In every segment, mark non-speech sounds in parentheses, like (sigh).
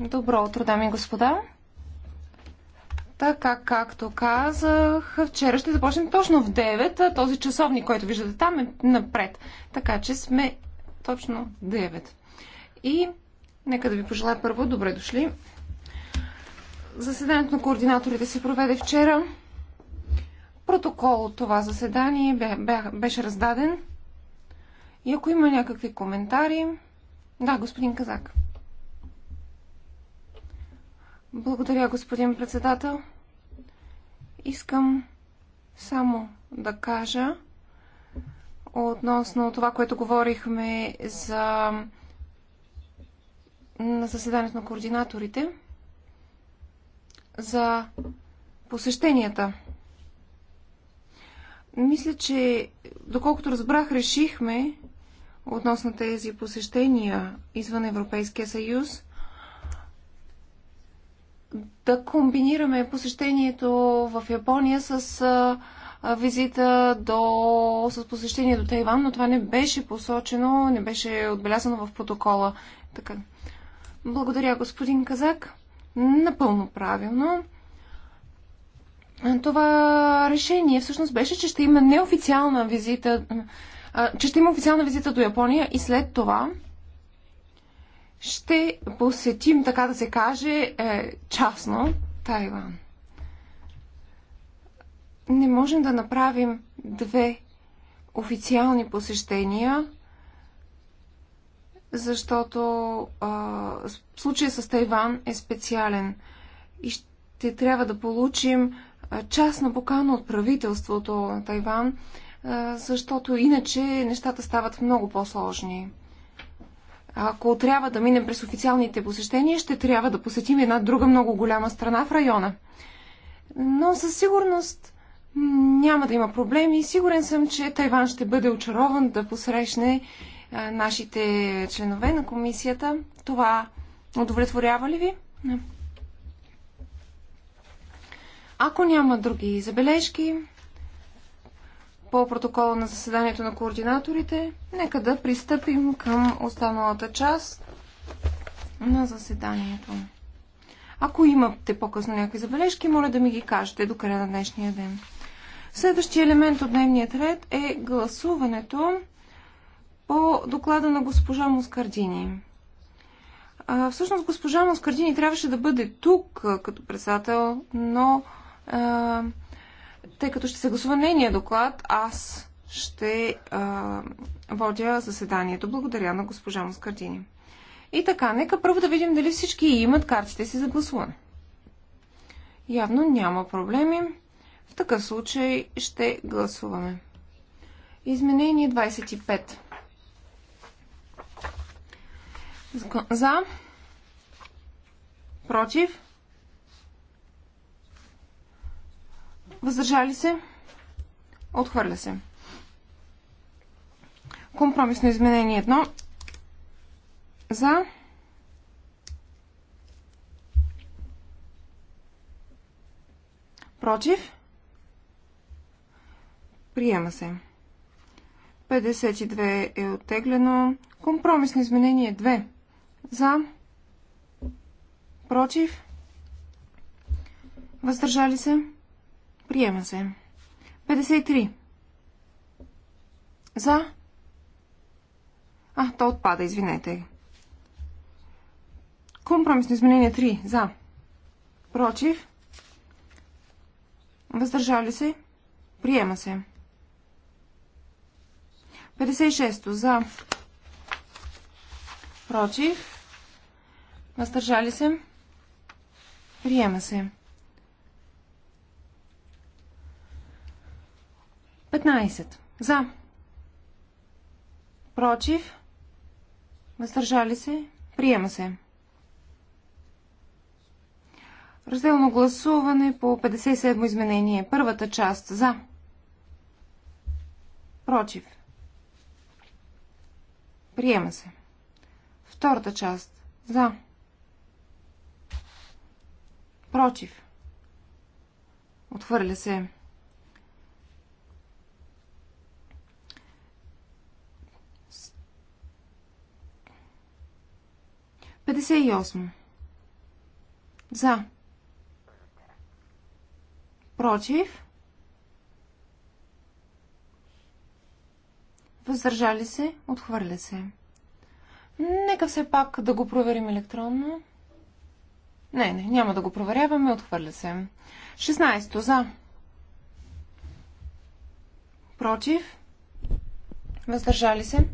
Добро утро, дами и господа. Така, както казах, вчера ще започнем точно в 9. Този часовник, който виждате там, е напред. Така че сме точно 9. И нека да ви пожелая първо добре дошли. Заседанието на координаторите се проведе вчера. Протокол от това заседание беше раздаден. И ако има някакви коментари... Да, господин Казак. Благодаря, господин председател. Искам само да кажа относно това, което говорихме за на заседанието на координаторите за посещенията. Мисля, че доколкото разбрах, решихме, относно тези посещения извън Европейския съюз, да комбинираме посещението в Япония с визита до, с посещение до Тайван, но това не беше посочено, не беше отбелязано в протокола. Така. Благодаря, господин Казак. Напълно правилно. Това решение всъщност беше, че ще има неофициална визита че ще има официална визита до Япония и след това ще посетим, така да се каже, е, частно Тайван. Не можем да направим две официални посещения, защото случая с Тайван е специален и ще трябва да получим частна покана от правителството на Тайван защото иначе нещата стават много по-сложни. Ако трябва да минем през официалните посещения, ще трябва да посетим една друга много голяма страна в района. Но със сигурност няма да има проблеми. Сигурен съм, че Тайван ще бъде очарован да посрещне нашите членове на комисията. Това удовлетворява ли ви? Ако няма други забележки, по протокола на заседанието на координаторите, нека да пристъпим към останалата част на заседанието. Ако имате по-късно някакви забележки, моля да ми ги кажете до края на днешния ден. Следващия елемент от дневния ред е гласуването по доклада на госпожа Москардини. А, всъщност госпожа Москардини трябваше да бъде тук като председател, но а, тъй като ще се гласува нейния доклад, аз ще а, водя заседанието. Благодаря на госпожа Москардини. И така, нека първо да видим дали всички имат картите си за гласуване. Явно няма проблеми. В такъв случай ще гласуваме. Изменение 25. За. Против. Въздържали се? Отхвърля се. Компромисно изменение 1. За. Против. Приема се. 52 е оттеглено. Компромисно изменение 2. За. Против. Въздържали се. Приема се. 53. За. А, то отпада, извинете. Компромисно изменение 3. За. Против. Въздържали се. Приема се. 56. За. Против. Въздържали се. Приема се. 15. За. Против. Въздържали се. Приема се. Разделно гласуване по 57 изменение. Първата част. За. Против. Приема се. Втората част. За. Против. Отхвърля се. 58. За. Против. Въздържали се. Отхвърля се. Нека все пак да го проверим електронно. Не, не, няма да го проверяваме. Отхвърля се. 16. За. Против. Въздържали се.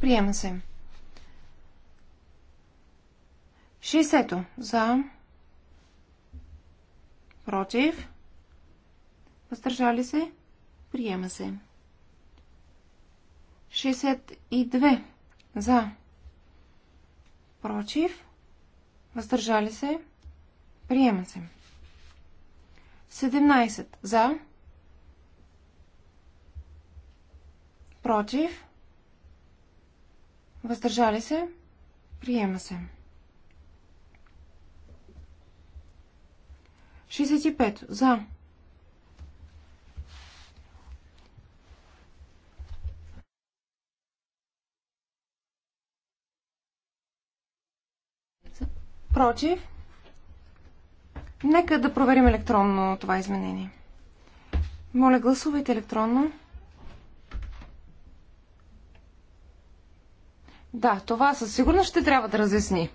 Приема се. 60-то за, против, въздържали се, приема се. 62 за, против, въздържали се, приема се. 17 за, против, въздържали се, приема се. 65 за. Против. Нека да проверим електронно това изменение. Моля, гласувайте електронно. Да, това със сигурност ще трябва да разясни.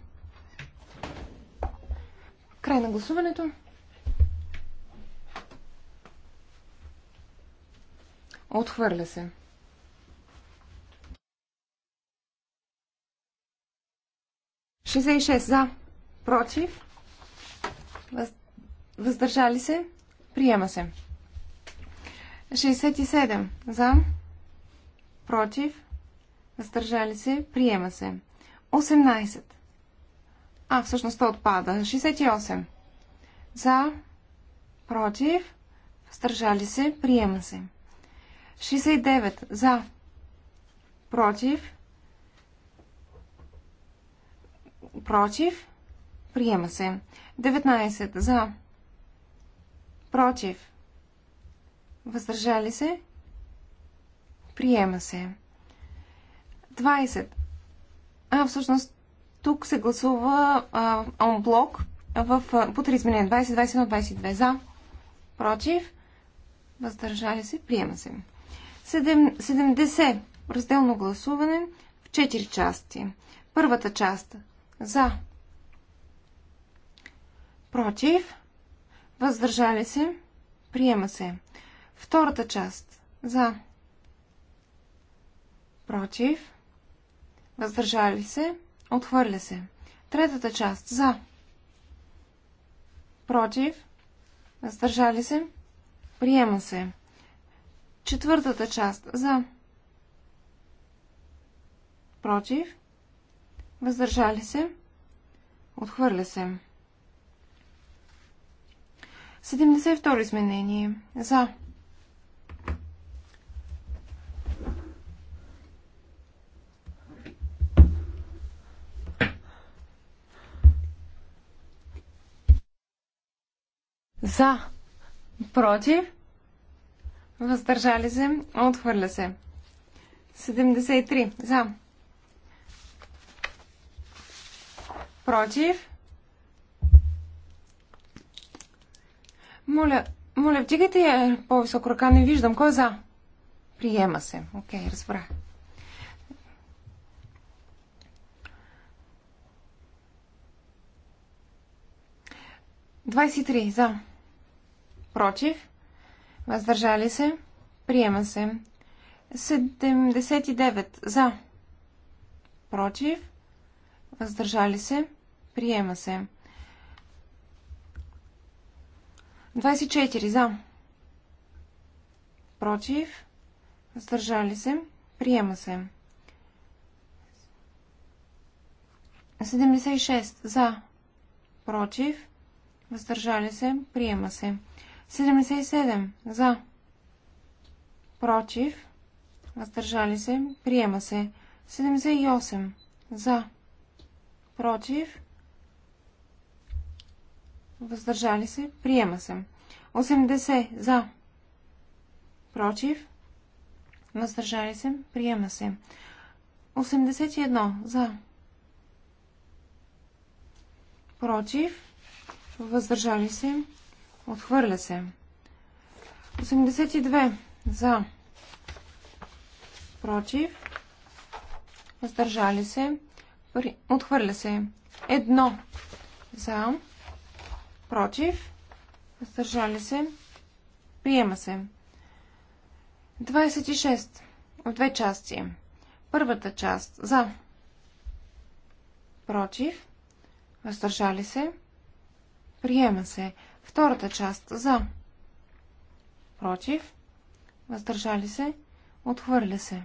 Край на гласуването. Отхвърля се. Шестдесет и шест за. Против. Въздържали се. Приема се. 67 за. Против. Въздържали се. Приема се. 18. А, всъщност то отпада. 68. За. Против. Въздържали се. Приема се. 69 за, против, против, приема се. 19 за, против, въздържали се, приема се. 20. А, всъщност, тук се гласува онблок в, а, по 3 изменения. 20, 21, 22 за, против, въздържали се, приема се. 70. Разделно гласуване в 4 части. Първата част. За. Против. Въздържали се. Приема се. Втората част. За. Против. Въздържали се. Отхвърля се. Третата част. За. Против. Въздържали се. Приема се. Четвъртата част за против, въздържали се, отхвърля се. 72 изменение за За. Против. Въздържали се. Отхвърля се. 73. За. Против. Моля, моля, вдигайте я по-високо ръка. Не виждам. Кой е за? Приема се. Окей, okay, разбрах. Двадесет три. За. Против. Въздържали се. Приема се. 79 за. Против. Въздържали се. Приема се. 24 за. Против. Въздържали се. Приема се. 76 за. Против. Въздържали се. Приема се. 77 за. Против. Въздържали се. Приема се. 78 за. Против. Въздържали се. Приема се. 80 за. Против. Въздържали се. Приема се. 81 за. Против. Въздържали се. Отхвърля се. 82 за. Против. Въздържали се. Отхвърля се. Едно за. Против. Въздържали се. Приема се. 26. В две части. Първата част за. Против. Въздържали се. Приема се. Втората част за. Против. Въздържали се. Отхвърля се.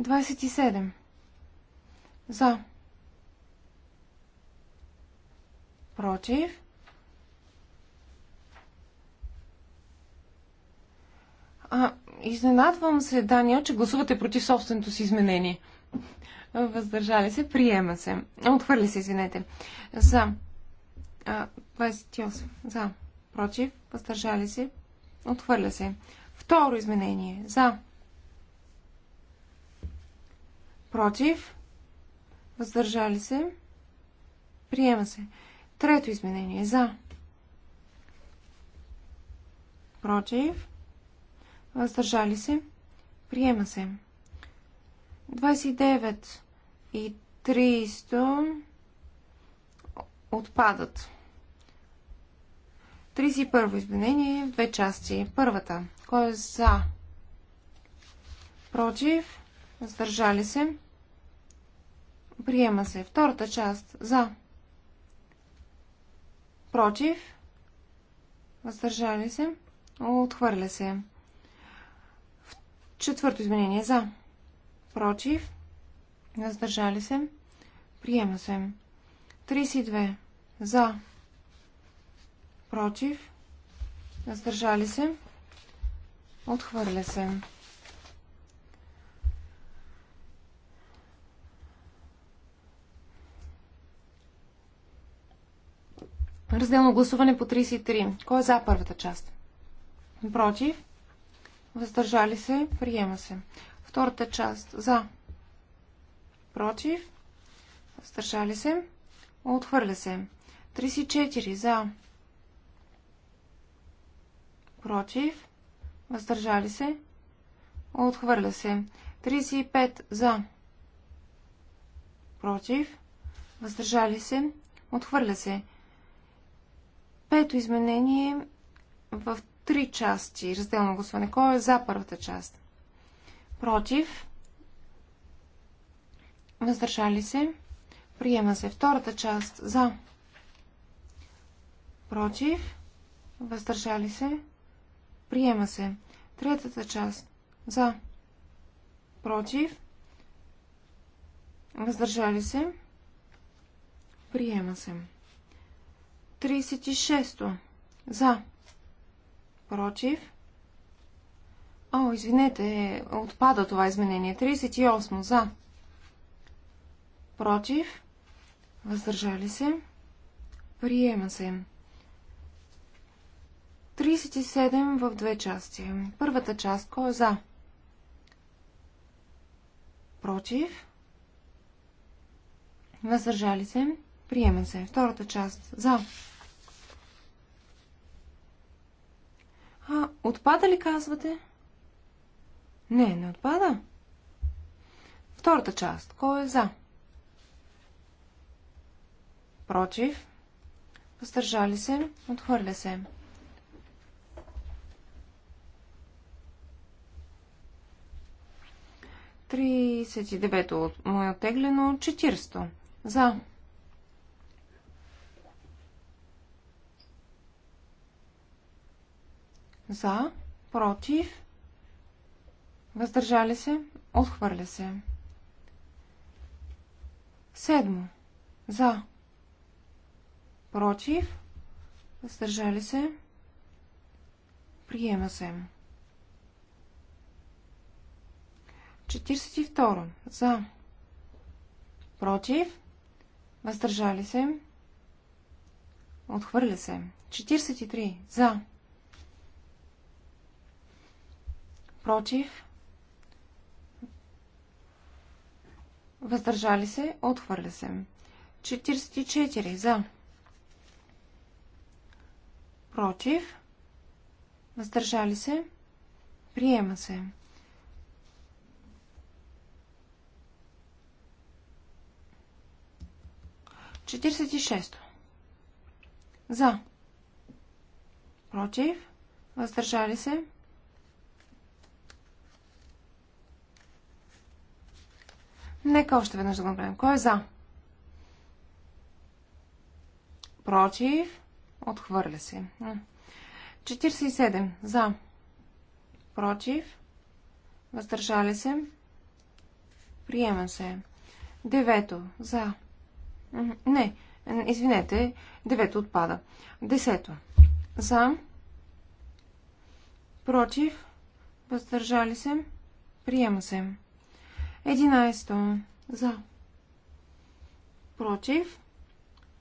27. За. Против. А, изненадвам се, Даниел, че гласувате против собственото си изменение. Въздържали се, приема се. Отхвърли се, извинете. За. А, 28. За. Против. Въздържали се. Отхвърля се. Второ изменение. За. Против. Въздържали се. Приема се. Трето изменение. За. Против. Въздържали се. Приема се. 29 и 300 отпадат. 31 изменение в две части. Първата. Кой е за? Против? Сдържали се? Приема се. Втората част. За? Против? Въздържали се? Отхвърля се. Четвърто изменение. За? Против? Въздържали се? Приема се. 32. За. Против. Въздържали се. Отхвърля се. Разделно гласуване по 33. Кой е за първата част? Против. Въздържали се. Приема се. Втората част. За. Против. Въздържали се. Отхвърля се. 34 за. Против. Въздържали се. Отхвърля се. 35 за. Против. Въздържали се. Отхвърля се. Пето изменение в три части. Разделно гласуване. Кой е за първата част? Против. Въздържали се. Приема се втората част за. Против. Въздържали се. Приема се. Третата част за. Против. Въздържали се. Приема се. 36. За. Против. О, извинете, отпада това изменение. 38. За. Против. Въздържали се. Приема се. 37 в две части. Първата част, кой е за? Против. Въздържали се. Приема се. Втората част. За. А, отпада ли казвате? Не, не отпада. Втората част. Кой е за? против, въздържали се, отхвърля се. Тридесет и девето му е оттеглено, четиристо. За. За, против, въздържали се, отхвърля се. Седмо. За против, въздържали се, приема се. 42. За. Против. Въздържали се. Отхвърля се. 43. За. Против. Въздържали се. Отхвърля се. 44. За против, въздържали се, приема се. Четиридесет и шесто. За. Против. Въздържали се. Нека още веднъж да го направим. Кой е за? Против. Отхвърля се. 47. За. Против. Въздържали се. Приема се. Девето. За. Не. Извинете. Девето отпада. Десето. За. Против. Въздържали се. Приема се. Единайсто. За. Против.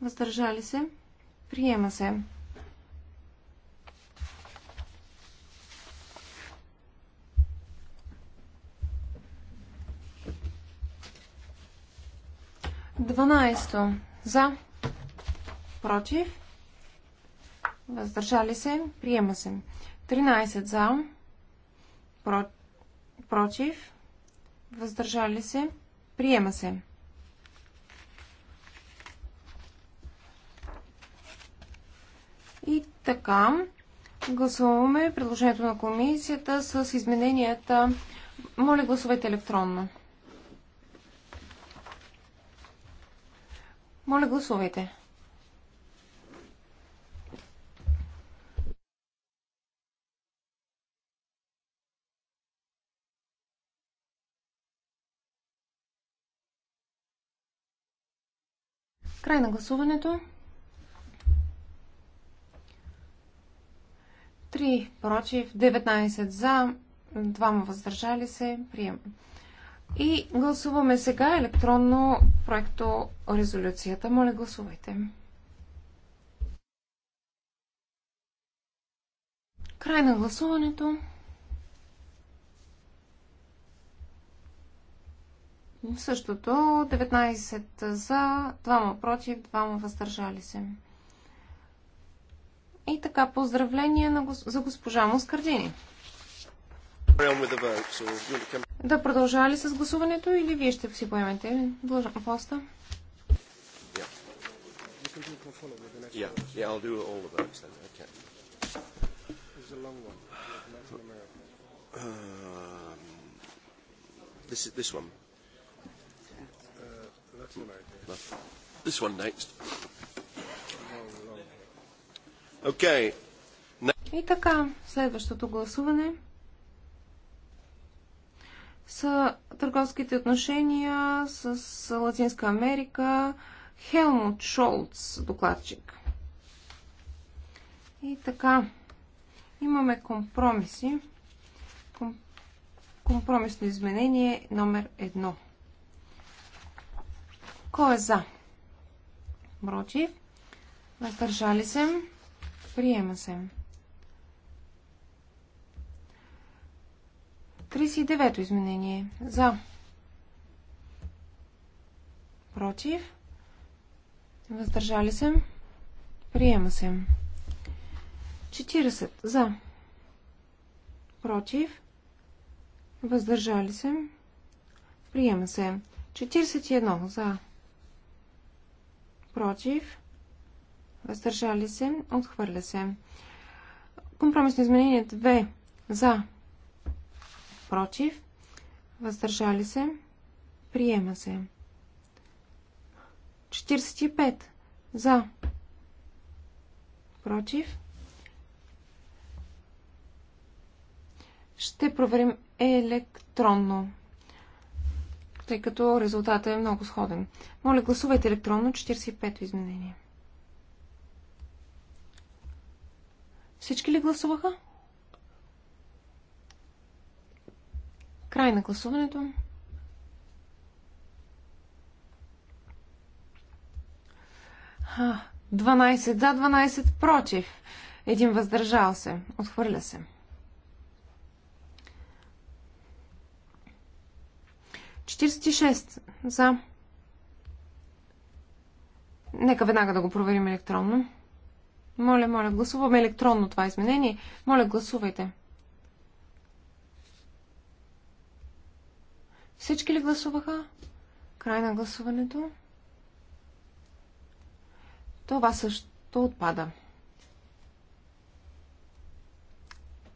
Въздържали се. Приема се. Дванайсто. За. Против. Въздържали се. Приема се. Тринайсет. за. Про... Против. Въздържали се. Приема се. Така, гласуваме предложението на комисията с измененията. Моля, гласувайте електронно. Моля, гласувайте. Край на гласуването. 3 против, 19 за, 2 въздържали се, прием. И гласуваме сега електронно проекто резолюцията. Моля, гласувайте. Край на гласуването. Същото 19 за, 2 против, 2 въздържали се. И така, поздравления на, за госпожа Москардини. Да продължава ли с гласуването или вие ще си поемете поста? Yeah, yeah, I'll do all the votes then. Okay. It's a long one. Latin America. Um, this is this one. Uh, Latin America. This one next. Okay. И така, следващото гласуване са търговските отношения с Латинска Америка. Хелмут Шолц, докладчик. И така, имаме компромиси. Компромисно изменение номер едно. Кой е за? Против? Въздържали се? Приема се. 39-то изменение. За. Против. Въздържали се. Приема се. 40. За. Против. Въздържали се. Приема се. 41. За. Против въздържали се, отхвърля се. Компромисно изменение 2 за, против, въздържали се, приема се. 45 за, против. Ще проверим електронно, тъй като резултатът е много сходен. Моля, гласувайте електронно 45 изменение. Всички ли гласуваха? Край на гласуването. А, 12 за, 12 против. Един въздържал се. Отхвърля се. 46 за. Нека веднага да го проверим електронно. Моля, моля, гласуваме електронно това изменение. Моля, гласувайте. Всички ли гласуваха? Край на гласуването. Това също отпада.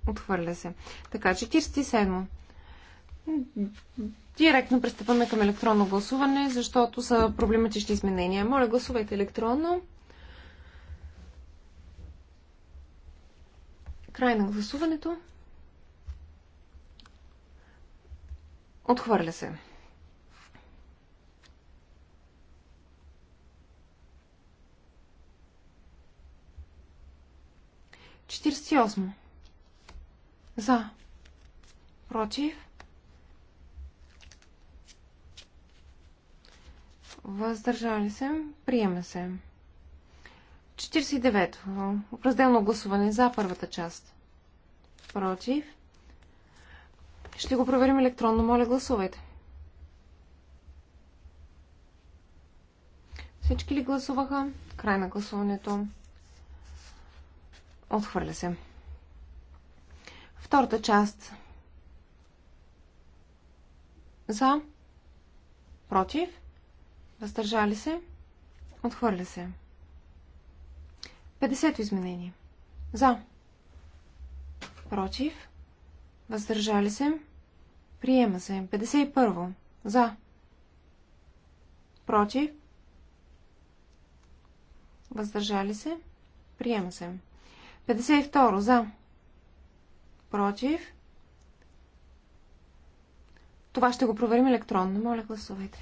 Отхвърля се. Така, 47. Директно пристъпваме към електронно гласуване, защото са проблематични изменения. Моля, гласувайте електронно. Край на гласуването. Отхвърля се. Четиридесет осмо. За. Против. Въздържали се. Приема се. 49. Разделно гласуване за първата част. Против. Ще го проверим електронно. Моля, гласувайте. Всички ли гласуваха? Край на гласуването. Отхвърля се. Втората част. За. Против. Въздържали се. Отхвърля се. 50-то изменение. За. Против. Въздържали се. Приема се. 51-во. За. Против. Въздържали се. Приема се. 52 За. Против. Това ще го проверим електронно. Моля, гласувайте.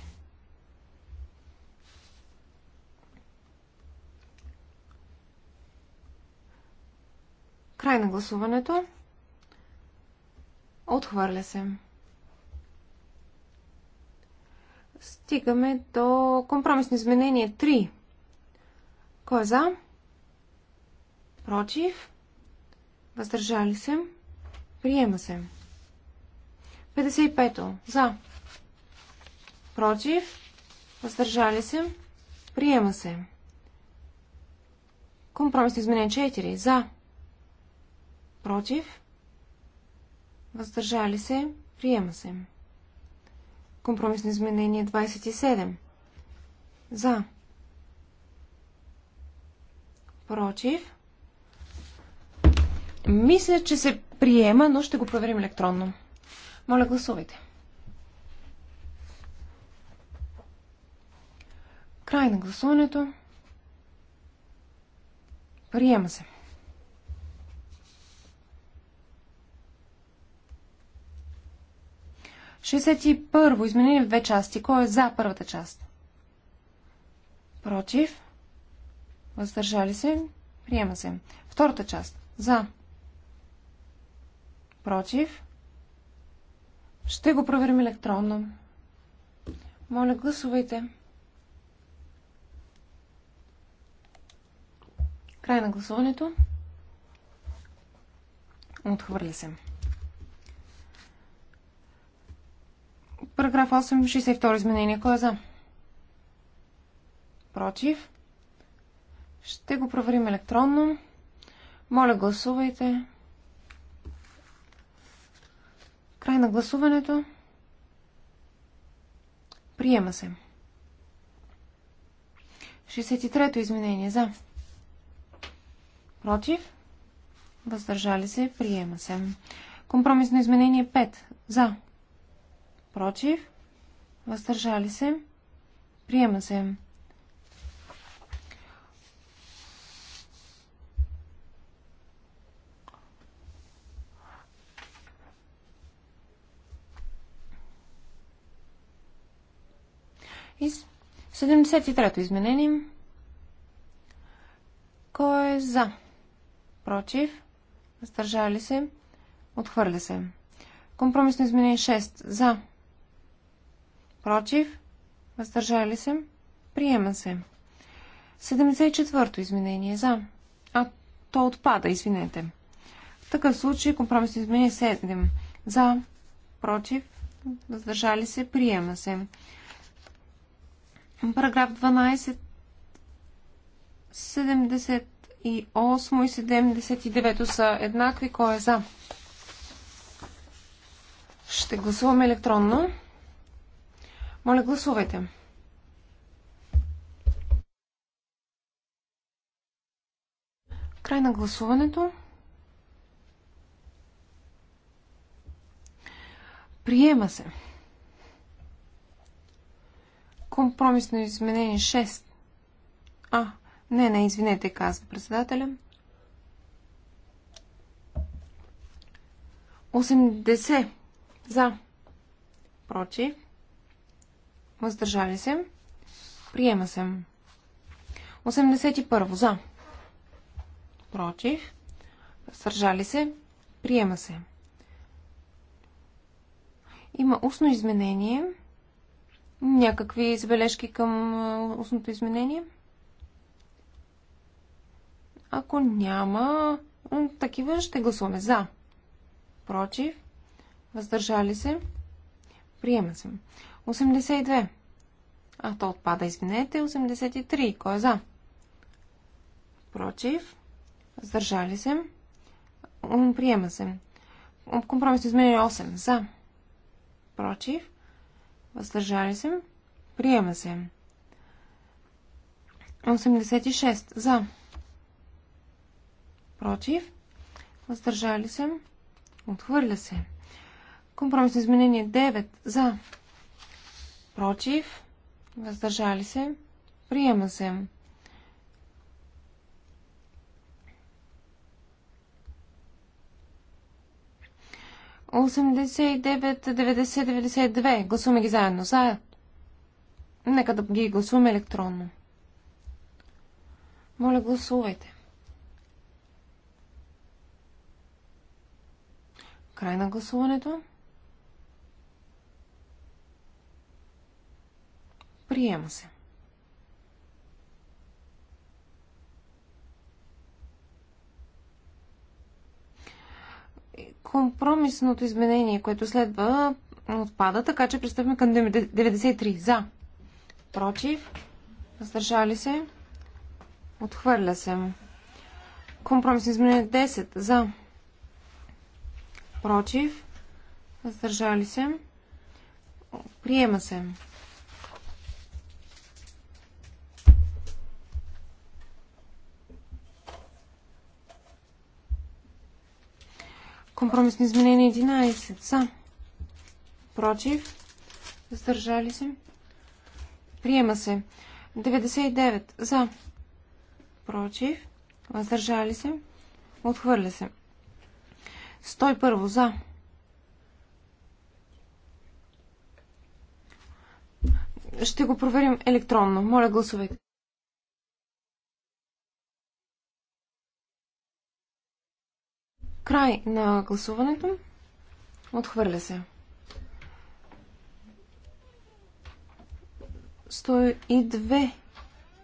Край на гласуването. Отхвърля се. Стигаме до компромисно изменение 3. Кой е за? Против? Въздържали се? Приема се. 55-то. За. Против? Въздържали се? Приема се. Компромисно изменение 4. За против, въздържали се, приема се. Компромисно изменение 27. За. Против. Мисля, че се приема, но ще го проверим електронно. Моля, гласувайте. Край на гласуването. Приема се. 61. Изменение в две части. Кой е за първата част? Против. Въздържали се. Приема се. Втората част. За. Против. Ще го проверим електронно. Моля, гласувайте. Край на гласуването. Отхвърля се. Параграф 8, 62 изменение. Кой е за? Против. Ще го проверим електронно. Моля, гласувайте. Край на гласуването. Приема се. 63-то изменение за. Против. Въздържали се. Приема се. Компромисно изменение 5. За против, въздържали се, приема се. И 73-то изменение. Кой е за? Против? Въздържали се? Отхвърля се. Компромисно изменение 6. За? Против? Въздържали се? Приема се. 74-то изменение за. А то отпада, извинете. В такъв случай компромисно изменение 7. За. Против? Въздържали се? Приема се. Параграф 12. 78 и 79 са еднакви. Кой е за? Ще гласуваме електронно. Моля, гласувайте. Край на гласуването. Приема се. Компромисно изменение 6. А, не, не, извинете, казва председателя. 80 за. Против. Въздържали се. Приема се. 81. За. Против. Въздържали се. Приема се. Има устно изменение. Някакви забележки към устното изменение? Ако няма такива, ще гласуваме за. Против. Въздържали се. Приема се. 82. А то отпада, извинете. 83. Кой е за? Против. Сдържали се. Приема се. Компромисно изменение 8. За. Против. Въздържали се. Приема се. 86. За. Против. Въздържали се. Отхвърля се. Компромисно изменение 9. За против, въздържали се, приема се. Осемдесет и девет, две. Гласуваме ги заедно. За. Нека да ги гласуваме електронно. Моля, гласувайте. Край на гласуването. Приема се. Компромисното изменение, което следва, отпада, така че пристъпваме към 93. За. Против. Въздържали се. Отхвърля се. Компромисно изменение 10. За. Против. Въздържали се. Приема се. Компромисни изменения 11 за. Против. Въздържали се. Приема се. 99 за. Против. Въздържали се. Отхвърля се. 101 за. Ще го проверим електронно. Моля гласовете. Край на гласуването. Отхвърля се. 102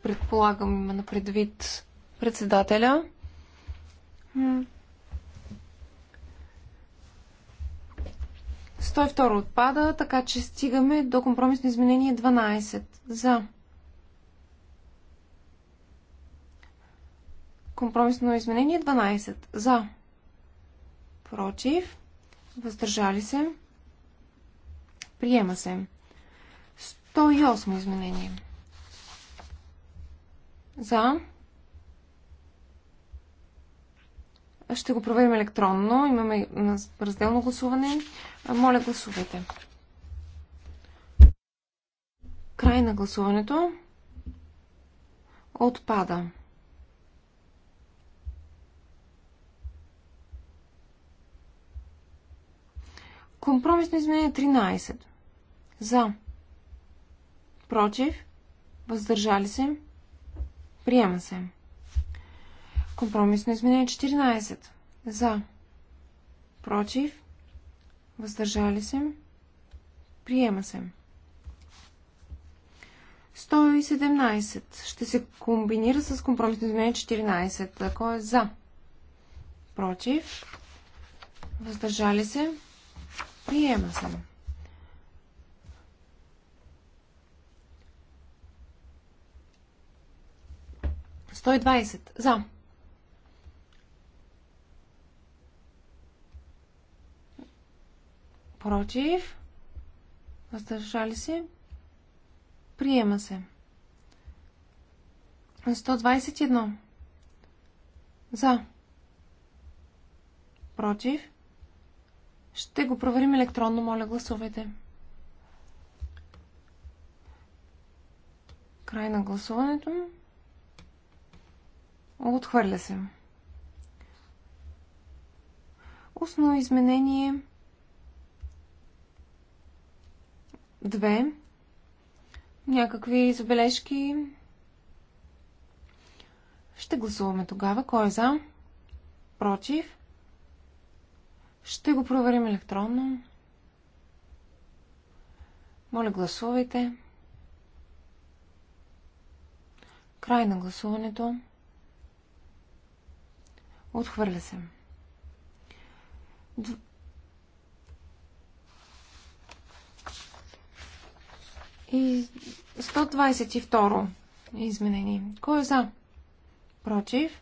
предполагам има на предвид председателя. Стой 102 отпада, така че стигаме до компромисно изменение 12. За. Компромисно изменение 12. За против, въздържали се, приема се. 108 изменение. За. Ще го проверим електронно. Имаме разделно гласуване. Моля, гласувайте. Край на гласуването. Отпада. Компромисно изменение 13. За. Против. Въздържали се. Приема се. Компромисно изменение 14. За. Против. Въздържали се. Приема се. 117. Ще се комбинира с компромисно изменение 14. Ако е за? Против. Въздържали се. Приема се. Сто и двадесет. За. Против. Въздържали се. Приема се. 121. За. Против. Ще го проверим електронно, моля гласувайте. Край на гласуването. Отхвърля се. Устно изменение 2. Някакви забележки. Ще гласуваме тогава. Кой е за? Против? Ще го проверим електронно. Моля, гласувайте. Край на гласуването. Отхвърля се. И 122 изменение. Кой е за? Против?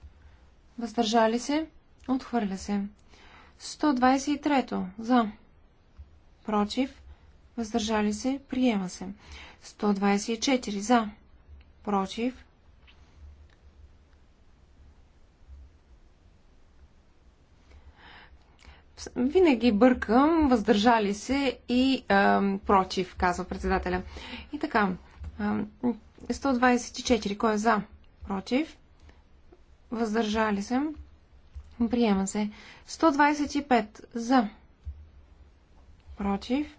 Въздържали се? Отхвърля се. 123 за. Против. Въздържали се. Приема се. 124 за. Против. Винаги бъркам, въздържали се и е, против, казва председателя. И така, Е, 124, кой е за? Против. Въздържали се. Приема се. 125 за. Против.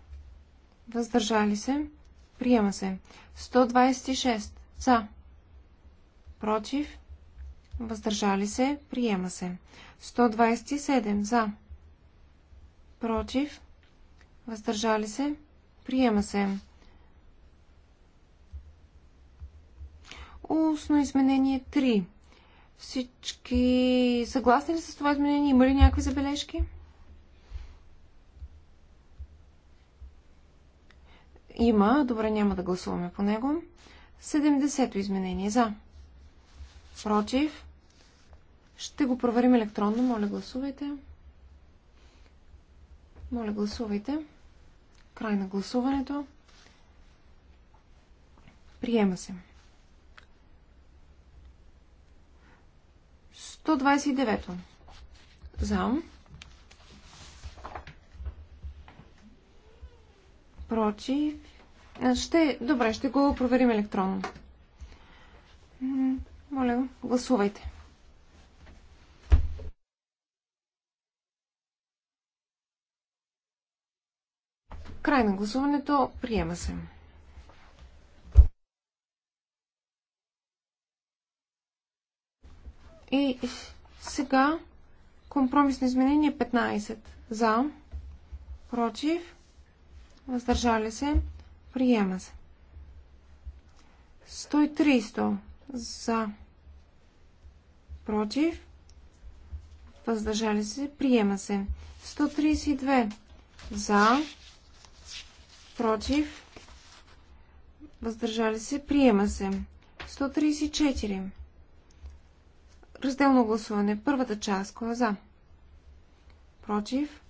Въздържали се. Приема се. 126 за. Против. Въздържали се. Приема се. 127 за. Против. Въздържали се. Приема се. Устно изменение 3. Всички съгласни ли с това изменение? Има ли някакви забележки? Има. Добре, няма да гласуваме по него. 70-то изменение. За. Против. Ще го проверим електронно. Моля, гласувайте. Моля, гласувайте. Край на гласуването. Приема се. 129. За. Против. Ще, добре, ще го проверим електронно. Моля, гласувайте. Край на гласуването. Приема се. И сега компромисно изменение 15. За, против, въздържали се, приема се. 130 за, против, въздържали се, приема се. 132 за, против, въздържали се, приема се. 134 Разделно гласуване. Първата част. Кой е за? Против.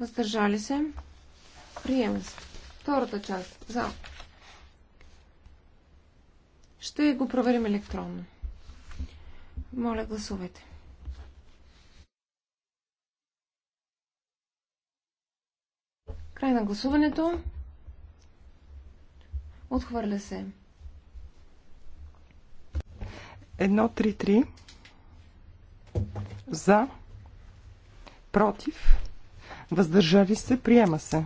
Въздържали се. Приема се. Втората част. За. Ще го проверим електронно. Моля, гласувайте. Край на гласуването. Отхвърля се. 1-3-3 за против въздържали се приема се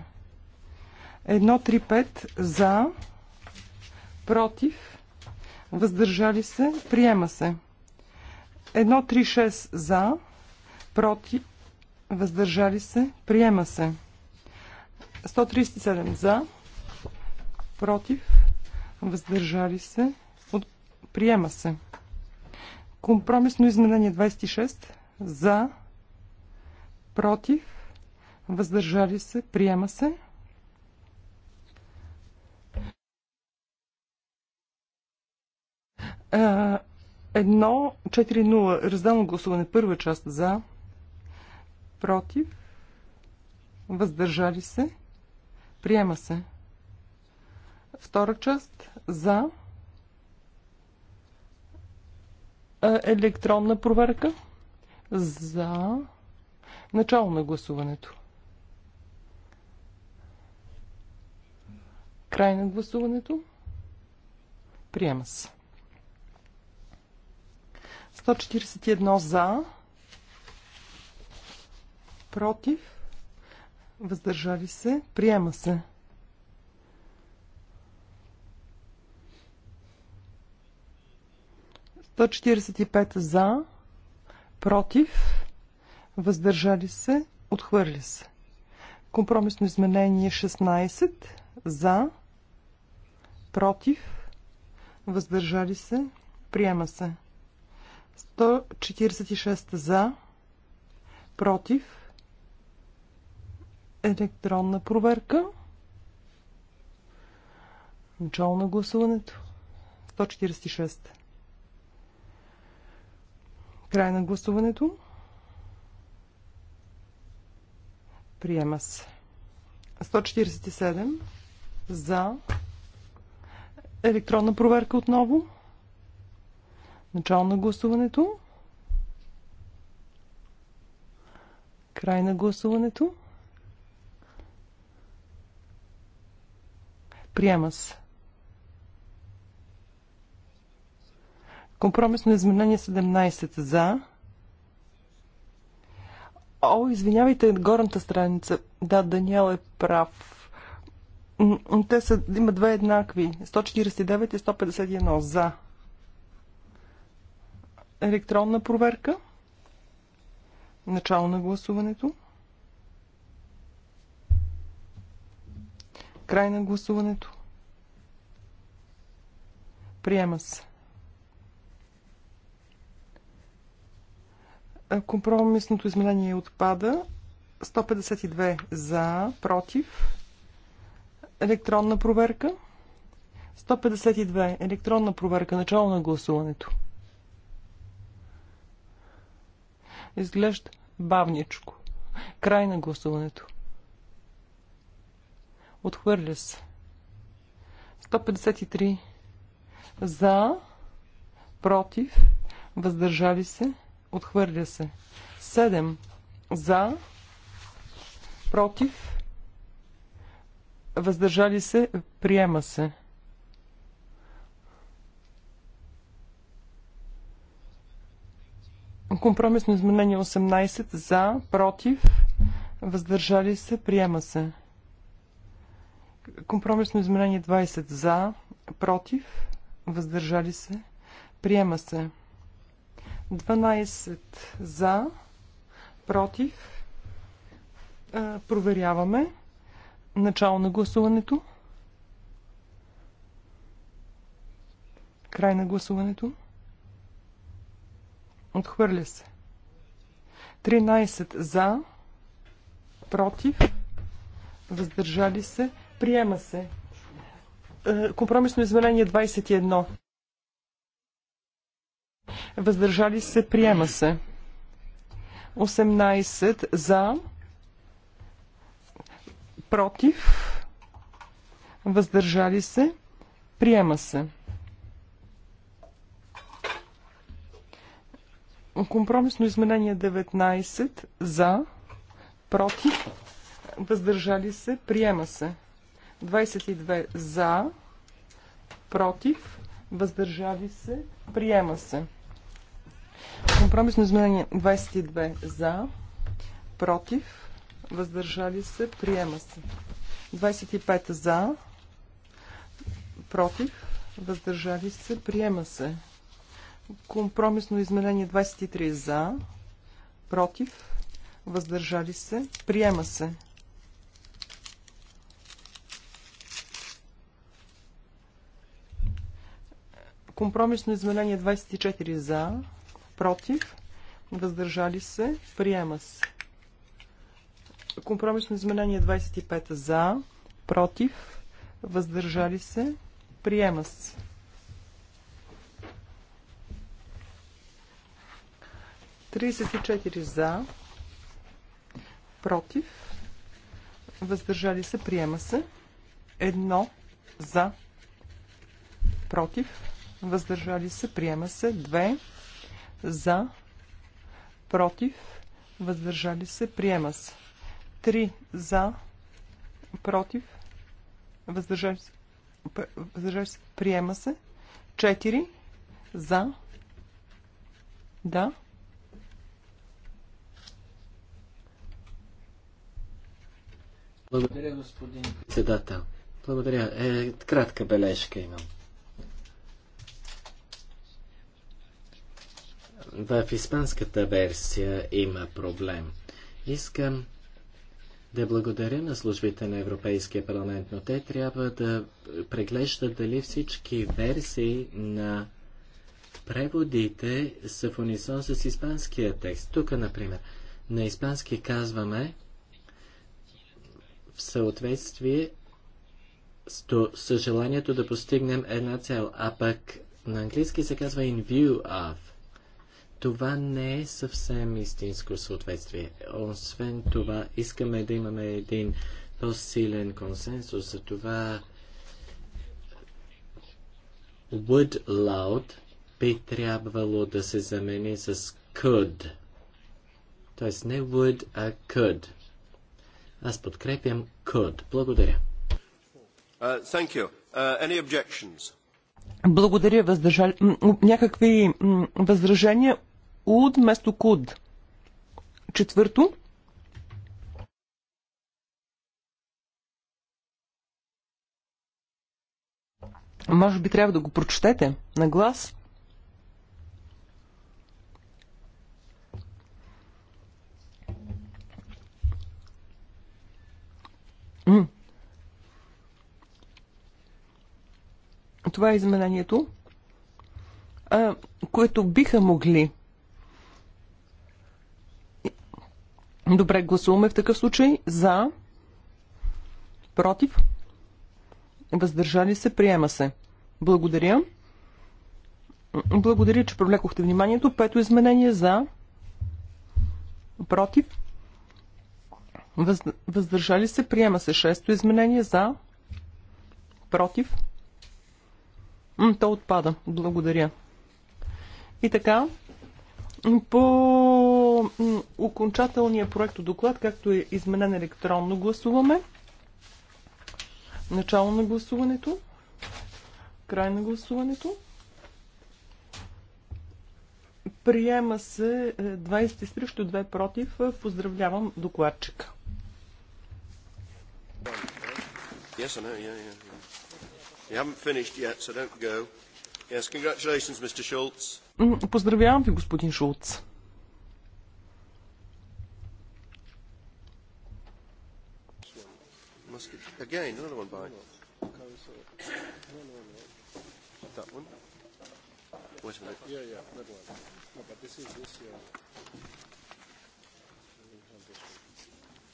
1-3-5 за против въздържали се приема се 1-3-6 за против въздържали се приема се 137 за против въздържали се приема се Компромисно изменение 26 за, против, въздържали се, приема се. Е, едно 4-0 разделно гласуване, първа част за, против, въздържали се, приема се. Втора част за, против, Е, електронна проверка за начало на гласуването. Край на гласуването. Приема се. 141 за, против, въздържали се, приема се. 145 за, против, въздържали се, отхвърли се. Компромисно изменение 16 за, против, въздържали се, приема се. 146 за, против, електронна проверка, начало на гласуването, 146. Край на гласуването. Приема се. 147 за електронна проверка отново. Начало на гласуването. Край на гласуването. Приема се. Компромисно изменение 17 за. О, извинявайте, горната страница. Да, Даниел е прав. Те са, има две еднакви. 149 и 151 за. Електронна проверка. Начало на гласуването. Край на гласуването. Приема се. Е, компромисното изменение отпада. 152 за, против. Електронна проверка. 152. Електронна проверка. Начало на гласуването. Изглежда бавничко. Край на гласуването. Отхвърля се. 153. За. Против. Въздържали се. Отхвърля се. 7 за, против, въздържали се, приема се. Компромисно изменение 18 за, против, въздържали се, приема се. Компромисно изменение 20 за, против, въздържали се, приема се. 12 за, против. Е, проверяваме. Начало на гласуването. Край на гласуването. Отхвърля се. 13 за, против, въздържали се, приема се. Е, компромисно изменение 21 въздържали се, приема се. 18 за, против, въздържали се, приема се. Компромисно изменение 19 за, против, въздържали се, приема се. 22 за, против, въздържали се, приема се. Компромисно изменение 22 за, против, въздържали се, приема се. 25 за, против, въздържали се, приема се. Компромисно изменение 23 за, против, въздържали се, приема се. Компромисно изменение 24 за, против, въздържали се, приема се. Компромисно изменение 25 за, против, въздържали се, приема се. за, против, въздържали се, приема се. Едно за, против, въздържали се, приема се. Две за. Против. Въздържали се. Приема се. Три за. Против. Въздържали се. Въздържали се. Приема се. Четири за. Да. Благодаря, господин председател. Благодаря. Е, кратка бележка имам. В испанската версия има проблем. Искам да благодаря на службите на Европейския парламент, но те трябва да преглеждат дали всички версии на преводите са в унисон с испанския текст. Тук, например, на испански казваме в съответствие с, с желанието да постигнем една цел, а пък на английски се казва in view of това не е съвсем истинско съответствие. Освен това, искаме да имаме един по-силен консенсус за това would loud би трябвало да се замени с could. Тоест не would, а could. Аз подкрепям could. Благодаря. Uh, thank you. Uh, any objections? Благодаря. Въздържали... Някакви възражения? Уд вместо куд. Четвърто. Може би трябва да го прочетете на глас. М. Това е изменението, а, което биха могли Добре, гласуваме в такъв случай за, против, въздържали се, приема се. Благодаря. Благодаря, че привлекохте вниманието. Пето изменение за, против, въздържали се, приема се. Шесто изменение за, против. М, то отпада. Благодаря. И така, по окончателния проект доклад, както е изменен електронно, гласуваме. Начало на гласуването. Край на гласуването. Приема се 20 е, срещу 2 против. Е, поздравлявам докладчика. Yes, I know. Yeah, yeah, yeah. You haven't finished yet, so don't go. Yes, congratulations, Mr. Schultz. Поздравявам ви, господин Шулц. Again, another one by. That one? Wait a minute. Yeah, yeah, that one. No, but this is this year.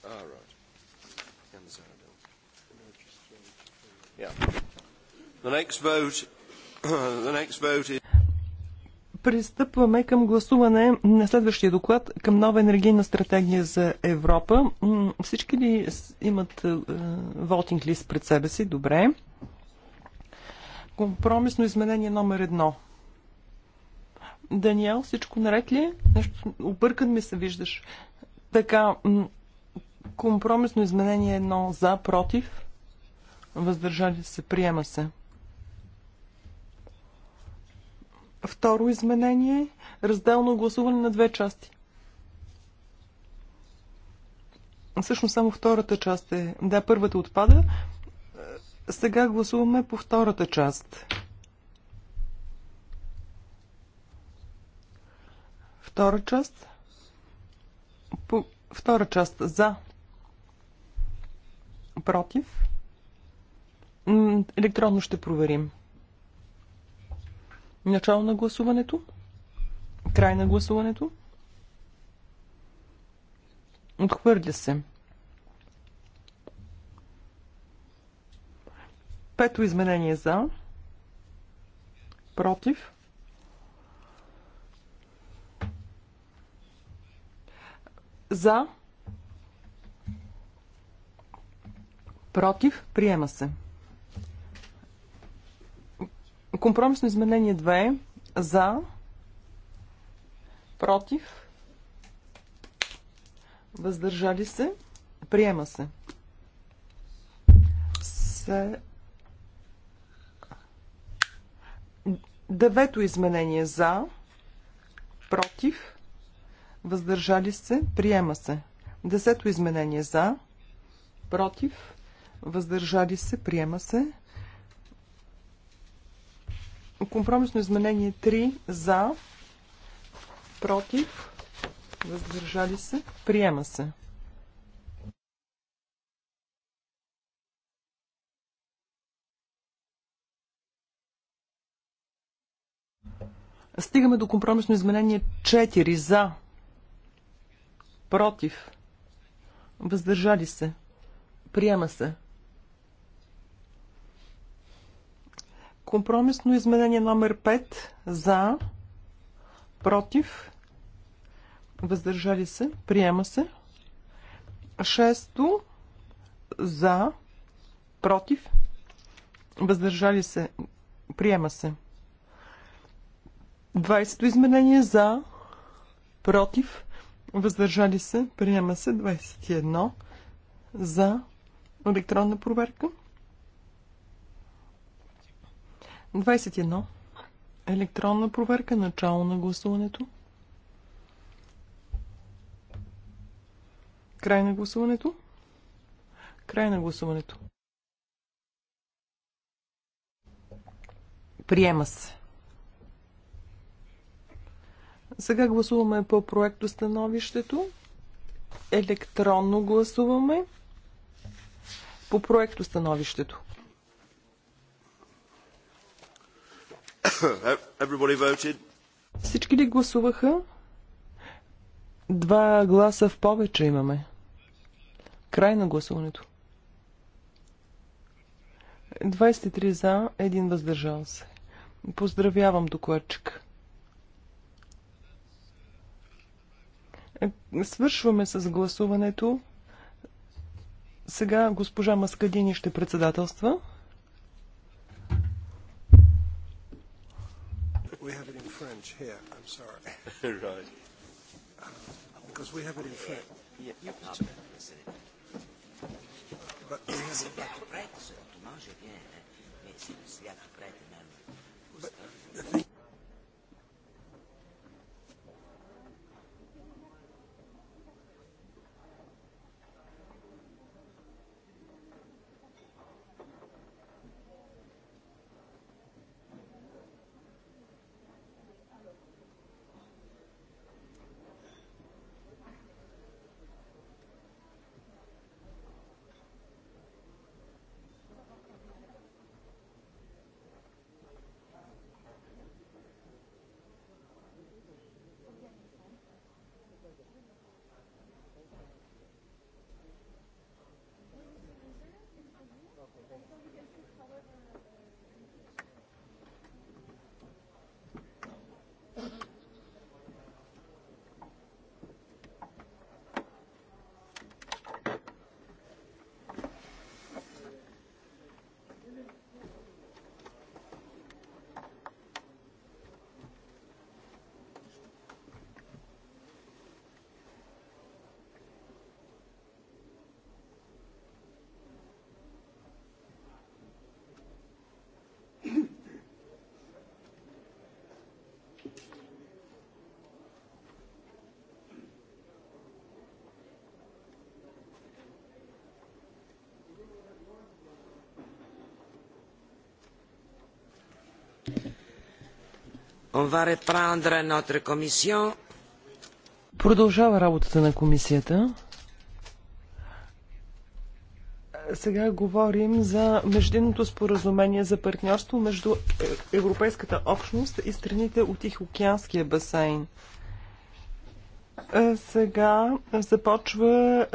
Ah, right. Yeah. The next vote. the next vote is. Пристъпваме към гласуване на следващия доклад към нова енергийна стратегия за Европа. Всички ли имат е, волтинг лист пред себе си? Добре. Компромисно изменение номер едно. Даниел, всичко наред ли? Нещо объркан ми се виждаш. Така, компромисно изменение едно за, против, въздържали се, приема се. Второ изменение – разделно гласуване на две части. Всъщност само втората част е... Да, първата отпада. Сега гласуваме по втората част. Втора част. По... Втора част. За. Против. Електронно ще проверим. Начало на гласуването. Край на гласуването. Отхвърля се. Пето изменение за. Против. За. Против. Приема се. Компромисно изменение 2. За. Против. Въздържали се. Приема се. Се. Девето изменение за, против, въздържали се, приема се. Десето изменение за, против, въздържали се, приема се. Компромисно изменение 3 за, против, въздържали се, приема се. Стигаме до компромисно изменение 4 за, против, въздържали се, приема се. Компромисно изменение номер 5 за, против, въздържали се, приема се. Шесто за, против, въздържали се, приема се. 20 изменение за, против, въздържали се, приема се. 21 за електронна проверка. 21. Електронна проверка. Начало на гласуването. Край на гласуването. Край на гласуването. Приема се. Сега гласуваме по проекто становището. Електронно гласуваме по проекто становището. Всички ли гласуваха? Два гласа в повече имаме. Край на гласуването. 23 за, един въздържал се. Поздравявам докладчик. Свършваме с гласуването. Сега госпожа Маскадини ще председателства. We have it in French here. I'm sorry. right. Because we have it in French. Yeah, you can But we have it. But the thing Продължава работата на комисията. Сега говорим за междинното споразумение за партньорство между Европейската общност и страните от Тихоокеанския басейн. Сега започва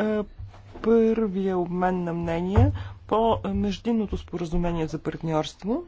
първия обмен на мнения по междинното споразумение за партньорство.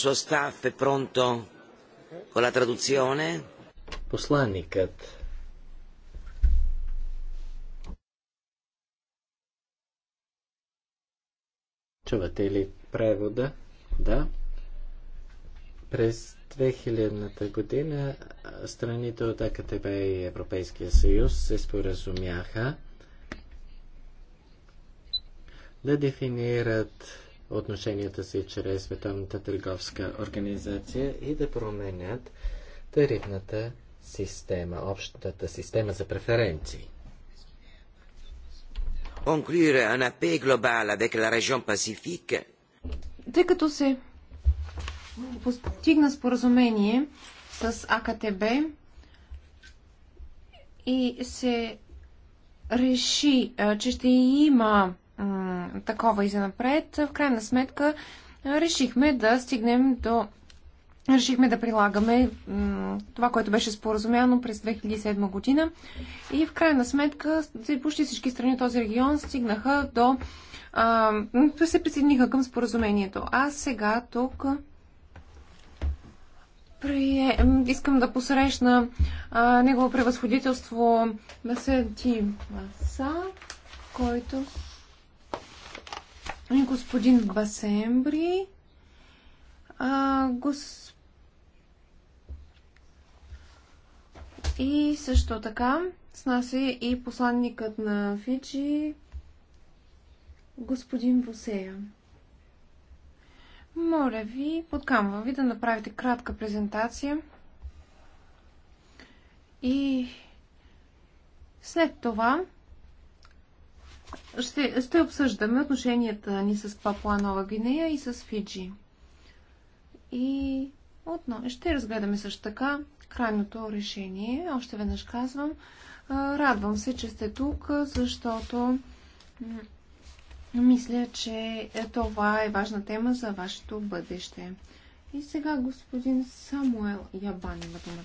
Suo staff è con la traduzione? Посланникът Чувате ли превода? Да. През 2000-та година страните от АКТБ и Европейския съюз се споразумяха да дефинират отношенията си чрез Световната търговска организация и да променят тарифната система, общата система за преференции. Тъй като се постигна споразумение с АКТБ и се реши, че ще има такова и за напред. В крайна сметка решихме да стигнем до. Решихме да прилагаме това, което беше споразумяно през 2007 година. И в крайна сметка почти всички страни от този регион стигнаха до. А, се присъединиха към споразумението. А сега тук. При... Искам да посрещна а, негово превъзходителство Масенти Маса, който господин Басембри, а, гос... и също така с нас е и посланникът на Фиджи, господин Босея. Моля ви, подкамвам ви да направите кратка презентация и след това ще, ще обсъждаме отношенията ни с Папуа Нова Гвинея и с Фиджи. И отново ще разгледаме също така крайното решение. Още веднъж казвам, радвам се, че сте тук, защото мисля, че това е важна тема за вашето бъдеще. И сега господин Самуел Ябан има думата.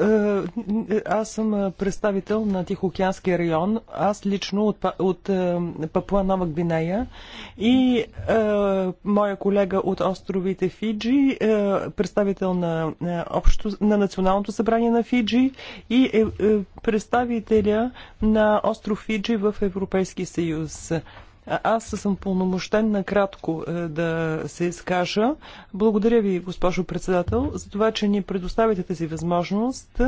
е, аз съм е, представител на Тихоокеанския район. Аз лично от, от е, Папуа Нова Гвинея и а, моя колега от островите Фиджи, е, представител на, на, общо, на Националното събрание на Фиджи и е, е, представителя на остров Фиджи в Европейски съюз. Аз съм пълномощен на кратко е, да се изкажа. Благодаря ви, госпожо председател, за това, че ни предоставите тази възможност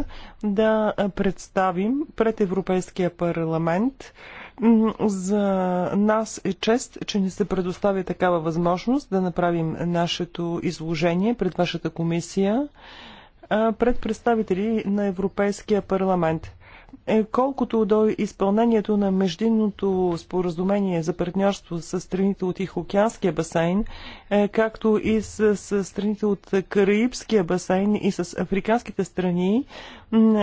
да представим пред Европейския парламент за нас е чест, че ни се предоставя такава възможност да направим нашето изложение пред вашата комисия пред представители на Европейския парламент. Е, колкото до изпълнението на междинното споразумение за партньорство с страните от Тихоокеанския басейн, е, както и с, с страните от Караибския басейн и с африканските страни,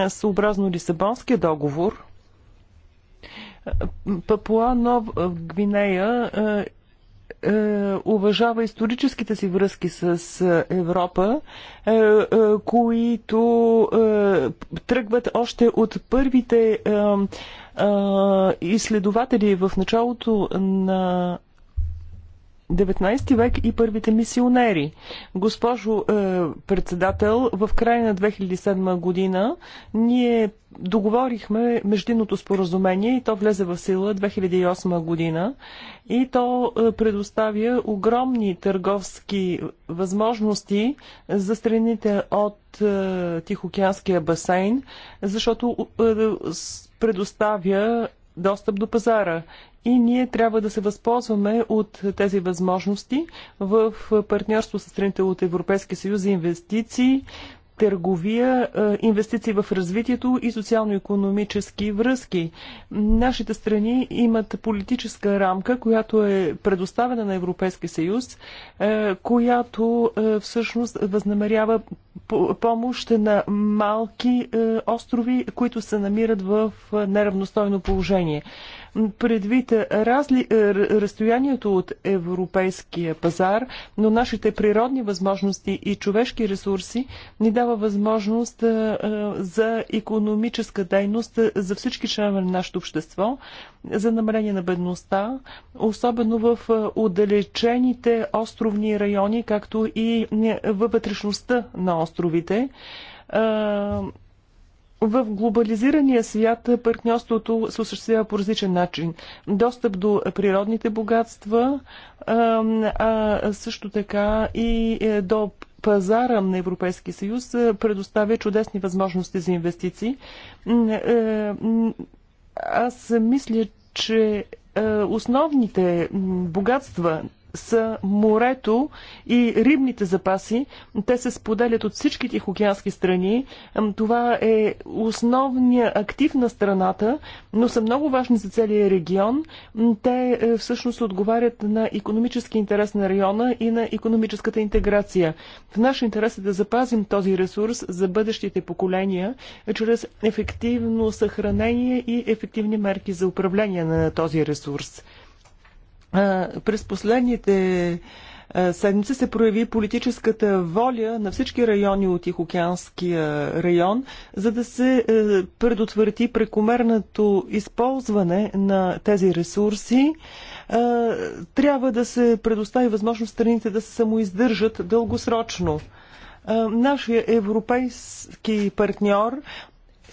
съобразно Лисабонския договор, Папуа Нов Гвинея е, е, уважава историческите си връзки с Европа, е, е, които тръгват още от първите изследователи в началото на 19 век и първите мисионери. Госпожо е, председател, в края на 2007 година ние договорихме междинното споразумение и то влезе в сила 2008 година и то е, предоставя огромни търговски възможности за страните от е, Тихоокеанския басейн, защото е, предоставя достъп до пазара. И ние трябва да се възползваме от тези възможности в партньорство с страните от Европейския съюз за инвестиции, търговия, е, инвестиции в развитието и социално-економически връзки. Нашите страни имат политическа рамка, която е предоставена на Европейския съюз, е, която е, всъщност възнамерява помощ на малки острови, които се намират в неравностойно положение предвид разли... Е, разстоянието от европейския пазар, но нашите природни възможности и човешки ресурси ни дава възможност е, е, за економическа дейност за всички членове на нашето общество, за намаление на бедността, особено в отдалечените островни райони, както и във вътрешността на островите в глобализирания свят партньорството се осъществява по различен начин. Достъп до природните богатства, а също така и е, до пазара на Европейски съюз е, предоставя чудесни възможности за инвестиции. Е, аз мисля, че основните богатства са морето и рибните запаси. Те се споделят от всички тихоокеански страни. Това е основният актив на страната, но са много важни за целия регион. Те е, всъщност отговарят на економически интерес на района и на економическата интеграция. В наш интерес е да запазим този ресурс за бъдещите поколения е, чрез ефективно съхранение и ефективни мерки за управление на този ресурс през последните седмица се прояви политическата воля на всички райони от Тихоокеанския район, за да се е, предотврати прекомерното използване на тези ресурси. Е, трябва да се предостави възможност страните да се самоиздържат дългосрочно. Е, нашия европейски партньор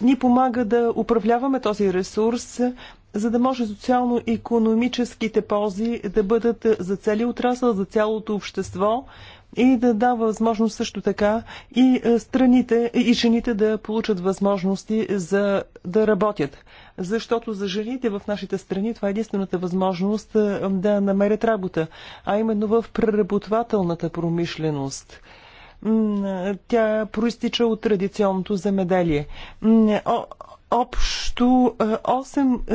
ни помага да управляваме този ресурс, за да може социално-економическите ползи да бъдат за цели отрасъл, за цялото общество и да дава възможност също така и е, страните и жените да получат възможности за да работят. Защото за жените в нашите страни това е единствената възможност е, да намерят работа, а именно в преработвателната промишленост тя проистича от традиционното земеделие общо 8 е,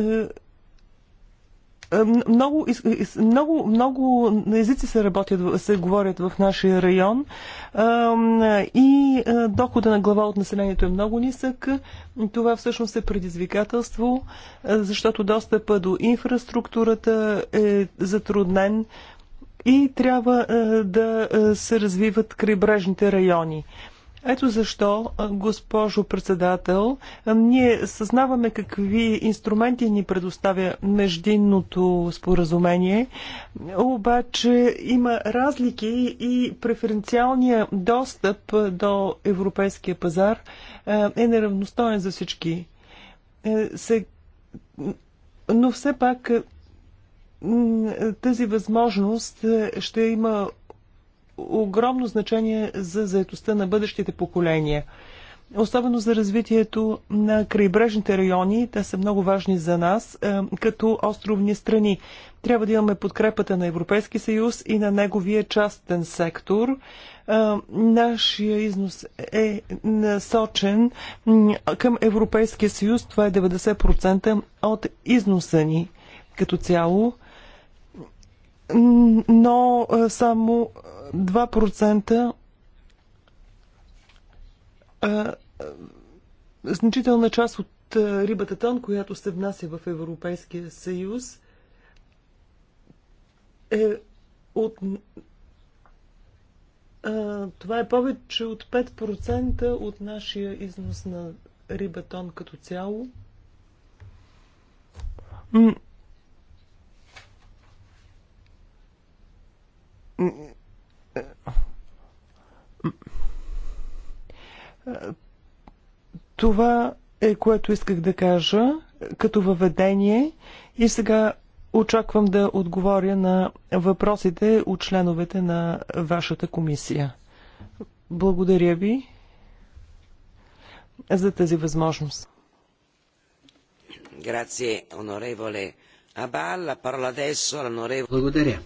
е, е, много, много, много езици се работят, се говорят в нашия район и дохода на глава от населението е много нисък. Това всъщност е предизвикателство, защото достъпа до инфраструктурата е затруднен и трябва да се развиват крайбрежните райони. Ето защо, госпожо председател, ние съзнаваме какви инструменти ни предоставя междинното споразумение, обаче има разлики и преференциалния достъп до европейския пазар е неравностоен за всички. Е, но все пак тази възможност ще има огромно значение за заетостта на бъдещите поколения. Особено за развитието на крайбрежните райони, те са много важни за нас, е, като островни страни. Трябва да имаме подкрепата на Европейски съюз и на неговия частен сектор. Е, нашия износ е насочен към Европейския съюз. Това е 90% от износа ни като цяло но е, само 2% значителна част от рибата тон, която се внася в Европейския съюз, е от... А, това е повече от 5% от нашия износ на рибатон като цяло. Това е което исках да кажа като въведение и сега очаквам да отговоря на въпросите от членовете на вашата комисия. Благодаря ви за тази възможност. Благодаря.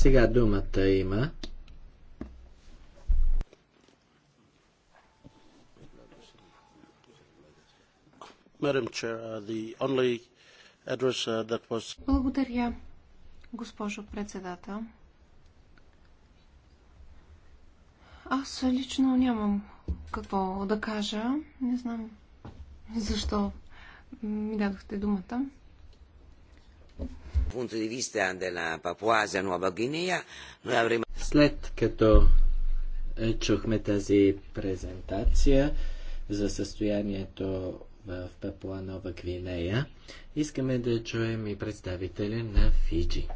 Сега думата има. Uh, uh, Благодаря, госпожо председател. Аз лично нямам какво да кажа. Не знам защо ми дадохте думата. След като е, чухме тази презентация за състоянието в Папуа Нова Гвинея, искаме да чуем и представителя на Фиджи.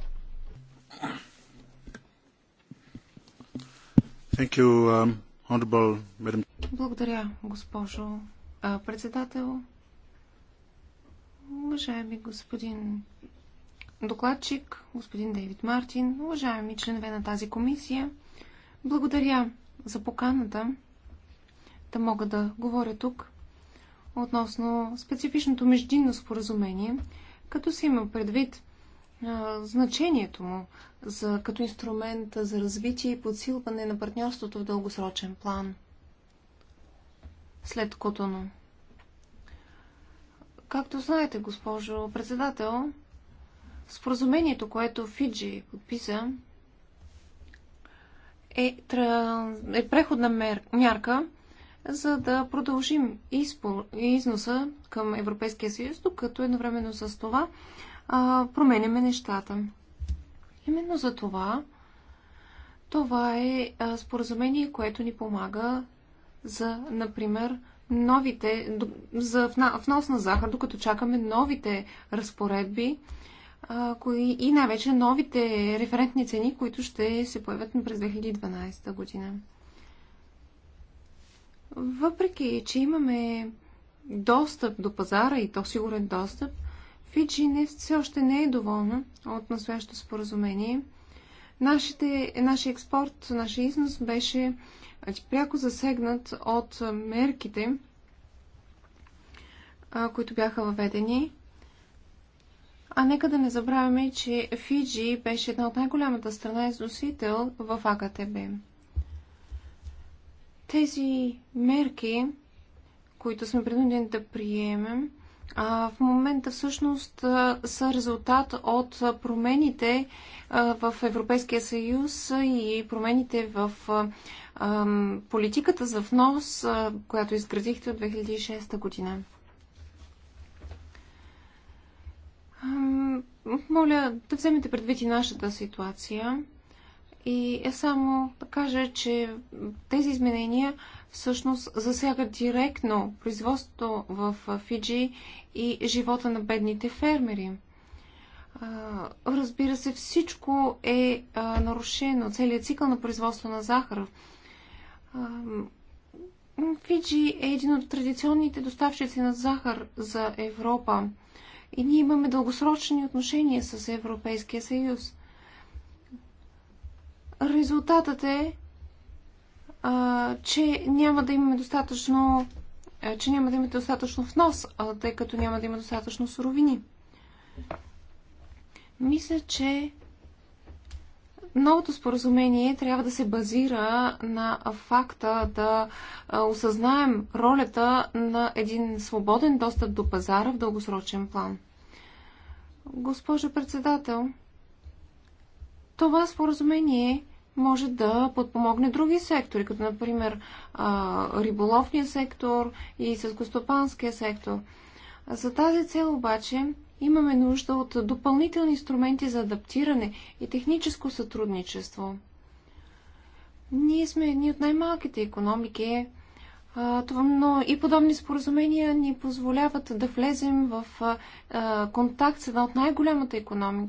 Um, Благодаря, госпожо председател. Уважаеми господин докладчик, господин Дейвид Мартин, уважаеми членове на тази комисия, благодаря за поканата да мога да говоря тук относно специфичното междинно споразумение, като се има предвид а, значението му за, като инструмент за развитие и подсилване на партньорството в дългосрочен план. След Котоно. Както знаете, госпожо председател, Споразумението, което Фиджи подписа, е, е преходна мер, мярка, за да продължим изпо, износа към Европейския съюз, докато едновременно с това а, променяме нещата. Именно за това това е а, споразумение, което ни помага за, например, новите, за внос на захар, докато чакаме новите разпоредби кои, и най-вече новите референтни цени, които ще се появят през 2012 година. Въпреки, че имаме достъп до пазара и то сигурен достъп, Фиджи не, все още не е доволна от настоящото споразумение. Нашите, нашия експорт, нашия износ беше пряко засегнат от мерките, които бяха въведени а нека да не забравяме, че Фиджи беше една от най-голямата страна износител в АКТБ. Тези мерки, които сме принудени да приемем, а, в момента всъщност са резултат от промените в Европейския съюз и промените в политиката за внос, която изградихте от 2006 година. Моля да вземете предвид и нашата ситуация. И е само да кажа, че тези изменения всъщност засягат директно производството в Фиджи и живота на бедните фермери. Разбира се, всичко е нарушено, целият цикъл на производство на захар. Фиджи е един от традиционните доставчици на захар за Европа. И ние имаме дългосрочни отношения с Европейския съюз. Резултатът е, а, че няма да имаме достатъчно а, че няма да имате достатъчно внос, а, тъй като няма да има достатъчно суровини. Мисля, че новото споразумение трябва да се базира на факта да осъзнаем ролята на един свободен достъп до пазара в дългосрочен план. Госпожо председател, това споразумение може да подпомогне други сектори, като например риболовния сектор и селскостопанския сектор. За тази цел обаче имаме нужда от допълнителни инструменти за адаптиране и техническо сътрудничество. Ние сме едни от най-малките економики, но и подобни споразумения ни позволяват да влезем в контакт с една от най-голямата економи...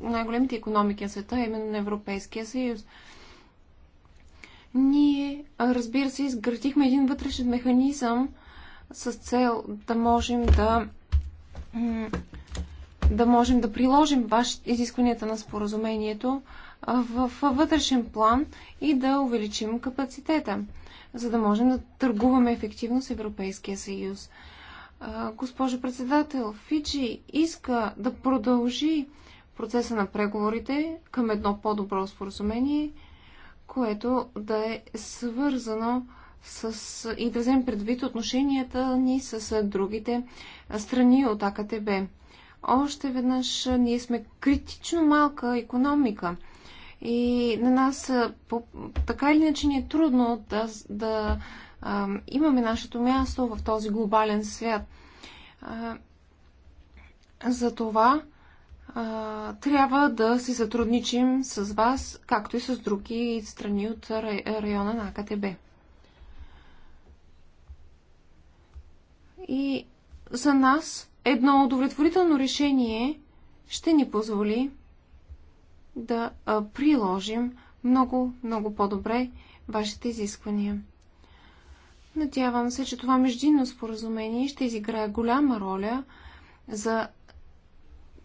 най-големите економики на света, именно на Европейския съюз. Ние, разбира се, изградихме един вътрешен механизъм с цел да можем да да можем да приложим вашите изискванията на споразумението в вътрешен план и да увеличим капацитета, за да можем да търгуваме ефективно с Европейския съюз. Госпожо председател, Фиджи иска да продължи процеса на преговорите към едно по-добро споразумение, което да е свързано с с, и да вземем предвид отношенията ни с другите страни от АКТБ. Още веднъж ние сме критично малка економика и на нас по, така или иначе ни е трудно да, да а, имаме нашето място в този глобален свят. А, затова а, трябва да си сътрудничим с вас, както и с други страни от района на АКТБ. И за нас едно удовлетворително решение ще ни позволи да приложим много, много по-добре вашите изисквания. Надявам се, че това междинно споразумение ще изиграе голяма роля за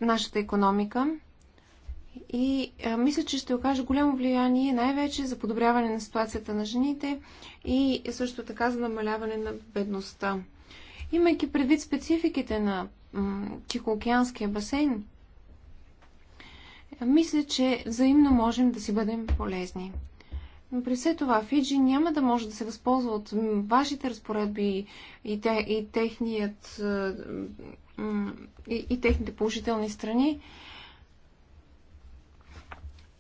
нашата економика и а, мисля, че ще окаже голямо влияние най-вече за подобряване на ситуацията на жените и също така за намаляване на бедността имайки предвид спецификите на Тихоокеанския басейн, мисля, че взаимно можем да си бъдем полезни. Но при все това Фиджи няма да може да се възползва от вашите разпоредби и, те, и, техният, и, и техните положителни страни,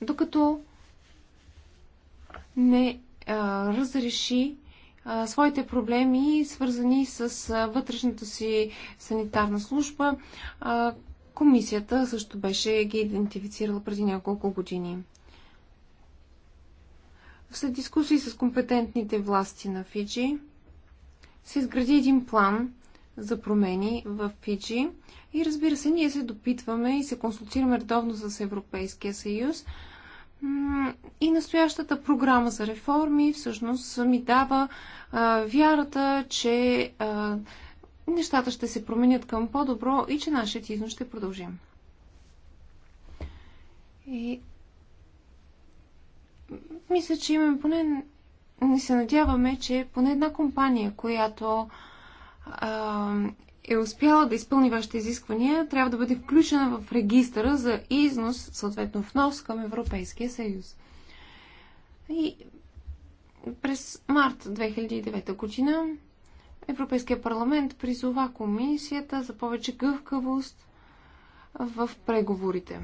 докато не а, разреши своите проблеми, свързани с вътрешната си санитарна служба. комисията също беше ги идентифицирала преди няколко години. След дискусии с компетентните власти на Фиджи се изгради един план за промени в Фиджи и разбира се, ние се допитваме и се консултираме редовно с Европейския съюз, и настоящата програма за реформи всъщност ми дава а, вярата, че а, нещата ще се променят към по-добро и че нашият износ ще продължим. И мисля, че имаме поне. Не се надяваме, че поне една компания, която а, е успяла да изпълни вашите изисквания, трябва да бъде включена в регистъра за износ, съответно внос към Европейския съюз. И през март 2009 година Европейския парламент призова комисията за повече гъвкавост в преговорите.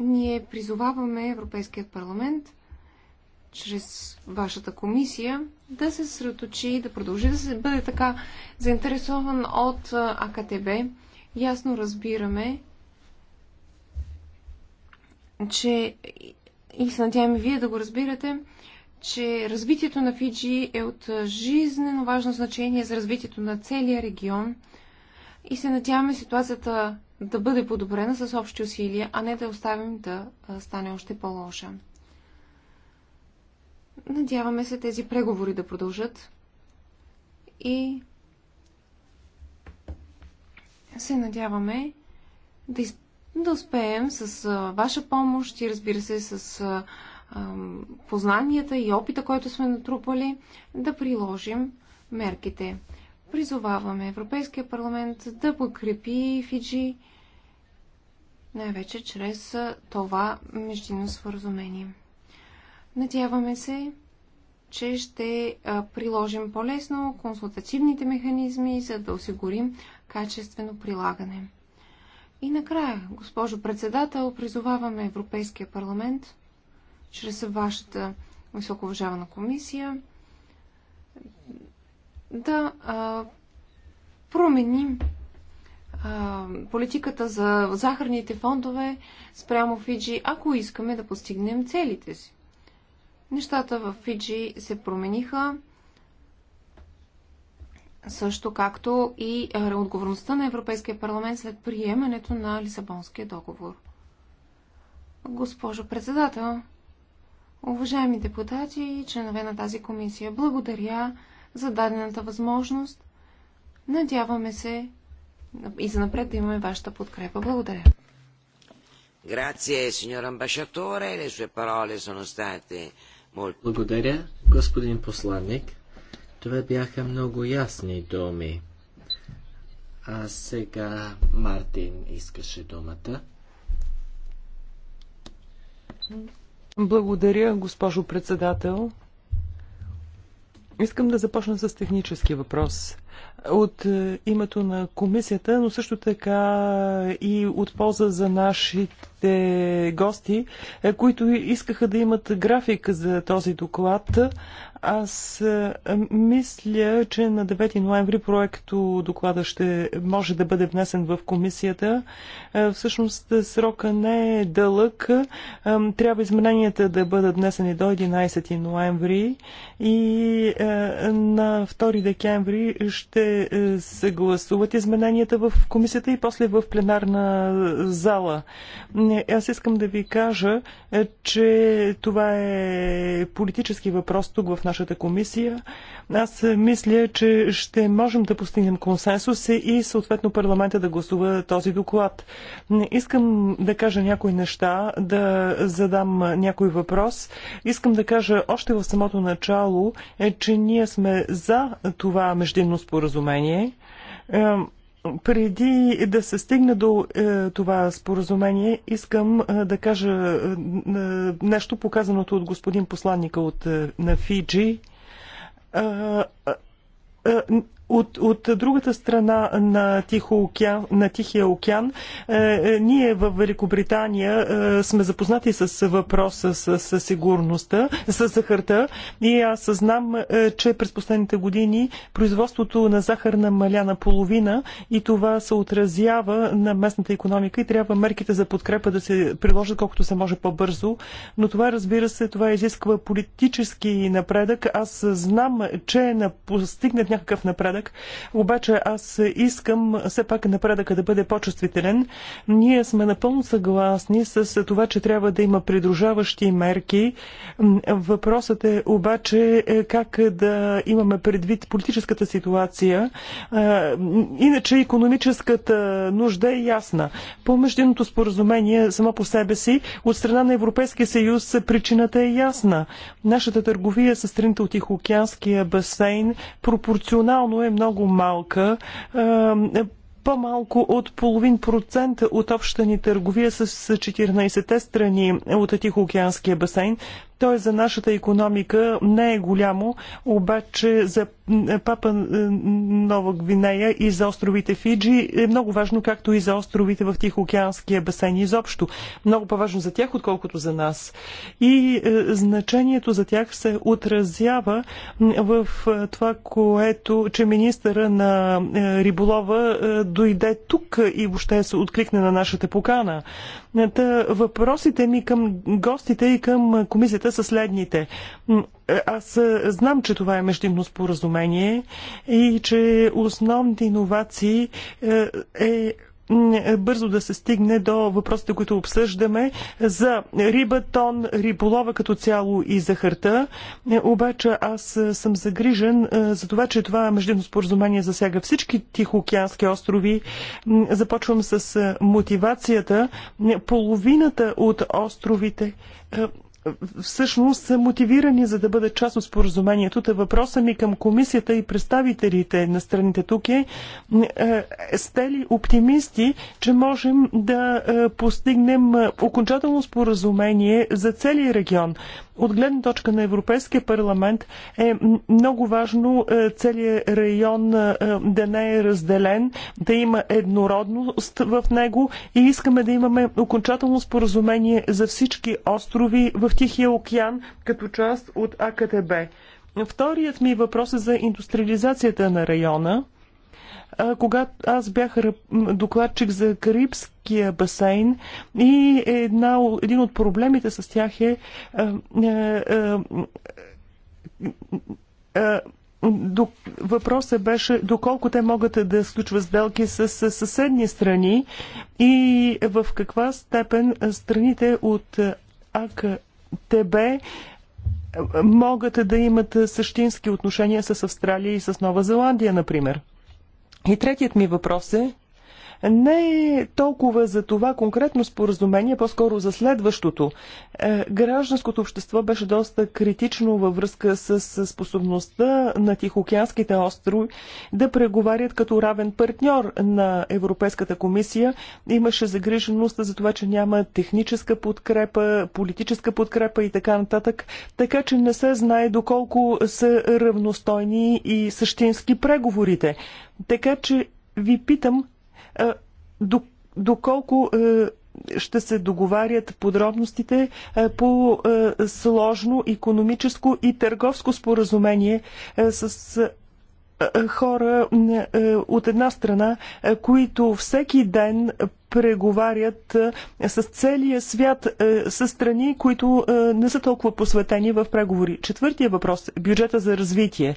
Ние призоваваме Европейският парламент чрез вашата комисия да се сръточи и да продължи да се бъде така заинтересован от АКТБ. Ясно разбираме, че и се надяваме вие да го разбирате, че развитието на Фиджи е от жизнено важно значение за развитието на целия регион и се надяваме ситуацията да бъде подобрена с общи усилия, а не да оставим да стане още по-лоша. Надяваме се тези преговори да продължат и се надяваме да, из... да успеем с а, ваша помощ и разбира се с а, а, познанията и опита, който сме натрупали, да приложим мерките. Призоваваме Европейския парламент да подкрепи Фиджи най-вече чрез това междинно споразумение. Надяваме се, че ще приложим по-лесно консултативните механизми, за да осигурим качествено прилагане. И накрая, госпожо председател, призоваваме Европейския парламент, чрез вашата високоважавана комисия, да а, променим а, политиката за захарните фондове спрямо Фиджи, ако искаме да постигнем целите си. Нещата в Фиджи се промениха, също както и отговорността на Европейския парламент след приемането на Лисабонския договор. Госпожо председател, уважаеми депутати и членове на тази комисия, благодаря за дадената възможност. Надяваме се и за напред да имаме вашата подкрепа. Благодаря. Grazie signor ambasciatore, le sue parole sono state благодаря, господин посланник. Това бяха много ясни думи. А сега Мартин искаше думата. Благодаря, госпожо председател. Искам да започна с технически въпрос от е, името на комисията, но също така е, и от полза за нашите гости, е, които искаха да имат график за този доклад. Аз мисля, че на 9 ноември проекто доклада ще може да бъде внесен в комисията. Всъщност срока не е дълъг. Трябва измененията да бъдат внесени до 11 ноември и на 2 декември ще е, се гласуват измененията в комисията и после в пленарна зала. Е, аз искам да ви кажа, е, че това е политически въпрос тук в нашата комисия. Аз мисля, че ще можем да постигнем консенсус и съответно парламента да гласува този доклад. Искам да кажа някои неща, да задам някой въпрос. Искам да кажа още в самото начало, че ние сме за това междинно споразумение споразумение. Преди да се стигне до е, това споразумение, искам е, да кажа е, е нещо показаното от господин посланника от, е, на Фиджи. Е, е, е от, от другата страна на, Тихо океан, на Тихия океан, е, е, ние в Великобритания е, сме запознати с въпроса с, с сигурността, с захарта и аз знам, че през последните години производството на захар намаля на половина и това се отразява на местната економика и трябва мерките за подкрепа да се приложат колкото се може по-бързо. Но това, разбира се, това изисква политически напредък. Аз знам, че е постигнат някакъв напредък напредък. Обаче аз искам все пак напредъка да бъде по-чувствителен. Ние сме напълно съгласни с това, че трябва да има придружаващи мерки. Въпросът е обаче е, как да имаме предвид политическата ситуация. Иначе економическата нужда е ясна. По междинното споразумение само по себе си от страна на Европейския съюз причината е ясна. Нашата търговия с страните от Тихоокеанския басейн пропорционално е е много малка по-малко от половин процент от общата ни търговия с 14-те страни от Тихоокеанския басейн. Той за нашата економика не е голямо, обаче за Папа Нова Гвинея и за островите Фиджи е много важно, както и за островите в Тихоокеанския басейн изобщо. Много по-важно за тях, отколкото за нас. И е, значението за тях се отразява в е, това, което, че министъра на е, риболова дойде тук и въобще се откликне на нашата покана. Та въпросите ми към гостите и към комисията са следните. Е, аз е, знам, че това е междинно споразумение и че основните иновации е, е бързо да се стигне до въпросите, които обсъждаме за риба, тон, риболова като цяло и захарта. Обаче аз съм загрижен за това, че това междинно споразумение засяга всички тихоокеански острови. Започвам с мотивацията. Половината от островите всъщност са мотивирани за да бъдат част от споразумението. Та въпроса ми към комисията и представителите на страните тук е, е сте ли оптимисти, че можем да е, постигнем е, окончателно споразумение за целия регион? От гледна точка на Европейския парламент е много важно целият район да не е разделен, да има еднородност в него и искаме да имаме окончателно споразумение за всички острови в в Тихия океан като част от АКТБ. Вторият ми въпрос е за индустриализацията на района. Когато аз бях докладчик за Карибския басейн и една, един от проблемите с тях е Въпросът беше доколко те могат да сключват сделки с съседни страни и в каква степен страните от АК тебе могат да имат същински отношения с Австралия и с Нова Зеландия, например. И третият ми въпрос е, не е толкова за това конкретно споразумение, по-скоро за следващото. Е, гражданското общество беше доста критично във връзка с способността на Тихоокеанските острови да преговарят като равен партньор на Европейската комисия. Имаше загриженост за това, че няма техническа подкрепа, политическа подкрепа и така нататък, така че не се знае доколко са равностойни и същински преговорите. Така че ви питам доколко е, ще се договарят подробностите е, по е, сложно економическо и търговско споразумение с хора е, от една страна, е, които всеки ден преговарят е, с целия свят, с страни, които не са толкова посветени в преговори. Четвъртия въпрос – бюджета за развитие.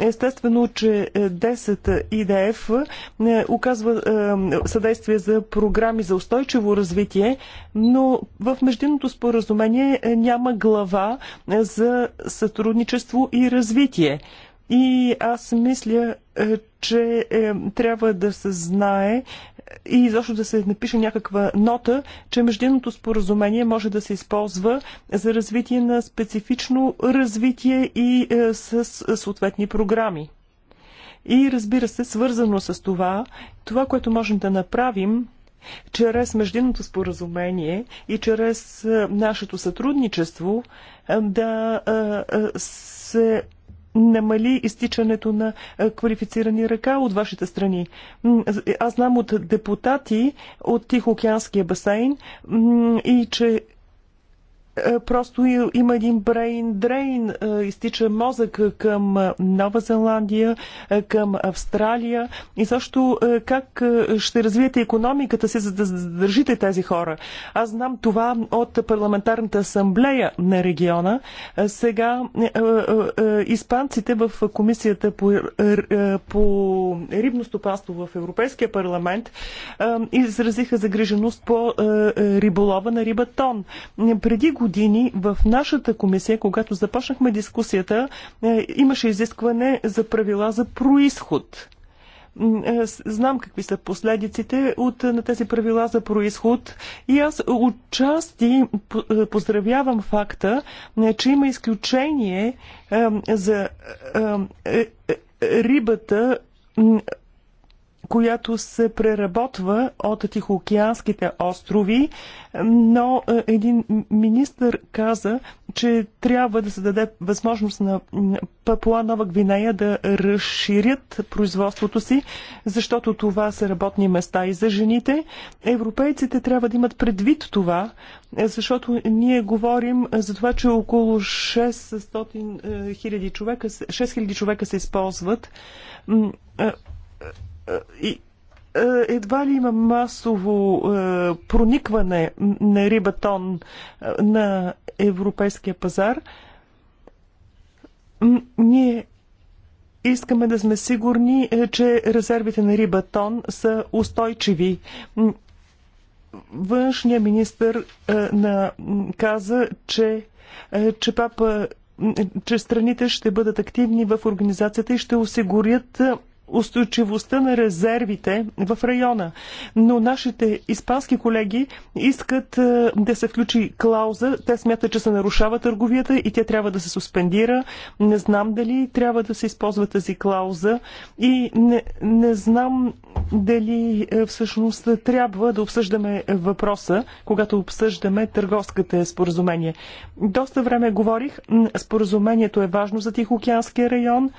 Естествено, че 10 ИДФ оказва съдействие за програми за устойчиво развитие, но в междинното споразумение няма глава за сътрудничество и развитие. И аз мисля, е, че е, трябва да се знае и изобщо да се напише някаква нота, че междинното споразумение може да се използва за развитие на специфично развитие и е, с съответни програми. И разбира се, свързано с това, това, което можем да направим чрез междинното споразумение и чрез нашето сътрудничество да се намали изтичането на е, квалифицирани ръка от вашите страни. Е, аз знам от депутати от Тихоокеанския басейн и че е, просто има един брейн дрейн, изтича мозък е, към е, Нова Зеландия, към Австралия и също как ще развиете економиката си, за да задържите тези хора. Аз знам това от парламентарната асамблея на региона. Сега испанците в комисията по, по рибно стопанство в Европейския парламент изразиха загриженост по риболова на риба тон. Преди го години в нашата комисия, когато започнахме дискусията, е, имаше изискване за правила за происход. Е, знам какви са последиците от е, на тези правила за происход и аз отчасти поздравявам факта, че има изключение за рибата която се преработва от Тихоокеанските острови, но е, един министр каза, че трябва да се даде възможност на Папуа Нова Гвинея да разширят производството си, защото това са работни места и за жените. Европейците трябва да имат предвид това, е, защото ние говорим за това, че около 600 е, хиляди човека, 6 хиляди човека се използват и е, едва ли има масово е, проникване на рибатон е, на европейския пазар, ние искаме да сме сигурни, че резервите на рибатон са устойчиви. Външният министр на, каза, че, че папа че страните ще бъдат активни в организацията и ще осигурят устойчивостта на резервите в района. Но нашите испански колеги искат е, да се включи клауза. Те смятат, че се нарушава търговията и тя трябва да се суспендира. Не знам дали трябва да се използва тази клауза и не, не знам дали е, всъщност трябва да обсъждаме въпроса, когато обсъждаме търговските споразумения. Доста време говорих. Споразумението е важно за Тихоокеанския район.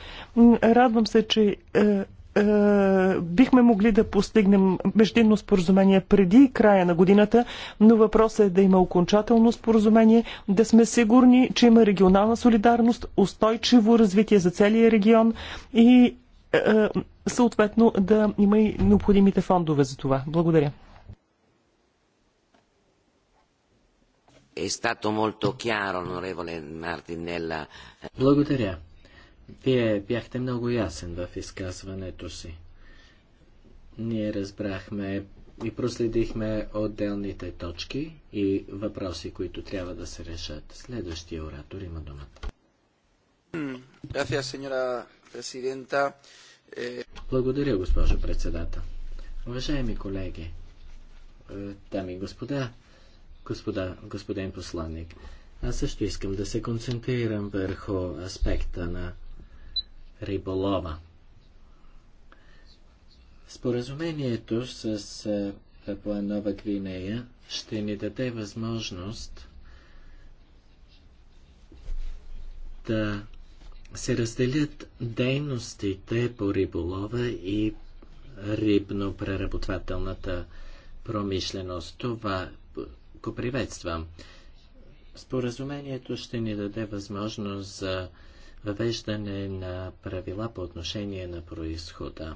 Радвам се, че е, е, бихме могли да постигнем междинно споразумение преди края на годината, но въпросът е да има окончателно споразумение, да сме сигурни, че има регионална солидарност, устойчиво развитие за целия регион и е, съответно да има и необходимите фондове за това. Благодаря. Е Благодаря. Вие бяхте много ясен в изказването си. Ние разбрахме и проследихме отделните точки и въпроси, които трябва да се решат. Следващия оратор има думата. Eh, Благодаря, госпожо председател. Уважаеми колеги, е, дами и господа, господа, господин посланник, аз също искам да се концентрирам върху аспекта на риболова. Споразумението с Папуа Нова Гвинея ще ни даде възможност да се разделят дейностите по риболова и рибно-преработвателната промишленост. Това го приветствам. Споразумението ще ни даде възможност за въвеждане на правила по отношение на происхода.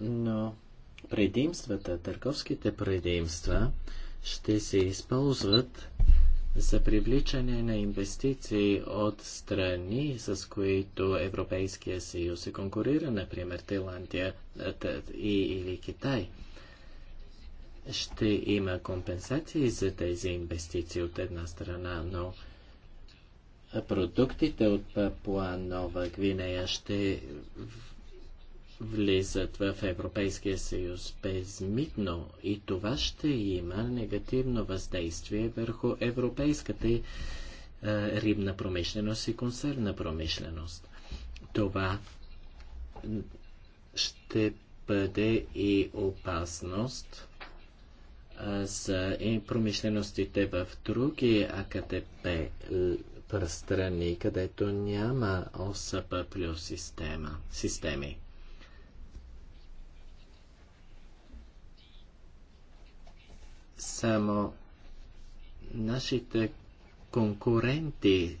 Но предимствата, търговските предимства ще се използват за привличане на инвестиции от страни, с които Европейския съюз се конкурира, например Тайландия и, или Китай. Ще има компенсации за тези инвестиции от една страна, но продуктите от Папуа Нова Гвинея ще влизат в Европейския съюз безмитно и това ще има негативно въздействие върху европейската рибна промишленост и консервна промишленост. Това ще бъде и опасност за промишленостите в други АКТП страни, където няма ОСП плюс система, системи. Само нашите конкуренти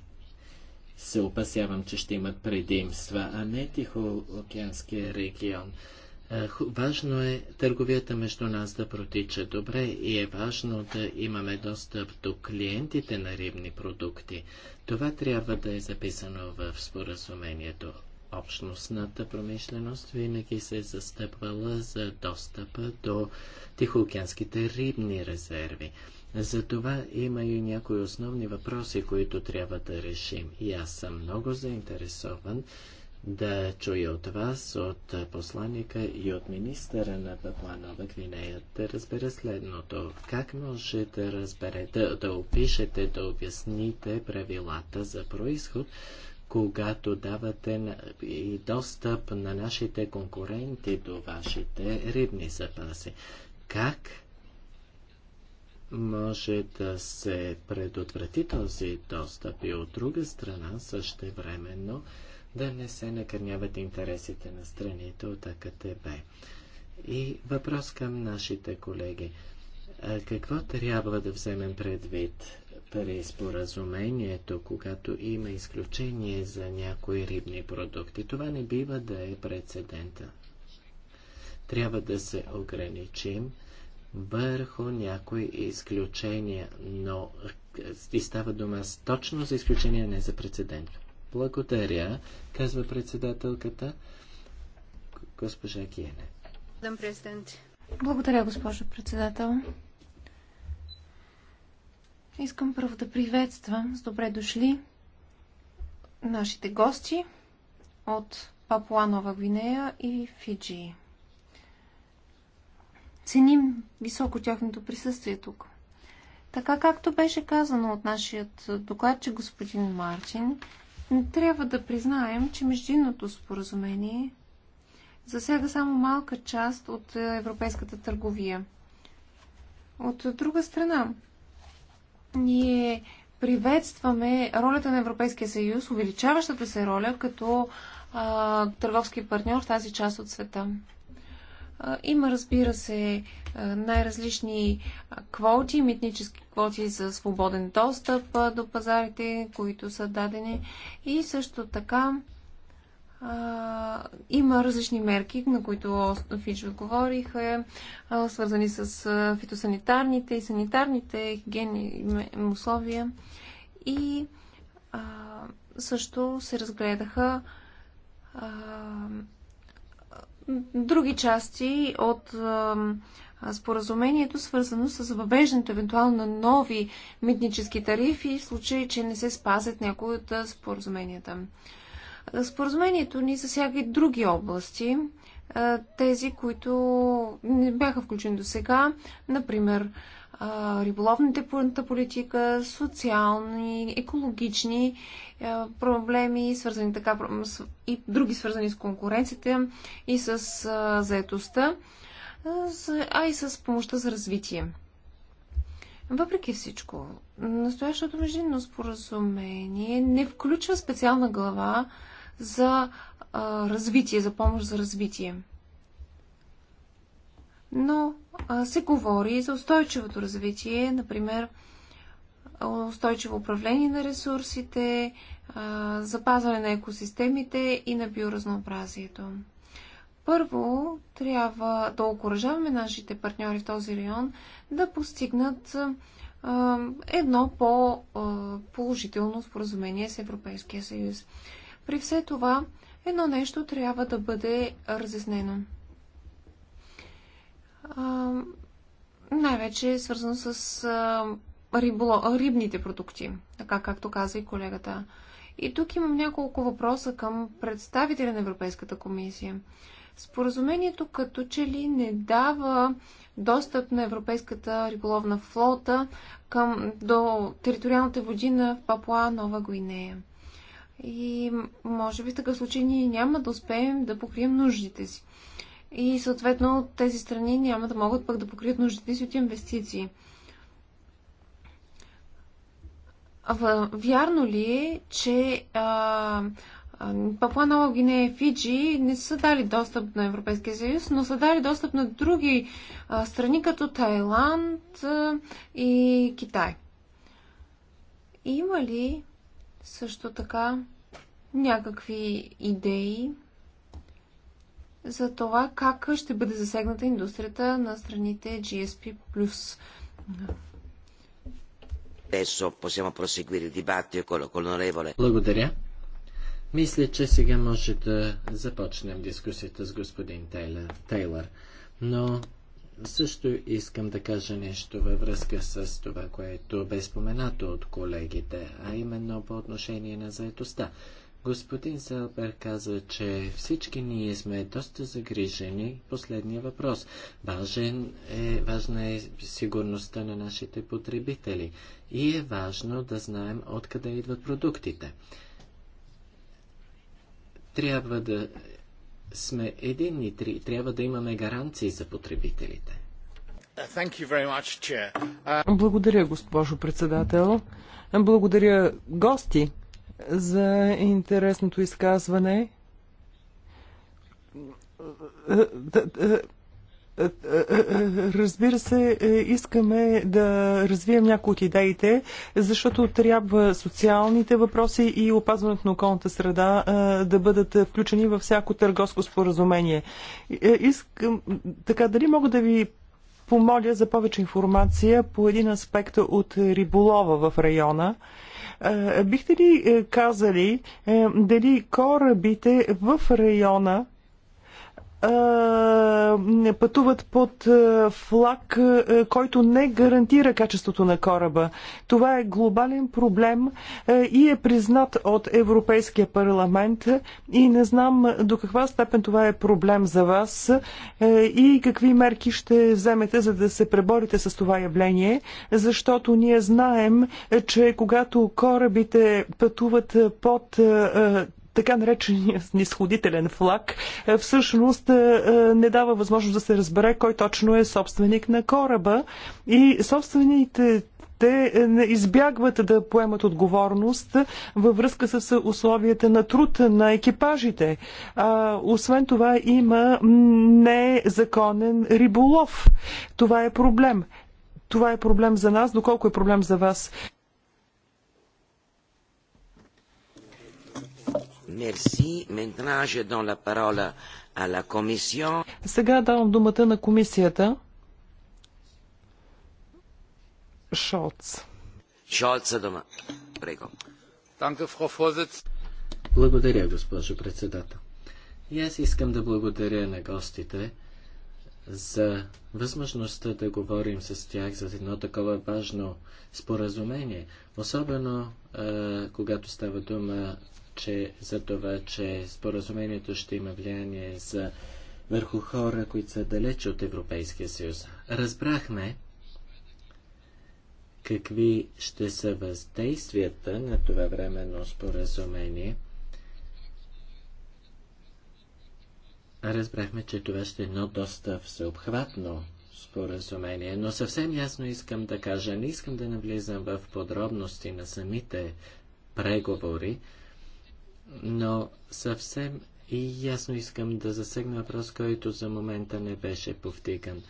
се опасявам, че ще имат предимства, а не Тихоокеанския регион – Важно е търговията между нас да протича добре и е важно да имаме достъп до клиентите на рибни продукти. Това трябва да е записано в споразумението. Общностната промишленост винаги се е застъпвала за достъпа до тихоокеанските рибни резерви. Затова има и някои основни въпроси, които трябва да решим. И аз съм много заинтересован да чуя от вас, от посланника и от министъра на Папуа Нова Гвинея да разбера следното. Как може да разберете, да, да опишете, да обясните правилата за происход, когато давате и достъп на нашите конкуренти до вашите рибни запаси? Как може да се предотврати този достъп и от друга страна също времено да не се накърняват интересите на страните от АКТБ. И въпрос към нашите колеги. Какво трябва да вземем предвид при споразумението, когато има изключение за някои рибни продукти? Това не бива да е прецедента. Трябва да се ограничим върху някои изключения, но и става дума точно за изключение, не за прецедент. Благодаря, казва председателката госпожа Киене. Благодаря, госпожо председател. Искам първо да приветствам с добре дошли нашите гости от Папуа Нова Гвинея и Фиджи. Ценим високо тяхното присъствие тук. Така както беше казано от нашият докладчик господин Мартин, трябва да признаем, че междинното споразумение засяга само малка част от е, европейската търговия. От друга страна, ние приветстваме ролята на Европейския съюз, увеличаващата се роля като а, търговски партньор в тази част от света. Има, разбира се, най-различни квоти, митнически квоти за свободен достъп до пазарите, които са дадени. И също така има различни мерки, на които Фич отговорих, е, свързани с фитосанитарните и санитарните хигиени условия. И също се разгледаха други части от е, споразумението, свързано с въвеждането евентуално на нови митнически тарифи, в случай, че не се спазят някои от е, споразуменията. Споразумението ни засяга и други области, е, тези, които не бяха включени до сега, например риболовната политика, социални, екологични проблеми, свързани така и други свързани с конкуренцията и с заетостта, а и с помощта за развитие. Въпреки всичко, настоящото междинно споразумение не включва специална глава за развитие, за помощ за развитие но се говори за устойчивото развитие, например устойчиво управление на ресурсите, запазване на екосистемите и на биоразнообразието. Първо, трябва да окоръжаваме нашите партньори в този район да постигнат едно по-положително споразумение с Европейския съюз. При все това, едно нещо трябва да бъде разяснено – най-вече е свързано с а, рибло, рибните продукти, така както каза и колегата. И тук имам няколко въпроса към представителя на Европейската комисия. Споразумението като че ли не дава достъп на Европейската риболовна флота към, до териториалните води на Папуа Нова Гвинея. И може би в такъв случай ние няма да успеем да покрием нуждите си и съответно тези страни няма да могат пък да покрият нуждите си от инвестиции. Вярно ли е, че Папуа Нова Гинея Фиджи не са дали достъп на Европейския съюз, но са дали достъп на други а, страни, като Тайланд а, и Китай. Има ли също така някакви идеи за това как ще бъде засегната индустрията на страните GSP+. Благодаря. Мисля, че сега може да започнем дискусията с господин Тейлър. Но също искам да кажа нещо във връзка с това, което бе споменато от колегите, а именно по отношение на заетостта. Господин Селбер каза, че всички ние сме доста загрижени. Последния въпрос. Важен е, важна е сигурността на нашите потребители и е важно да знаем откъде идват продуктите. Трябва да сме единни, трябва да имаме гаранции за потребителите. Much, uh... Благодаря, госпожо председател. Благодаря, гости за интересното изказване. Разбира се, искаме да развием някои от идеите, защото трябва социалните въпроси и опазването на околната среда да бъдат включени във всяко търговско споразумение. Е, искам, така, дали мога да ви помоля за повече информация по един аспект от риболова в района? Бихте ли е, казали е, дали корабите в района не пътуват под флаг, който не гарантира качеството на кораба. Това е глобален проблем и е признат от Европейския парламент и не знам до каква степен това е проблем за вас и какви мерки ще вземете, за да се преборите с това явление, защото ние знаем, че когато корабите пътуват под така наречения снисходителен флаг, е, всъщност е, е, не дава възможност да се разбере кой точно е собственик на кораба и собствените те не избягват да поемат отговорност във връзка с условията на труд на екипажите. А, освен това има незаконен риболов. Това е проблем. Това е проблем за нас, доколко е проблем за вас. Мерси. Maintenant, je donne la parole à la Сега давам думата на комисията. Шолц. Шолц дома. Прего. Благодаря, госпожо председател. И аз искам да благодаря на гостите за възможността да говорим с тях за едно такова важно споразумение, особено е, когато става дума че, за това, че споразумението ще има влияние за, върху хора, които са далеч от Европейския съюз. Разбрахме какви ще са въздействията на това временно споразумение. Разбрахме, че това ще е едно доста всеобхватно споразумение, но съвсем ясно искам да кажа, не искам да навлизам в подробности на самите преговори, но съвсем и ясно искам да засегна въпрос, който за момента не беше повдиган.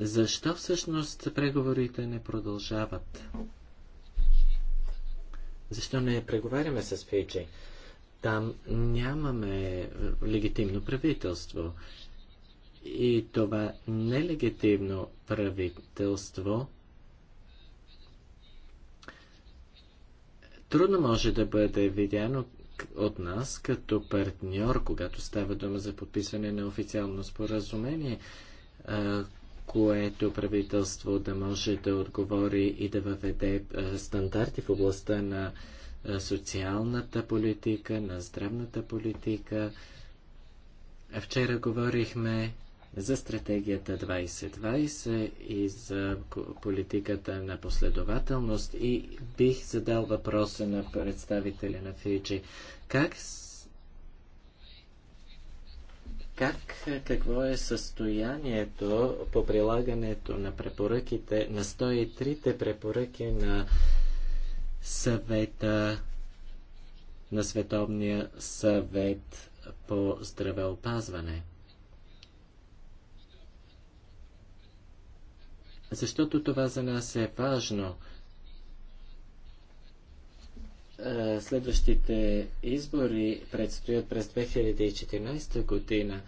Защо всъщност преговорите не продължават? Защо не преговаряме с Фиджи? Там нямаме е, легитимно правителство. И това нелегитимно правителство трудно може да бъде видяно от нас като партньор, когато става дума за подписване на официално споразумение, което правителство да може да отговори и да въведе стандарти в областта на социалната политика, на здравната политика. Вчера говорихме за стратегията 2020 и за политиката на последователност и бих задал въпроса на представители на Фиджи. Как как, какво е състоянието по прилагането на препоръките, на 103-те препоръки на съвета, на Световния съвет по здравеопазване? защото това за нас е важно. Следващите избори предстоят през 2014 година.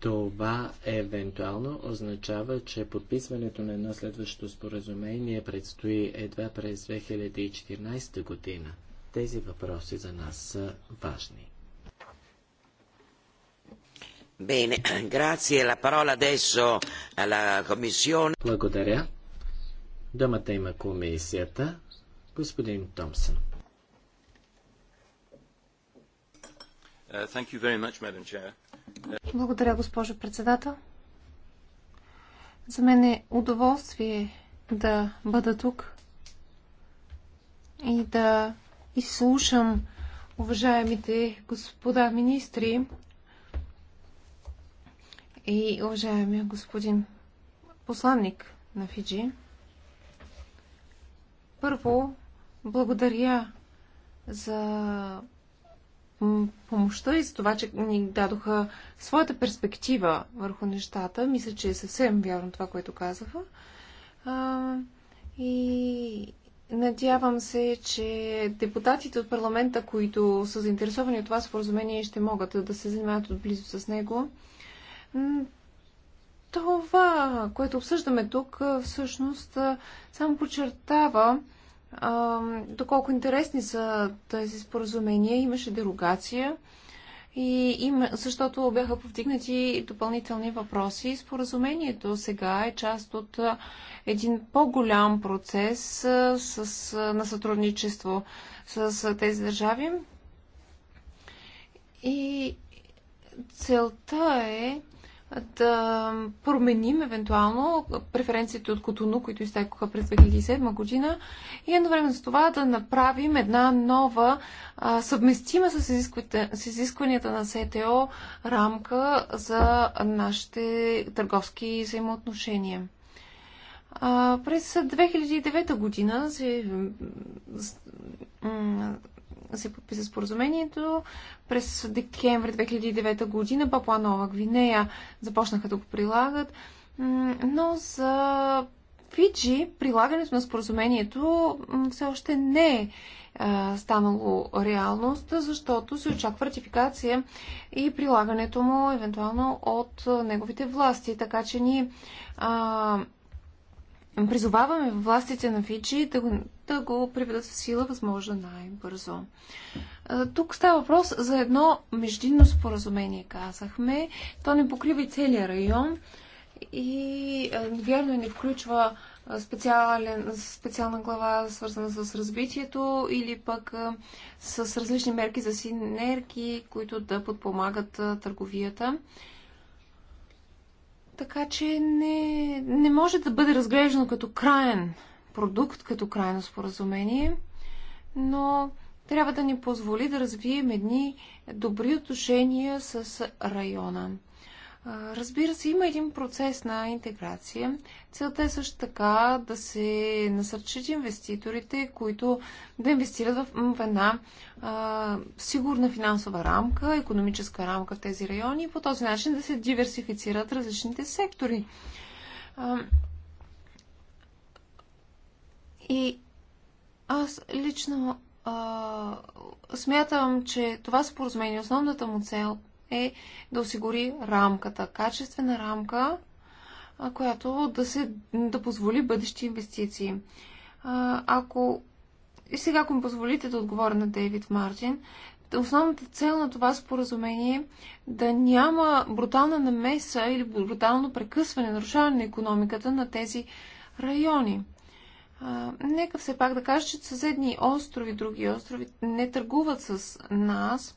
Това евентуално означава, че подписването на едно следващо споразумение предстои едва през 2014 година. Тези въпроси за нас са важни. Bene, (clears throat) grazie. La parola adesso alla Commissione. Благодаря. Думата има комисията. Господин Томсън. Uh, uh, Благодаря, госпожо председател. За мен е удоволствие да бъда тук и да изслушам уважаемите господа министри и уважаемия господин посланник на Фиджи. Първо, благодаря за помощта и за това, че ни дадоха своята перспектива върху нещата. Мисля, че е съвсем вярно това, което казаха. и надявам се, че депутатите от парламента, които са заинтересовани от това споразумение, ще могат да се занимават отблизо с него. Това, което обсъждаме тук, всъщност само подчертава доколко интересни са тези споразумения. Имаше дерогация, и им, защото бяха повдигнати допълнителни въпроси. Споразумението сега е част от един по-голям процес с, на сътрудничество с тези държави. И целта е да променим евентуално преференциите от Котону, които изтекоха през 2007 година и едновременно с това да направим една нова а, съвместима с, с изискванията на СТО рамка за нашите търговски взаимоотношения. А, през 2009 година се се подписа споразумението. През декември 2009 година Папуа Нова Гвинея започнаха да го прилагат, но за Фиджи прилагането на споразумението все още не е станало реалност, защото се очаква ратификация и прилагането му евентуално от неговите власти. Така че ние а, призоваваме властите на Фиджи да го, да го приведат в сила възможно най-бързо. Тук става въпрос за едно междинно споразумение, казахме. То не покрива и целия район и вярно не включва специален, специална глава, свързана с разбитието или пък с различни мерки за синергии, които да подпомагат търговията. Така че не, не може да бъде разглеждано като крайен продукт, като крайно споразумение, но трябва да ни позволи да развием едни добри отношения с района. Разбира се, има един процес на интеграция. Целта е също така да се насърчат инвеститорите, които да инвестират в една а, сигурна финансова рамка, економическа рамка в тези райони и по този начин да се диверсифицират различните сектори. А, и аз лично а, смятам, че това споразумение, основната му цел – е да осигури рамката, качествена рамка, която да, се, да позволи бъдещи инвестиции. Ако и сега, ако ми позволите да отговоря на Дейвид Мартин, основната цел на това споразумение е да няма брутална намеса или брутално прекъсване, нарушаване на економиката на тези райони. А, нека все пак да кажа, че съседни острови, други острови не търгуват с нас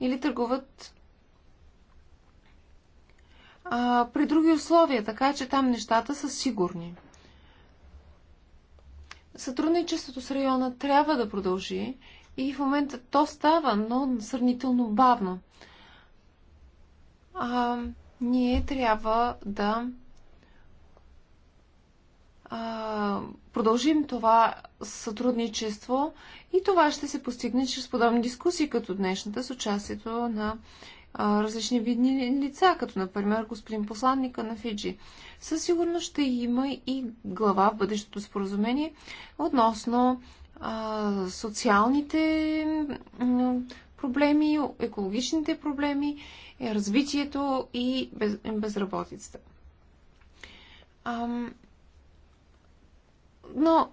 или търгуват а, при други условия, така че там нещата са сигурни. Сътрудничеството с района трябва да продължи и в момента то става, но сравнително бавно. А, ние трябва да а, продължим това сътрудничество и това ще се постигне чрез подобни дискусии, като днешната с участието на различни видни лица, като например господин посланника на Фиджи. Със сигурност ще има и глава в бъдещото споразумение относно а, социалните проблеми, екологичните проблеми, развитието и без, безработицата. Ам, но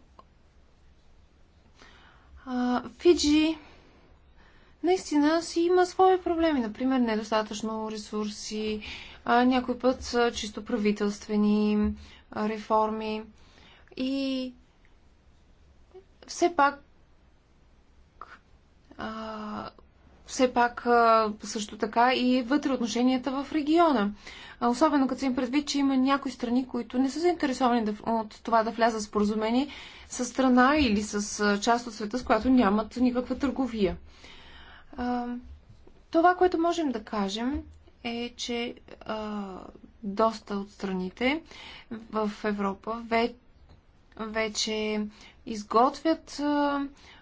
а, Фиджи наистина си има свои проблеми. Например, недостатъчно ресурси, някой път са чисто правителствени реформи. И все пак все пак също така и вътре отношенията в региона. особено като се им предвид, че има някои страни, които не са заинтересовани да, от това да влязат споразумение с страна или с част от света, с която нямат никаква търговия. Това, което можем да кажем е, че а, доста от страните в Европа ве, вече изготвят а,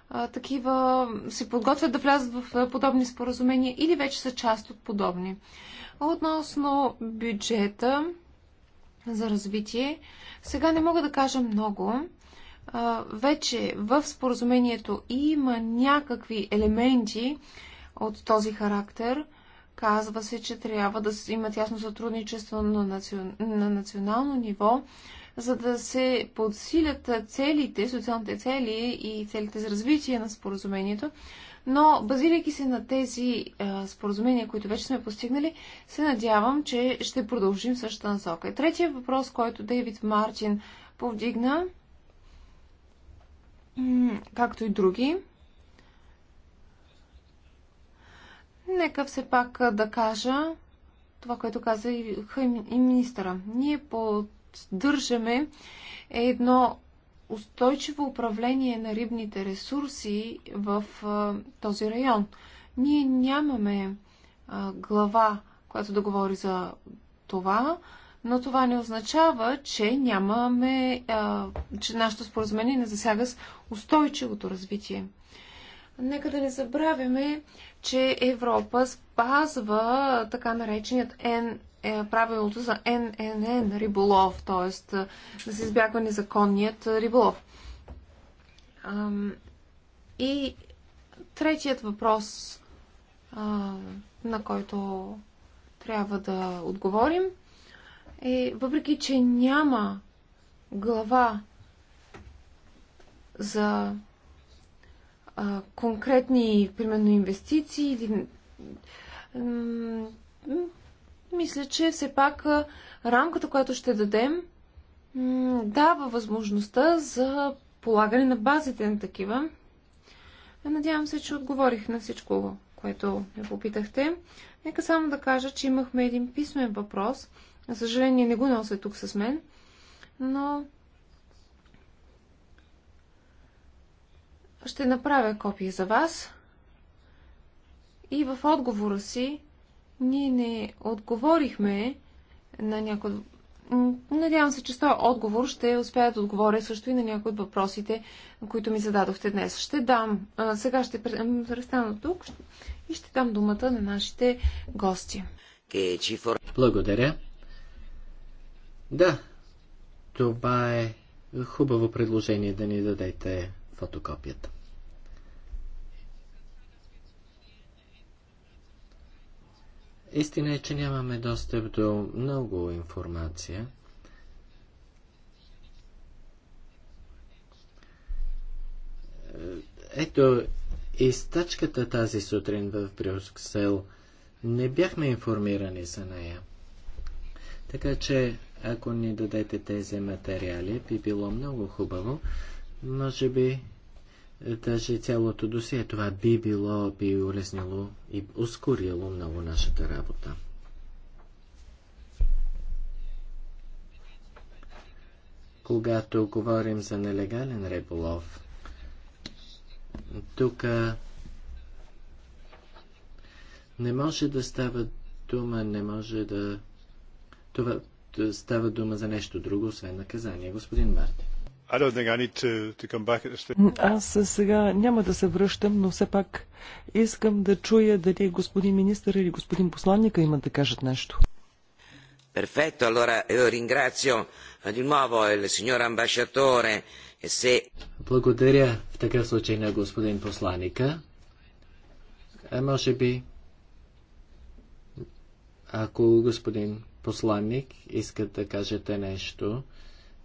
а, такива, се подготвят да влязат в подобни споразумения или вече са част от подобни. Относно бюджета за развитие, сега не мога да кажа много, вече в споразумението има някакви елементи от този характер. Казва се, че трябва да имат ясно сътрудничество на, национ... на национално ниво, за да се подсилят целите, социалните цели и целите за развитие на споразумението. Но, базирайки се на тези а, споразумения, които вече сме постигнали, се надявам, че ще продължим същата насока. Третия въпрос, който Дейвид Мартин повдигна, както и други. Нека все пак да кажа това, което каза и, министъра. Ние поддържаме едно устойчиво управление на рибните ресурси в този район. Ние нямаме глава, която да говори за това, но това не означава, че нямаме, а, че нашето споразумение не засяга с устойчивото развитие. Нека да не забравяме, че Европа спазва така нареченият N, е, правилото за ННН риболов, т.е. да се избягва незаконният риболов. Ам, и третият въпрос, а, на който трябва да отговорим – е, въпреки че няма глава за а, конкретни, примерно, инвестиции или. Мисля, че все пак а, рамката, която ще дадем, дава възможността за полагане на базите на такива. Надявам се, че отговорих на всичко, което ме попитахте. Нека само да кажа, че имахме един писмен въпрос – за съжаление не го нося тук с мен, но ще направя копия за вас. И в отговора си ние не отговорихме на някои... Надявам се, че с този отговор ще успея да отговоря също и на някои от въпросите, които ми зададохте днес. Ще дам... А, сега ще престана тук и ще дам думата на нашите гости. Благодаря. Да, това е хубаво предложение да ни дадете фотокопията. Истина е, че нямаме достъп до много информация. Ето, изтачката тази сутрин в Брюксел не бяхме информирани за нея. Така че ако ни дадете тези материали, би било много хубаво. Може би е, даже цялото досие. Това би било, би улеснило и ускорило много нашата работа. Когато говорим за нелегален риболов, тук е, не може да става дума, не може да... Това, е, става дума за нещо друго, освен наказание. Господин Мартин. Аз сега няма да се връщам, но все пак искам да чуя дали господин министър или господин посланника имат да кажат нещо. Перфекто, allora io ringrazio di nuovo il signor ambasciatore e se... Благодаря в такъв случай на господин посланника. А е, може би, ако господин посланник, искат да кажете нещо,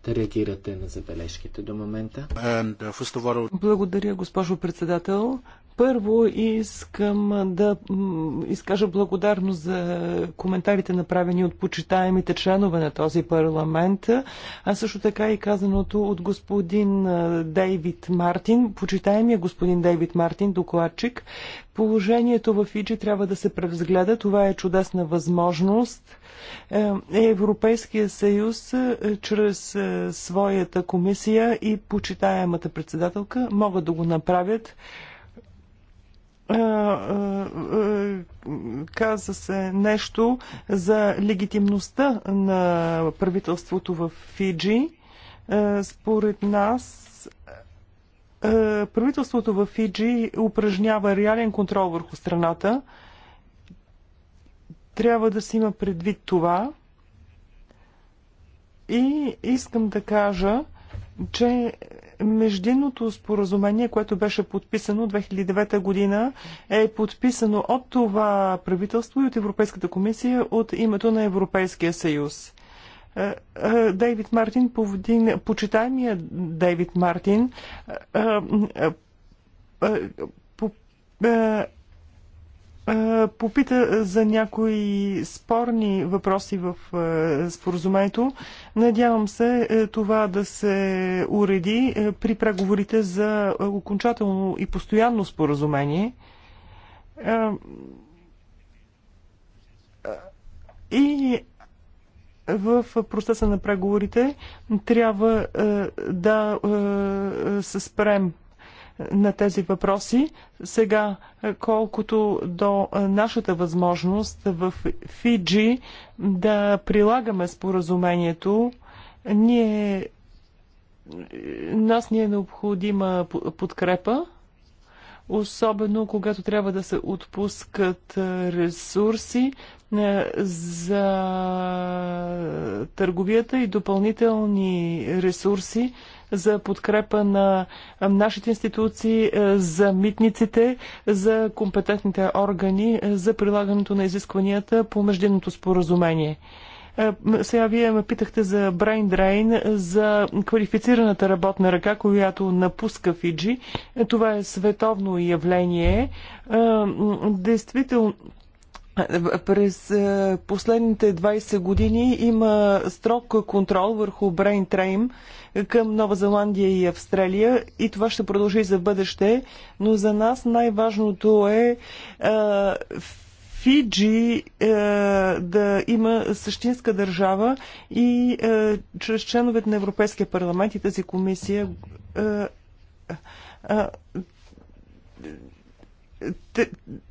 да реагирате на забележките до момента. Uh, Благодаря, госпожо председател. Първо искам да изкажа благодарност за коментарите направени от почитаемите членове на този парламент, а също така и казаното от господин Дейвид Мартин, почитаемия господин Дейвид Мартин, докладчик. Положението в Фиджи трябва да се превзгледа. Това е чудесна възможност. Е, е, Европейския съюз е, чрез своята комисия и почитаемата председателка могат да го направят каза се нещо за легитимността на правителството в Фиджи. Според нас правителството в Фиджи упражнява реален контрол върху страната. Трябва да се има предвид това. И искам да кажа, че Междинното споразумение, което беше подписано 2009 година, е подписано от това правителство и от Европейската комисия от името на Европейския съюз. Е, е, Дейвид Мартин, почитаемия Дейвид Мартин, е, по, попита за някои спорни въпроси в споразумението. Надявам се е, това да се уреди е, при преговорите за окончателно и постоянно споразумение. И в процеса на преговорите трябва е, да се спрем на тези въпроси. Сега, колкото до нашата възможност в Фиджи да прилагаме споразумението, ние, нас ни е необходима подкрепа, особено когато трябва да се отпускат ресурси за търговията и допълнителни ресурси за подкрепа на нашите институции, е, за митниците, за компетентните органи, е, за прилагането на изискванията по междинното споразумение. Е, сега вие ме питахте за Брайн Драйн, за квалифицираната работна ръка, която напуска Фиджи. Това е световно явление. Действително, през е, последните 20 години има строг контрол върху Brain Train към Нова Зеландия и Австралия и това ще продължи за бъдеще, но за нас най-важното е, е Фиджи е, да има същинска държава и е, чрез членовете на Европейския парламент и тази комисия е, е,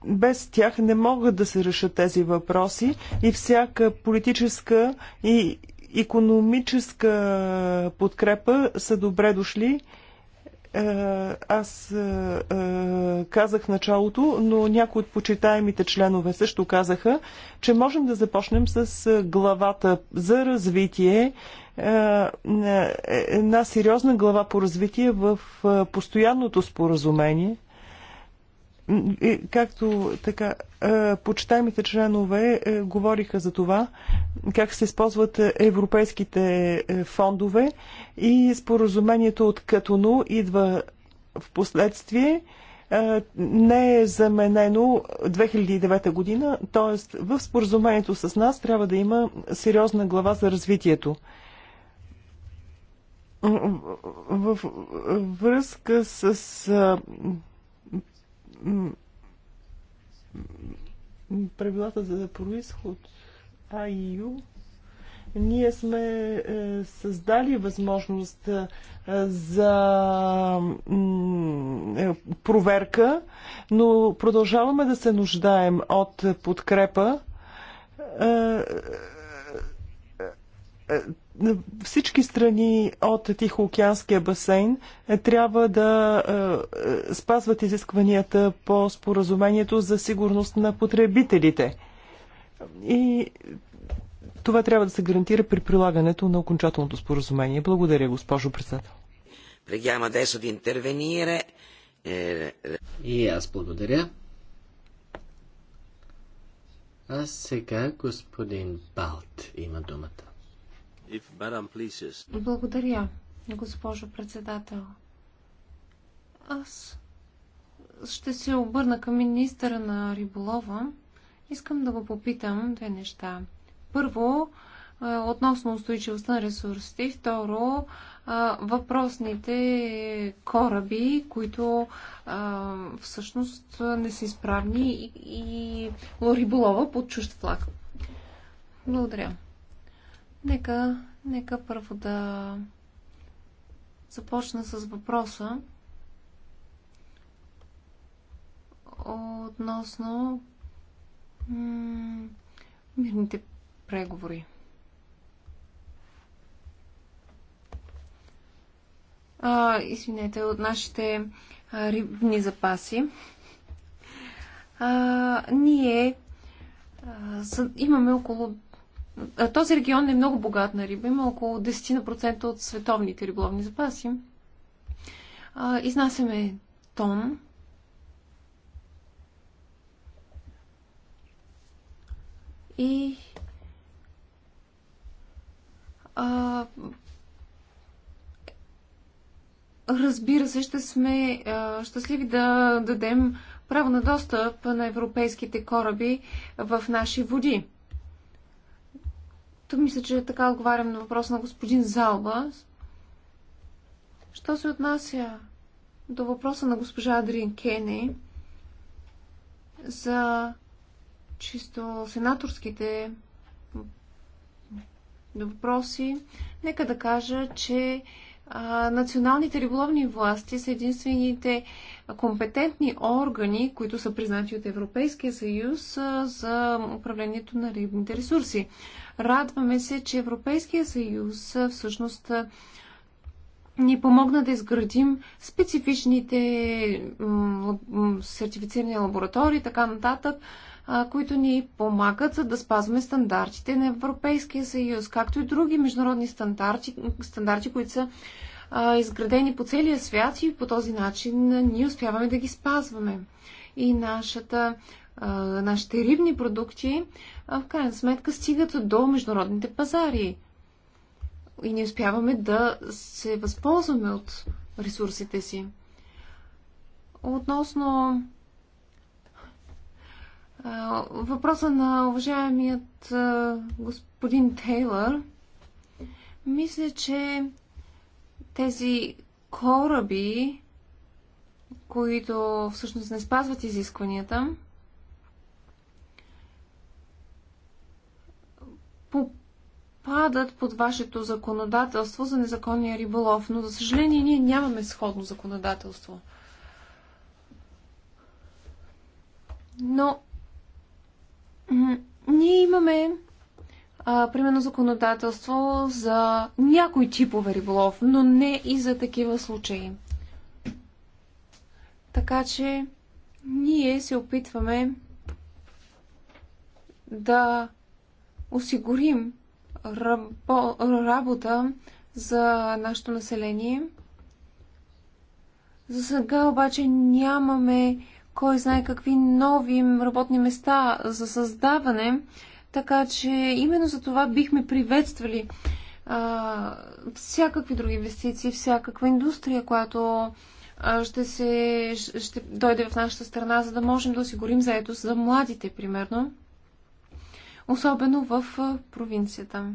без тях не могат да се решат тези въпроси и всяка политическа и економическа подкрепа са добре дошли. Е, аз е, е, казах началото, но някои от почитаемите членове също казаха, че можем да започнем с главата за развитие, една сериозна глава по развитие в постоянното споразумение – е, както така е, почитаемите членове е, говориха за това, как се използват европейските фондове и споразумението от Катону идва в последствие не е заменено 2009 година, т.е. в споразумението с нас трябва да има сериозна глава за развитието. В връзка с правилата за происход АИУ, ние сме е, създали възможност е, за е, проверка, но продължаваме да се нуждаем от подкрепа всички страни от Тихоокеанския басейн е, трябва да е, е, спазват изискванията по споразумението за сигурност на потребителите. И това трябва да се гарантира при прилагането на окончателното споразумение. Благодаря, госпожо председател. да И аз благодаря. А сега господин Балт има думата. If, Благодаря, госпожо председател. Аз ще се обърна към министъра на риболова. Искам да го попитам две неща. Първо, е, относно устойчивостта на ресурсите второ, е, въпросните кораби, които е, всъщност не са изправни и, и риболова под чужд флаг. Благодаря. Нека, нека първо да започна с въпроса относно мирните преговори. А, извинете, от нашите а, рибни запаси. А, ние а, имаме около този регион е много богат на риба. Има около 10% от световните риболовни запаси. Изнасяме тон. И а, разбира се, ще сме а, щастливи да дадем право на достъп на европейските кораби в наши води. Тук мисля, че така отговарям на въпрос на господин Залба. Що се отнася до въпроса на госпожа Адриен Кене за чисто сенаторските въпроси, нека да кажа, че а, националните риболовни власти са единствените компетентни органи, които са признати от Европейския съюз а, за управлението на рибните ресурси. Радваме се, че Европейския съюз всъщност ни помогна да изградим специфичните сертифицирани лаборатории така нататък, които ни помагат за да спазваме стандартите на Европейския съюз, както и други международни стандарти, стандарти които са изградени по целия свят и по този начин ние успяваме да ги спазваме. И нашата нашите рибни продукти, в крайна сметка стигат до международните пазари. И не успяваме да се възползваме от ресурсите си. Относно въпроса на уважаемият господин Тейлър, мисля, че тези кораби, които всъщност не спазват изискванията, попадат под вашето законодателство за незаконния риболов, но за съжаление ние нямаме сходно законодателство. Но ние имаме а, примерно законодателство за някой типове риболов, но не и за такива случаи. Така че ние се опитваме да осигурим рабо, работа за нашето население. За сега обаче нямаме кой знае какви нови работни места за създаване, така че именно за това бихме приветствали а, всякакви други инвестиции, всякаква индустрия, която а, ще, се, ще дойде в нашата страна, за да можем да осигурим заетост за младите, примерно особено в провинцията.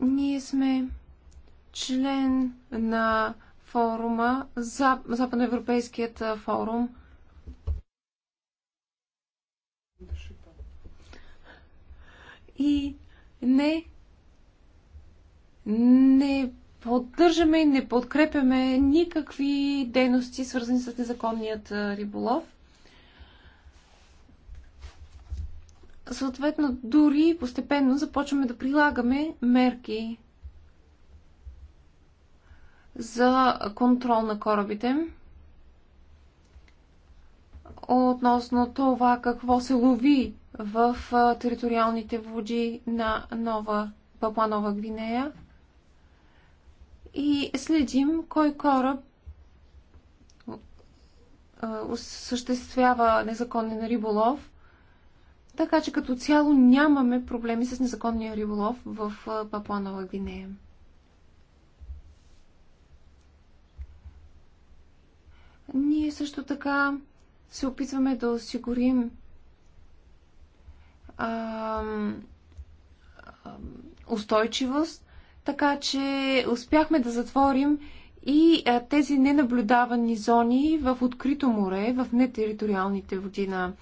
Ние сме член на форума, Западноевропейският форум. И не, не поддържаме и не подкрепяме никакви дейности, свързани с незаконният риболов. Съответно, дори постепенно започваме да прилагаме мерки за контрол на корабите относно това какво се лови в териториалните води на Нова Папуа Нова Гвинея и следим кой кораб осъществява незаконен риболов. Така че като цяло нямаме проблеми с незаконния риболов в Папуа Нова Гвинея. Ние също така се опитваме да осигурим устойчивост така че успяхме да затворим и а, тези ненаблюдавани зони в открито море, в нетериториалните води на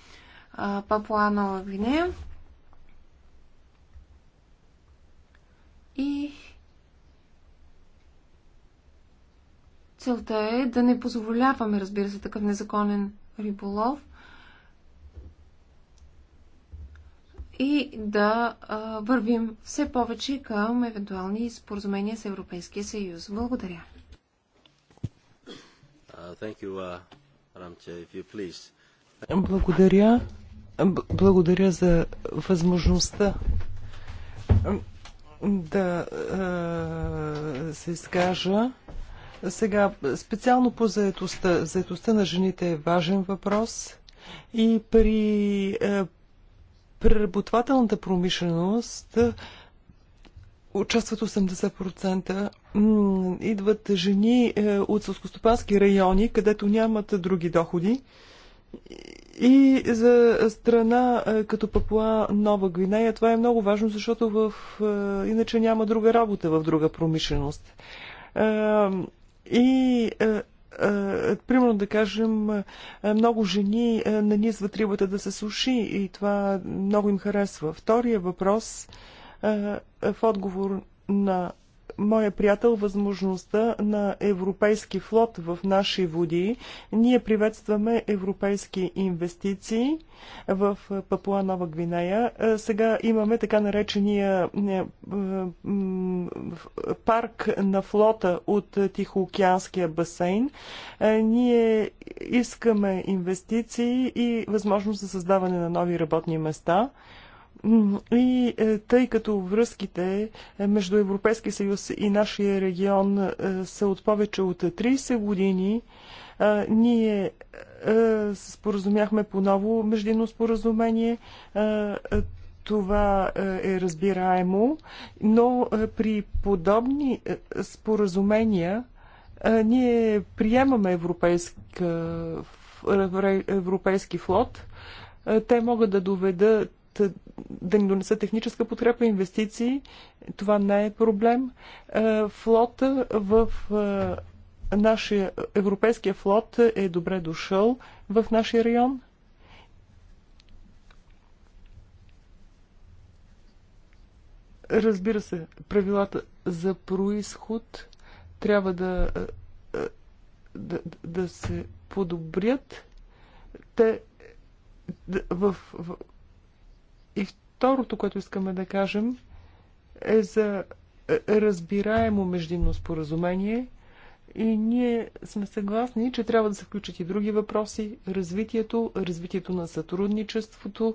а, Папуа Нова Гвинея. И целта е да не позволяваме, разбира се, такъв незаконен риболов. и да вървим все повече към евентуални споразумения с Европейския съюз. Благодаря. Uh, uh, благодаря. Благодаря за възможността да се изкажа. Сега, специално по заетостта. Заетостта на жените е важен въпрос. И при преработвателната промишленост е, участват 80%. Идват жени е, от сълскостопански райони, където нямат други доходи. И за страна е, като Папуа Нова Гвинея това е много важно, защото в, иначе няма друга работа в друга промишленост. И е, примерно да кажем, е, много жени е, нанизват рибата да се суши и това много им харесва. Втория въпрос в отговор на моя приятел възможността на европейски флот в наши води. Ние приветстваме европейски инвестиции в Папуа Нова Гвинея. Е, сега имаме така наречения е, парк на флота от Тихоокеанския басейн. Е, ние искаме инвестиции и възможност за създаване на нови работни места. И е, тъй като връзките е, между Европейския съюз и нашия регион е, са от повече от 30 години, ние се споразумяхме по ново междинно споразумение. Това е разбираемо, но при подобни споразумения ние приемаме европейски флот. Те могат да доведат е, да ни донесат техническа подкрепа, инвестиции. Това не е проблем. Е, флота в е, нашия европейския флот е добре дошъл в нашия район. Разбира се, правилата за происход трябва да, да, да се подобрят. Те в, в, и второто, което искаме да кажем, е за е, разбираемо междинно споразумение – и ние сме съгласни, че трябва да се включат и други въпроси. Развитието, развитието на сътрудничеството,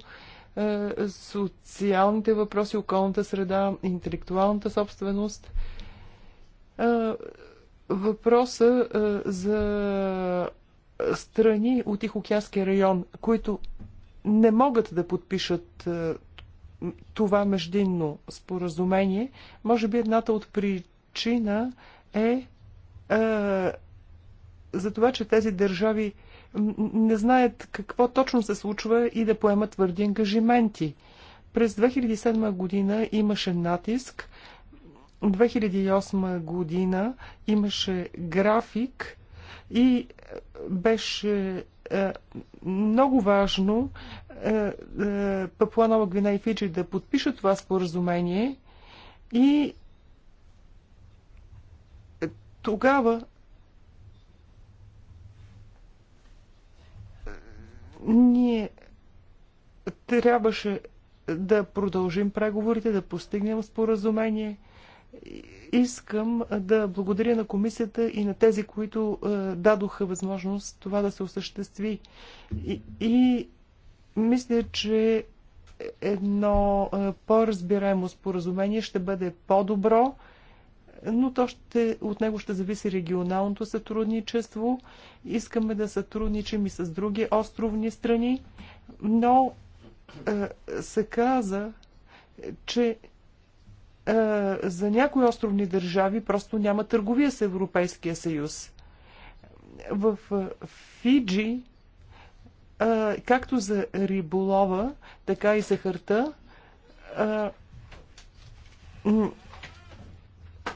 е, социалните въпроси, околната среда, интелектуалната собственост. Е, въпроса за страни от Тихоокеанския район, които не могат да подпишат е, това междинно споразумение. Може би едната от причина е, е за това, че тези държави не знаят какво точно се случва и да поемат твърди ангажименти. През 2007 година имаше натиск. 2008 година имаше график и беше е, много важно е, е, Папуа Нова Гвина и Фиджи да подпишат това споразумение и тогава ние трябваше да продължим преговорите, да постигнем споразумение. Искам да благодаря на комисията и на тези, които е, дадоха възможност това да се осъществи. И, и мисля, че едно е, по-разбираемо споразумение ще бъде по-добро, но то ще, от него ще зависи регионалното сътрудничество. Искаме да сътрудничим и с други островни страни, но е, се каза, че е, за някои островни държави просто няма търговия с Европейския съюз. В е, Фиджи, е, както за риболова, така и за харта,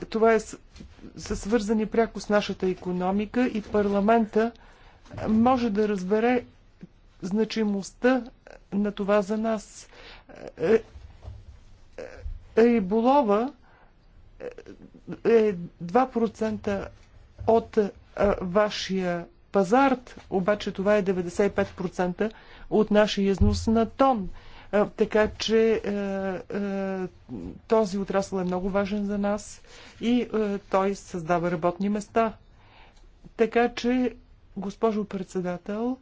това е, са свързани пряко с нашата економика и парламента може да разбере значимостта на това за нас риболова е 2% е от е, вашия пазар, обаче това е 95% от нашия износ на тон. Е, така че този отрасъл е много важен за нас и той създава работни места. Така че, госпожо председател,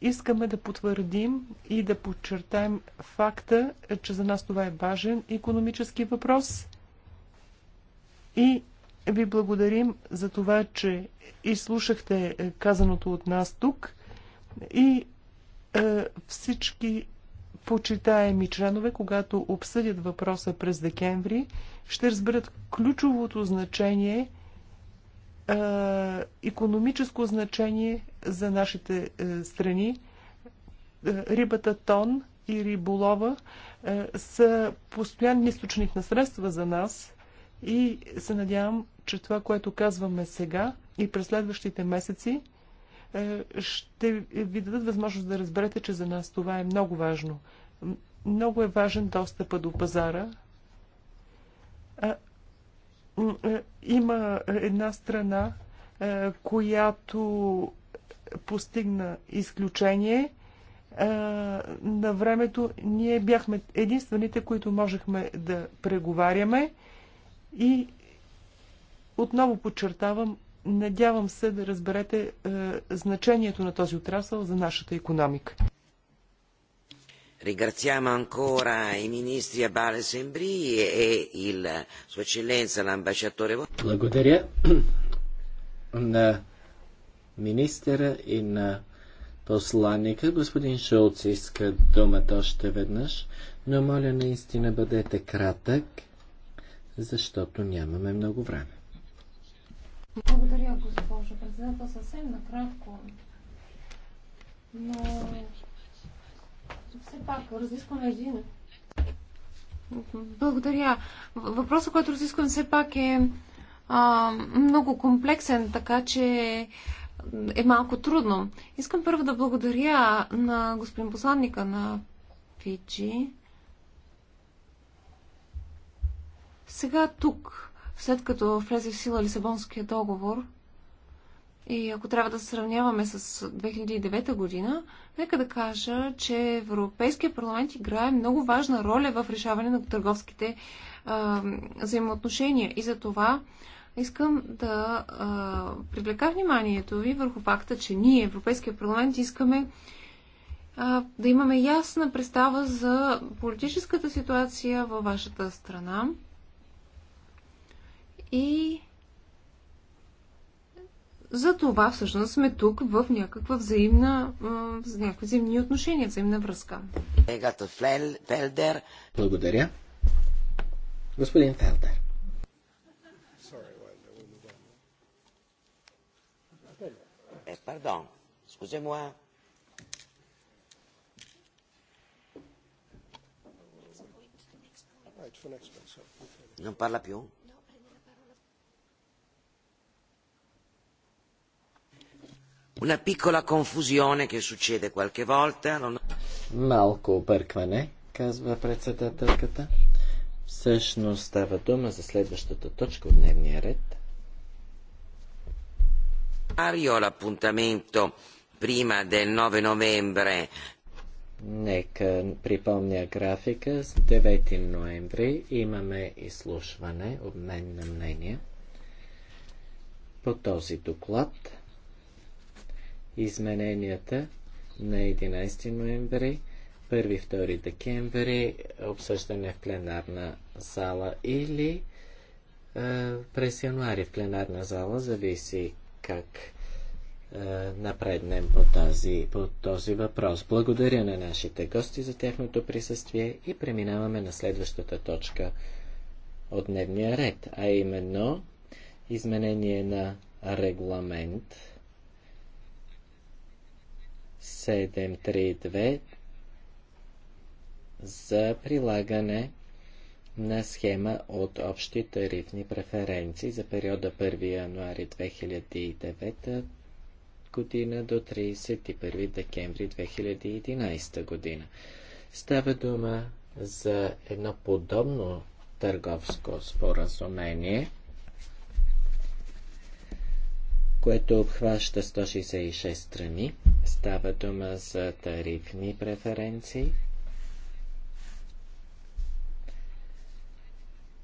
Искаме да потвърдим и да подчертаем факта, че за нас това е важен економически въпрос. И ви благодарим за това, че изслушахте казаното от нас тук и е, всички почитаеми членове, когато обсъдят въпроса през декември, ще разберат ключовото значение економическо значение за нашите е, страни. Е, рибата тон и риболова е, са постоянен източник на средства за нас и се надявам, че това, което казваме сега и през следващите месеци, ще ви дадат възможност да разберете, че за нас това е много важно. Много е важен достъпа до пазара. Е, има една страна, е, която постигна изключение. Е, на времето ние бяхме единствените, които можехме да преговаряме и отново подчертавам, надявам се да разберете значението на този отрасъл за нашата економика. Ringraziamo ancora i ministri Абале Сембри e, e, e il Sua Eccellenza l'ambasciatore. Благодаря на министъра и на посланника. Господин Шолц иска думата още веднъж, но моля наистина бъдете кратък, защото нямаме много време. Благодаря, госпожо председател. Съвсем накратко. Но все пак разискваме един. Благодаря. Въпросът, който разисквам все пак е а, много комплексен, така че е малко трудно. Искам първо да благодаря на господин посланника на Фиджи. Сега тук, след като влезе в сила Лисабонския договор, и ако трябва да се сравняваме с 2009 година, нека да кажа, че Европейския парламент играе много важна роля в решаване на търговските а, взаимоотношения. И за това искам да а, привлека вниманието ви върху факта, че ние, Европейския парламент, искаме а, да имаме ясна представа за политическата ситуация във вашата страна. И за това всъщност сме тук в някаква взаимна, в някакви взаимни отношения, взаимна връзка. Благодаря. Господин Фелдер. Eh, pardon, excusez-moi. Non parla più? Una piccola confusione che succede qualche volta. Non... Малко объркване, казва председателката. Всъщност става дума за следващата точка от дневния ред. Арио l'appuntamento prima del 9 novembre. Нека припомня графика. С 9 ноември имаме изслушване, обмен на мнение по този доклад измененията на 11 ноември, 1-2 декември, обсъждане в пленарна зала или а, е, през януари в пленарна зала, зависи как а, е, напреднем по, тази, по този въпрос. Благодаря на нашите гости за тяхното присъствие и преминаваме на следващата точка от дневния ред, а именно изменение на регламент 732 за прилагане на схема от общи тарифни преференции за периода 1 януари 2009 година до 31 декември 2011 година. Става дума за едно подобно търговско споразумение което обхваща 166 страни. Става дума за тарифни преференции.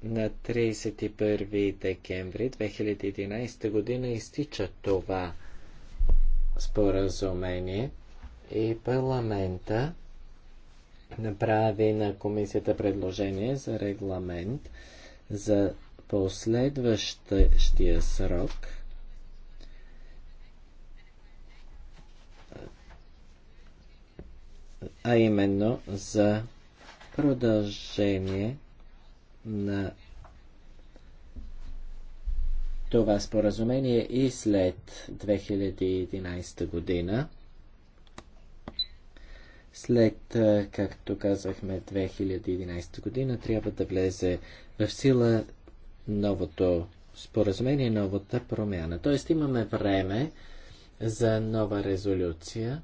На 31 декември 2011 година изтича това споразумение и парламента направи на комисията предложение за регламент за последващия срок – а именно за продължение на това споразумение и след 2011 година. След, както казахме, 2011 година трябва да влезе в сила новото споразумение, новата промяна. Тоест имаме време за нова резолюция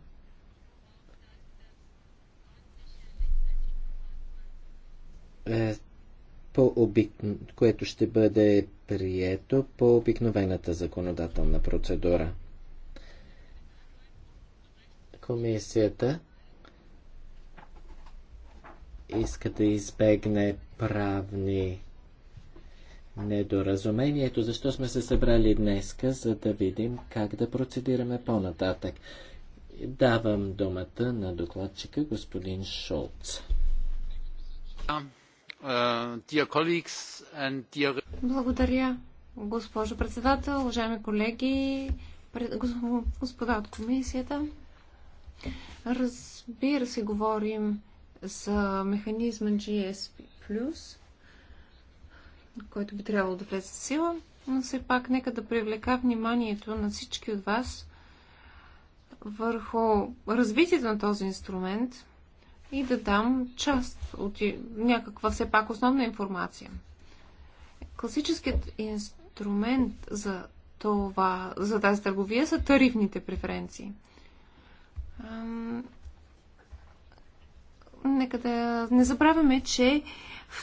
Е по обик... което ще бъде прието по обикновената законодателна процедура. Комисията иска да избегне правни недоразумението, защо сме се събрали днеска, за да видим как да процедираме по-нататък. Давам думата на докладчика господин Шолц. Uh, Благодаря, госпожо председател, уважаеми колеги, господа от комисията. Разбира се, говорим за механизма GSP+, който би трябвало да влезе в сила, но все пак нека да привлека вниманието на всички от вас върху развитието на този инструмент – и да дам част от някаква все пак основна информация. Класическият инструмент за това, за тази търговия са тарифните преференции. Ам... Нека да не забравяме, че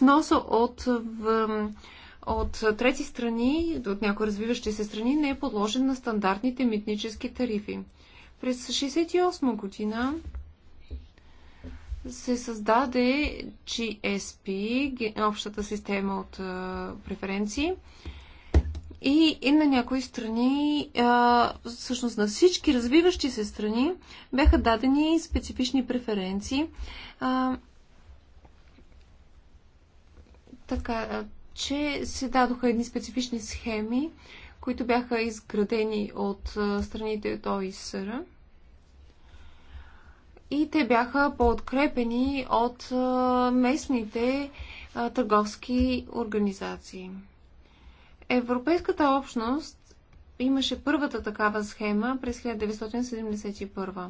вноса от, в, от трети страни, от някои развиващи се страни, не е подложен на стандартните митнически тарифи. През 1968 година се създаде GSP, общата система от преференции. И, и на някои страни, а, всъщност на всички развиващи се страни, бяха дадени специфични преференции. А, така, че се дадоха едни специфични схеми, които бяха изградени от страните от ОИСР и те бяха подкрепени от местните търговски организации. Европейската общност имаше първата такава схема през 1971.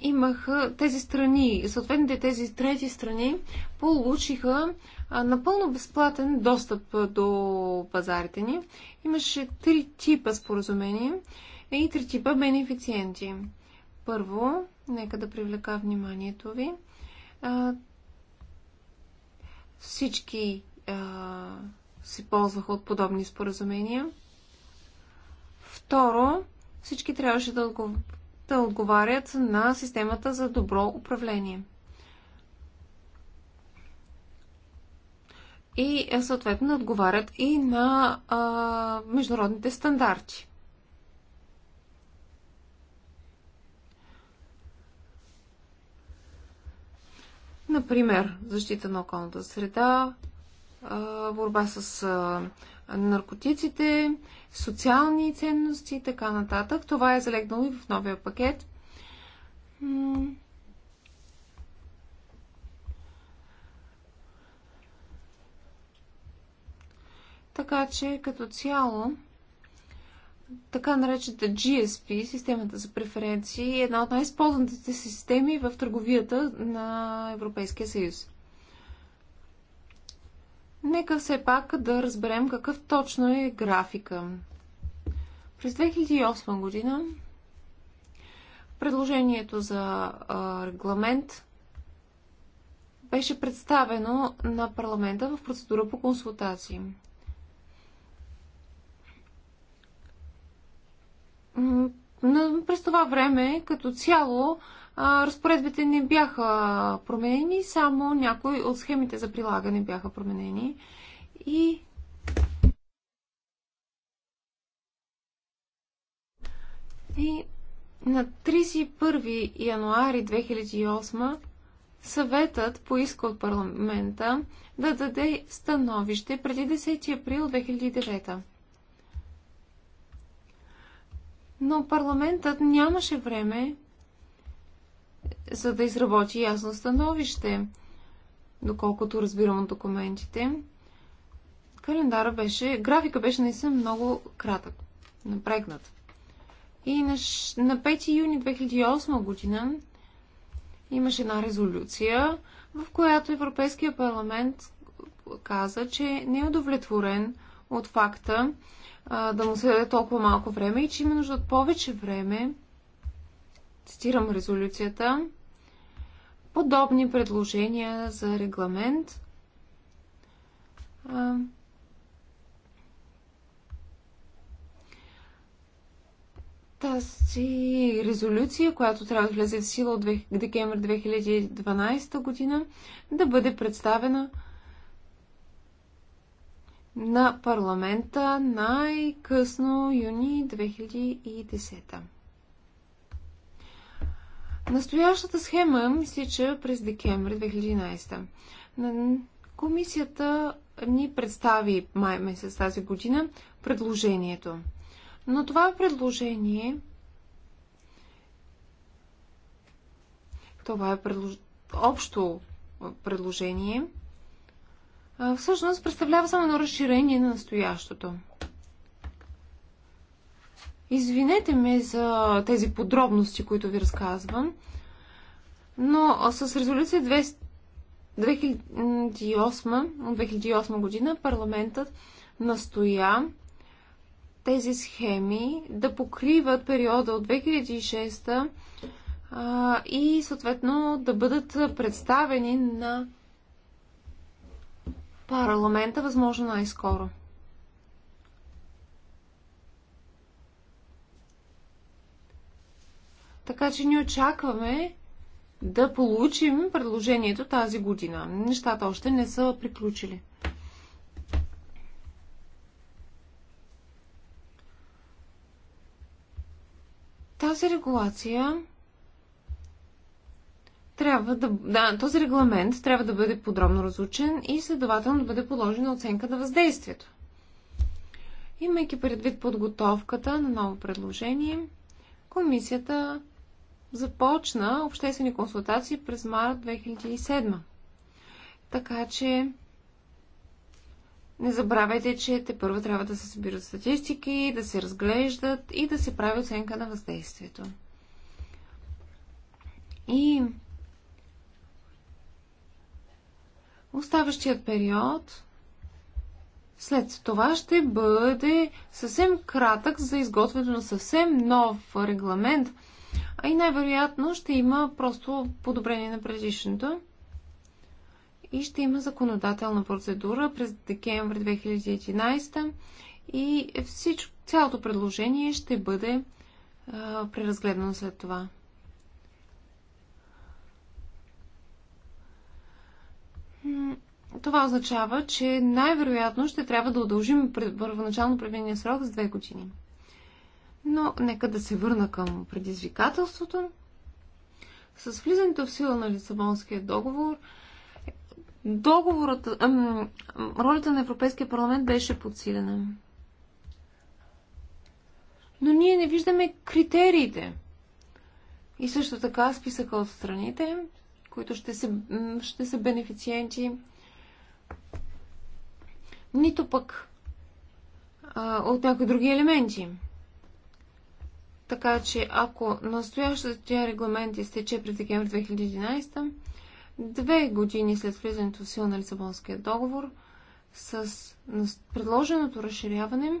Имаха тези страни, съответните тези трети страни получиха напълно безплатен достъп до пазарите ни. Имаше три типа споразумения е, и три типа бенефициенти. Първо, нека да привлека вниманието ви. А, всички а, се ползваха от подобни споразумения. Второ, всички трябваше да, отгов... да отговарят на системата за добро управление. И е, съответно отговарят и на а, международните стандарти. Например, защита на околната среда, борба с наркотиците, социални ценности и така нататък. Това е залегнало и в новия пакет. Така че като цяло така наречената GSP, системата за преференции, е една от най-използваните системи в търговията на Европейския съюз. Нека все пак да разберем какъв точно е графика. През 2008 година предложението за регламент беше представено на парламента в процедура по консултации. през това време, като цяло, разпоредбите не бяха променени, само някои от схемите за прилагане бяха променени. И И на 31 януари 2008 съветът поиска от парламента да даде становище преди 10 април 2009. но парламентът нямаше време за да изработи ясно становище, доколкото разбирам от документите. Календара беше, графика беше наистина много кратък, напрегнат. И на, на 5 юни 2008 година имаше една резолюция, в която Европейския парламент каза, че не е удовлетворен от факта, а, да му се даде толкова малко време и че има нужда от повече време. Цитирам резолюцията. Подобни предложения за регламент. А, тази резолюция, която трябва да влезе в сила от декември 2012 година, да бъде представена на парламента най-късно юни 2010. Настоящата схема изтича през декември 2011. Комисията ни представи май месец тази година предложението. Но това предложение това е предлож... общо предложение всъщност представлява само едно разширение на настоящото. Извинете ме за тези подробности, които ви разказвам, но с резолюция 2008, 2008, 2008 година парламентът настоя тези схеми да покриват периода от 2006 а, и съответно да бъдат представени на парламента възможно най-скоро. Така че ни очакваме да получим предложението тази година. Нещата още не са приключили. Тази регулация трябва да, да, този регламент трябва да бъде подробно разучен и следователно да бъде положена оценка на въздействието. Имайки предвид подготовката на ново предложение, комисията започна обществени консултации през март 2007. Така че не забравяйте, че те първо трябва да се събират статистики, да се разглеждат и да се прави оценка на въздействието. И оставащият период след това ще бъде съвсем кратък за изготвянето на съвсем нов регламент, а и най-вероятно ще има просто подобрение на предишното и ще има законодателна процедура през декември 2011 и всичко, цялото предложение ще бъде а, преразгледано след това. това означава, че най-вероятно ще трябва да удължим първоначално предвидения срок с две години. Но нека да се върна към предизвикателството. С влизането в сила на Лисабонския договор, договорът, ам, ролята на Европейския парламент беше подсилена. Но ние не виждаме критериите. И също така списъка от страните, които ще са, ще са бенефициенти, нито пък а, от някои други елементи. Така че ако настоящата тя регламент е изтече през декември 2011, две години след влизането в сила на Лисабонския договор, с предложеното разширяване,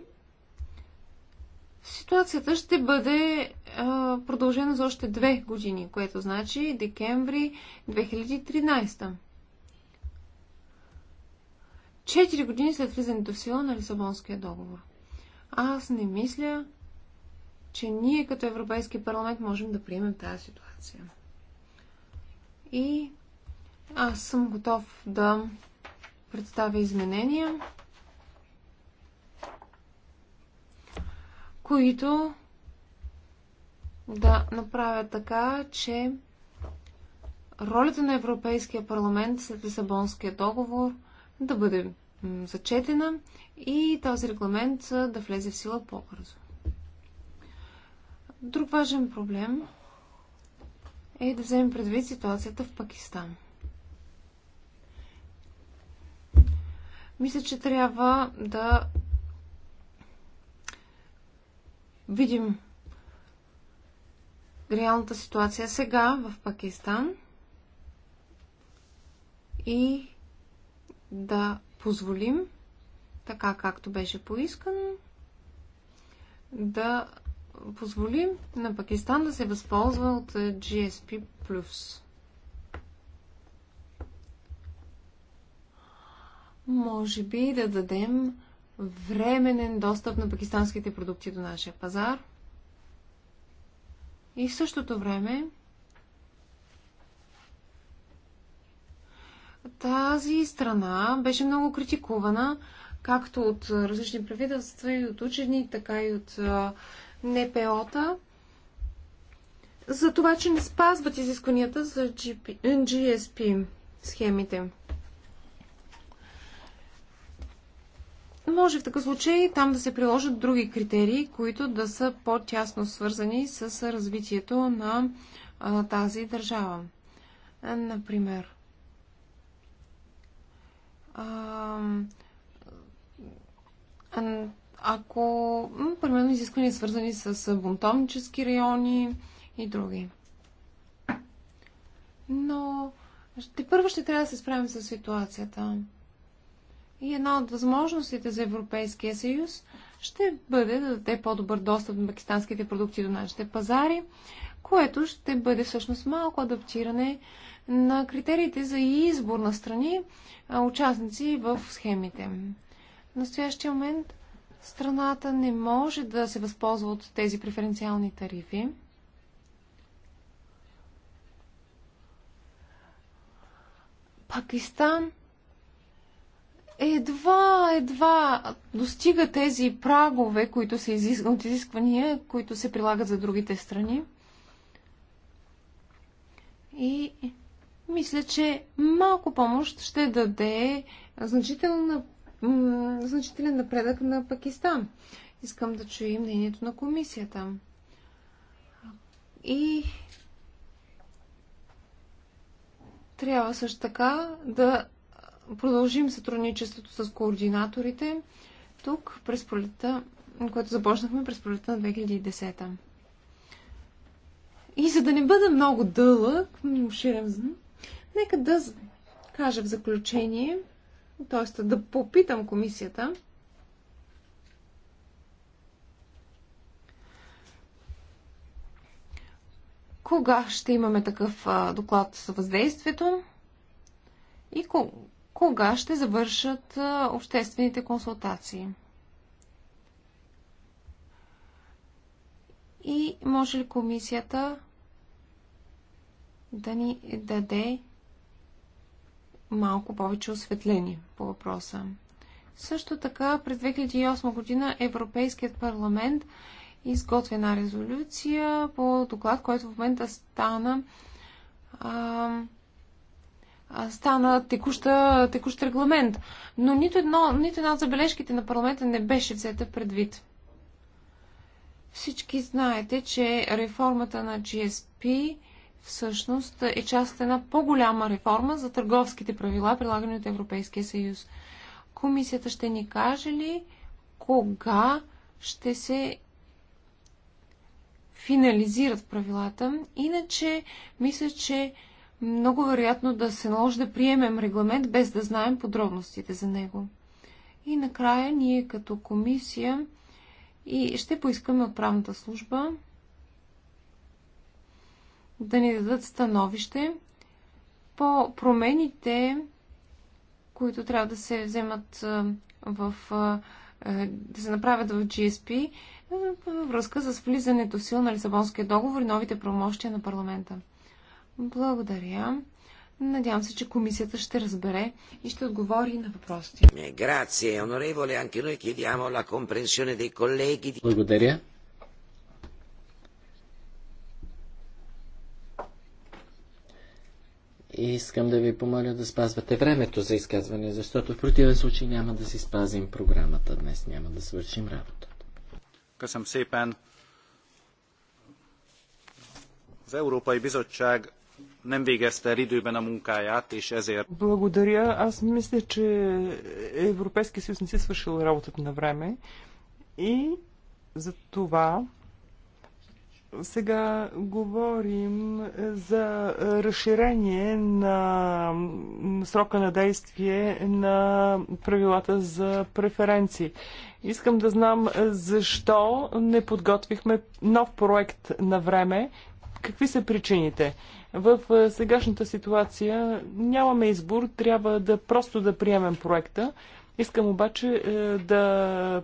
ситуацията ще бъде а, продължена за още две години, което значи декември 2013. Четири години след влизането в сила на Лисабонския договор. Аз не мисля, че ние като Европейски парламент можем да приемем тази ситуация. И аз съм готов да представя изменения които да направят така, че ролята на Европейския парламент след Лисабонския договор да бъде зачетена и този регламент да влезе в сила по-бързо. Друг важен проблем е да вземем предвид ситуацията в Пакистан. Мисля, че трябва да видим реалната ситуация сега в Пакистан и да позволим, така както беше поискано, да позволим на Пакистан да се възползва от е, GSP+. Може би да дадем временен достъп на пакистанските продукти до нашия пазар. И в същото време тази страна беше много критикувана, както от различни правителства и от учени, така и от НПО-та, за това, че не спазват изискванията за GSP схемите. може в такъв случай там да се приложат други критерии, които да са по-тясно свързани с развитието на а, тази държава. Например, а, ако, примерно, изисквания свързани с бунтовнически райони и други. Но ще първо ще трябва да се справим с ситуацията. И една от възможностите за Европейския съюз ще бъде да даде по-добър достъп на пакистанските продукти до нашите пазари, което ще бъде всъщност малко адаптиране на критериите за избор на страни, участници в схемите. В настоящия момент страната не може да се възползва от тези преференциални тарифи. Пакистан едва, едва достига тези прагове, които се изискват от изисквания, които се прилагат за другите страни. И мисля, че малко помощ ще даде значителна, значителен напредък на Пакистан. Искам да чуя мнението на комисията. И трябва също така да продължим сътрудничеството с координаторите тук през пролета, което започнахме през пролета на 2010. И за да не бъда много дълъг, ширем, нека да кажа в заключение, т.е. да попитам комисията, кога ще имаме такъв доклад за въздействието и кога ще завършат обществените консултации? И може ли комисията да ни даде малко повече осветление по въпроса? Също така през 2008 година Европейският парламент изготви една резолюция по доклад, който в момента стана а, стана текуща, текущ регламент. Но нито, едно, нито една от забележките на парламента не беше взета предвид. Всички знаете, че реформата на GSP всъщност е част от една по-голяма реформа за търговските правила, прилагани от Европейския съюз. Комисията ще ни каже ли кога ще се финализират правилата? Иначе, мисля, че много вероятно да се наложи да приемем регламент без да знаем подробностите за него. И накрая ние като комисия и ще поискаме от правната служба да ни дадат становище по промените, които трябва да се вземат в е, да се направят в GSP във връзка с влизането в на Лисабонския договор и новите промощия на парламента. Благодаря. Надявам се, че комисията ще разбере и ще отговори на въпросите. Е, Благодаря. И искам да ви помоля да спазвате времето за изказване, защото в противен случай няма да си спазим програмата днес, няма да свършим работата. Köszönöm szépen. Az Európai Bizottság благодаря. Аз мисля, че Европейския съюз не си е свършил работата на време и за това сега говорим за разширение на срока на действие на правилата за преференции. Искам да знам защо не подготвихме нов проект на време Какви са причините? В сегашната ситуация нямаме избор, трябва да просто да приемем проекта. Искам обаче е, да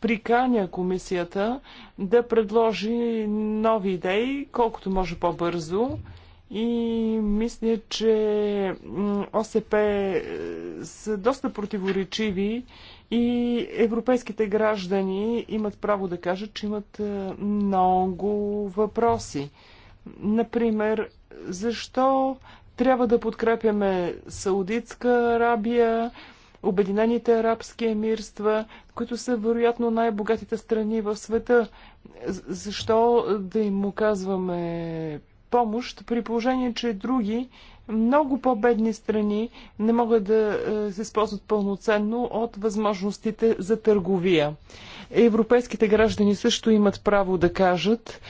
приканя комисията да предложи нови идеи, колкото може по-бързо. И мисля, че ОСП е, са доста противоречиви и европейските граждани имат право да кажат, че имат е, много въпроси. Например, защо трябва да подкрепяме Саудитска Арабия, Обединените арабски емирства, които са вероятно най-богатите страни в света. Защо да им оказваме помощ, при положение, че други, много по-бедни страни не могат да е, се използват пълноценно от възможностите за търговия. Европейските граждани също имат право да кажат,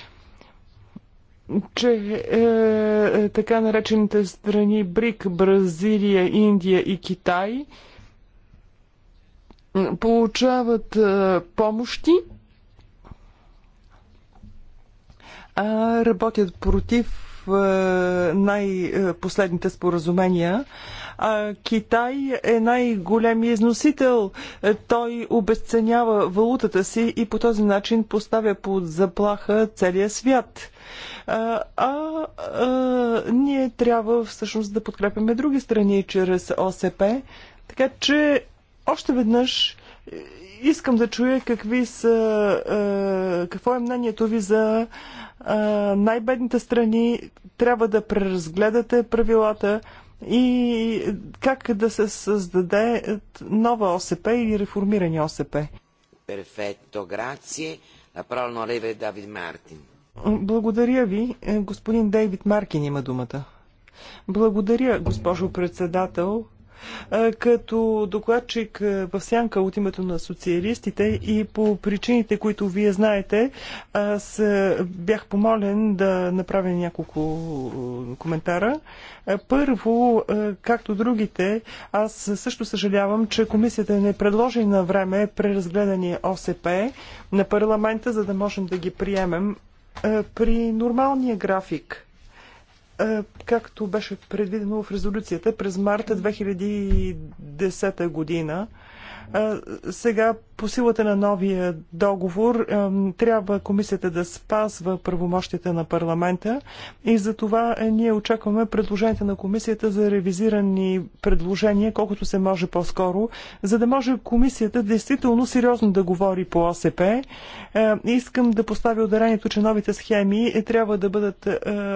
че е, е, така наречените страни БРИК, Бразилия, Индия и Китай получават е, помощи, а работят против е, най-последните е, споразумения Китай е най-големият износител. Е, той обесценява валутата си и по този начин поставя под заплаха целия свят. А, а, а ние трябва всъщност да подкрепяме други страни чрез ОСП. Така че още веднъж искам да чуя какви са, а, е, какво е мнението ви за а, е, най-бедните страни. Трябва да преразгледате правилата, и как да се създаде нова ОСП или реформирани ОСП. Перфекто, грация. Направо на леве Давид Мартин. Благодаря ви. Господин Дейвид Маркин има думата. Благодаря, госпожо председател. Като докладчик в сянка от името на социалистите и по причините, които вие знаете, аз бях помолен да направя няколко коментара. Първо, както другите, аз също съжалявам, че комисията не предложи на време преразгледани ОСП на парламента, за да можем да ги приемем при нормалния график. Е, както беше предвидено в резолюцията през марта 2010 година. Е, сега по силата на новия договор трябва комисията да спазва правомощите на парламента и за това е, ние очакваме предложенията на комисията за ревизирани предложения, колкото се може по-скоро, за да може комисията действително сериозно да говори по ОСП. Е, искам да поставя ударението, че новите схеми е, трябва да бъдат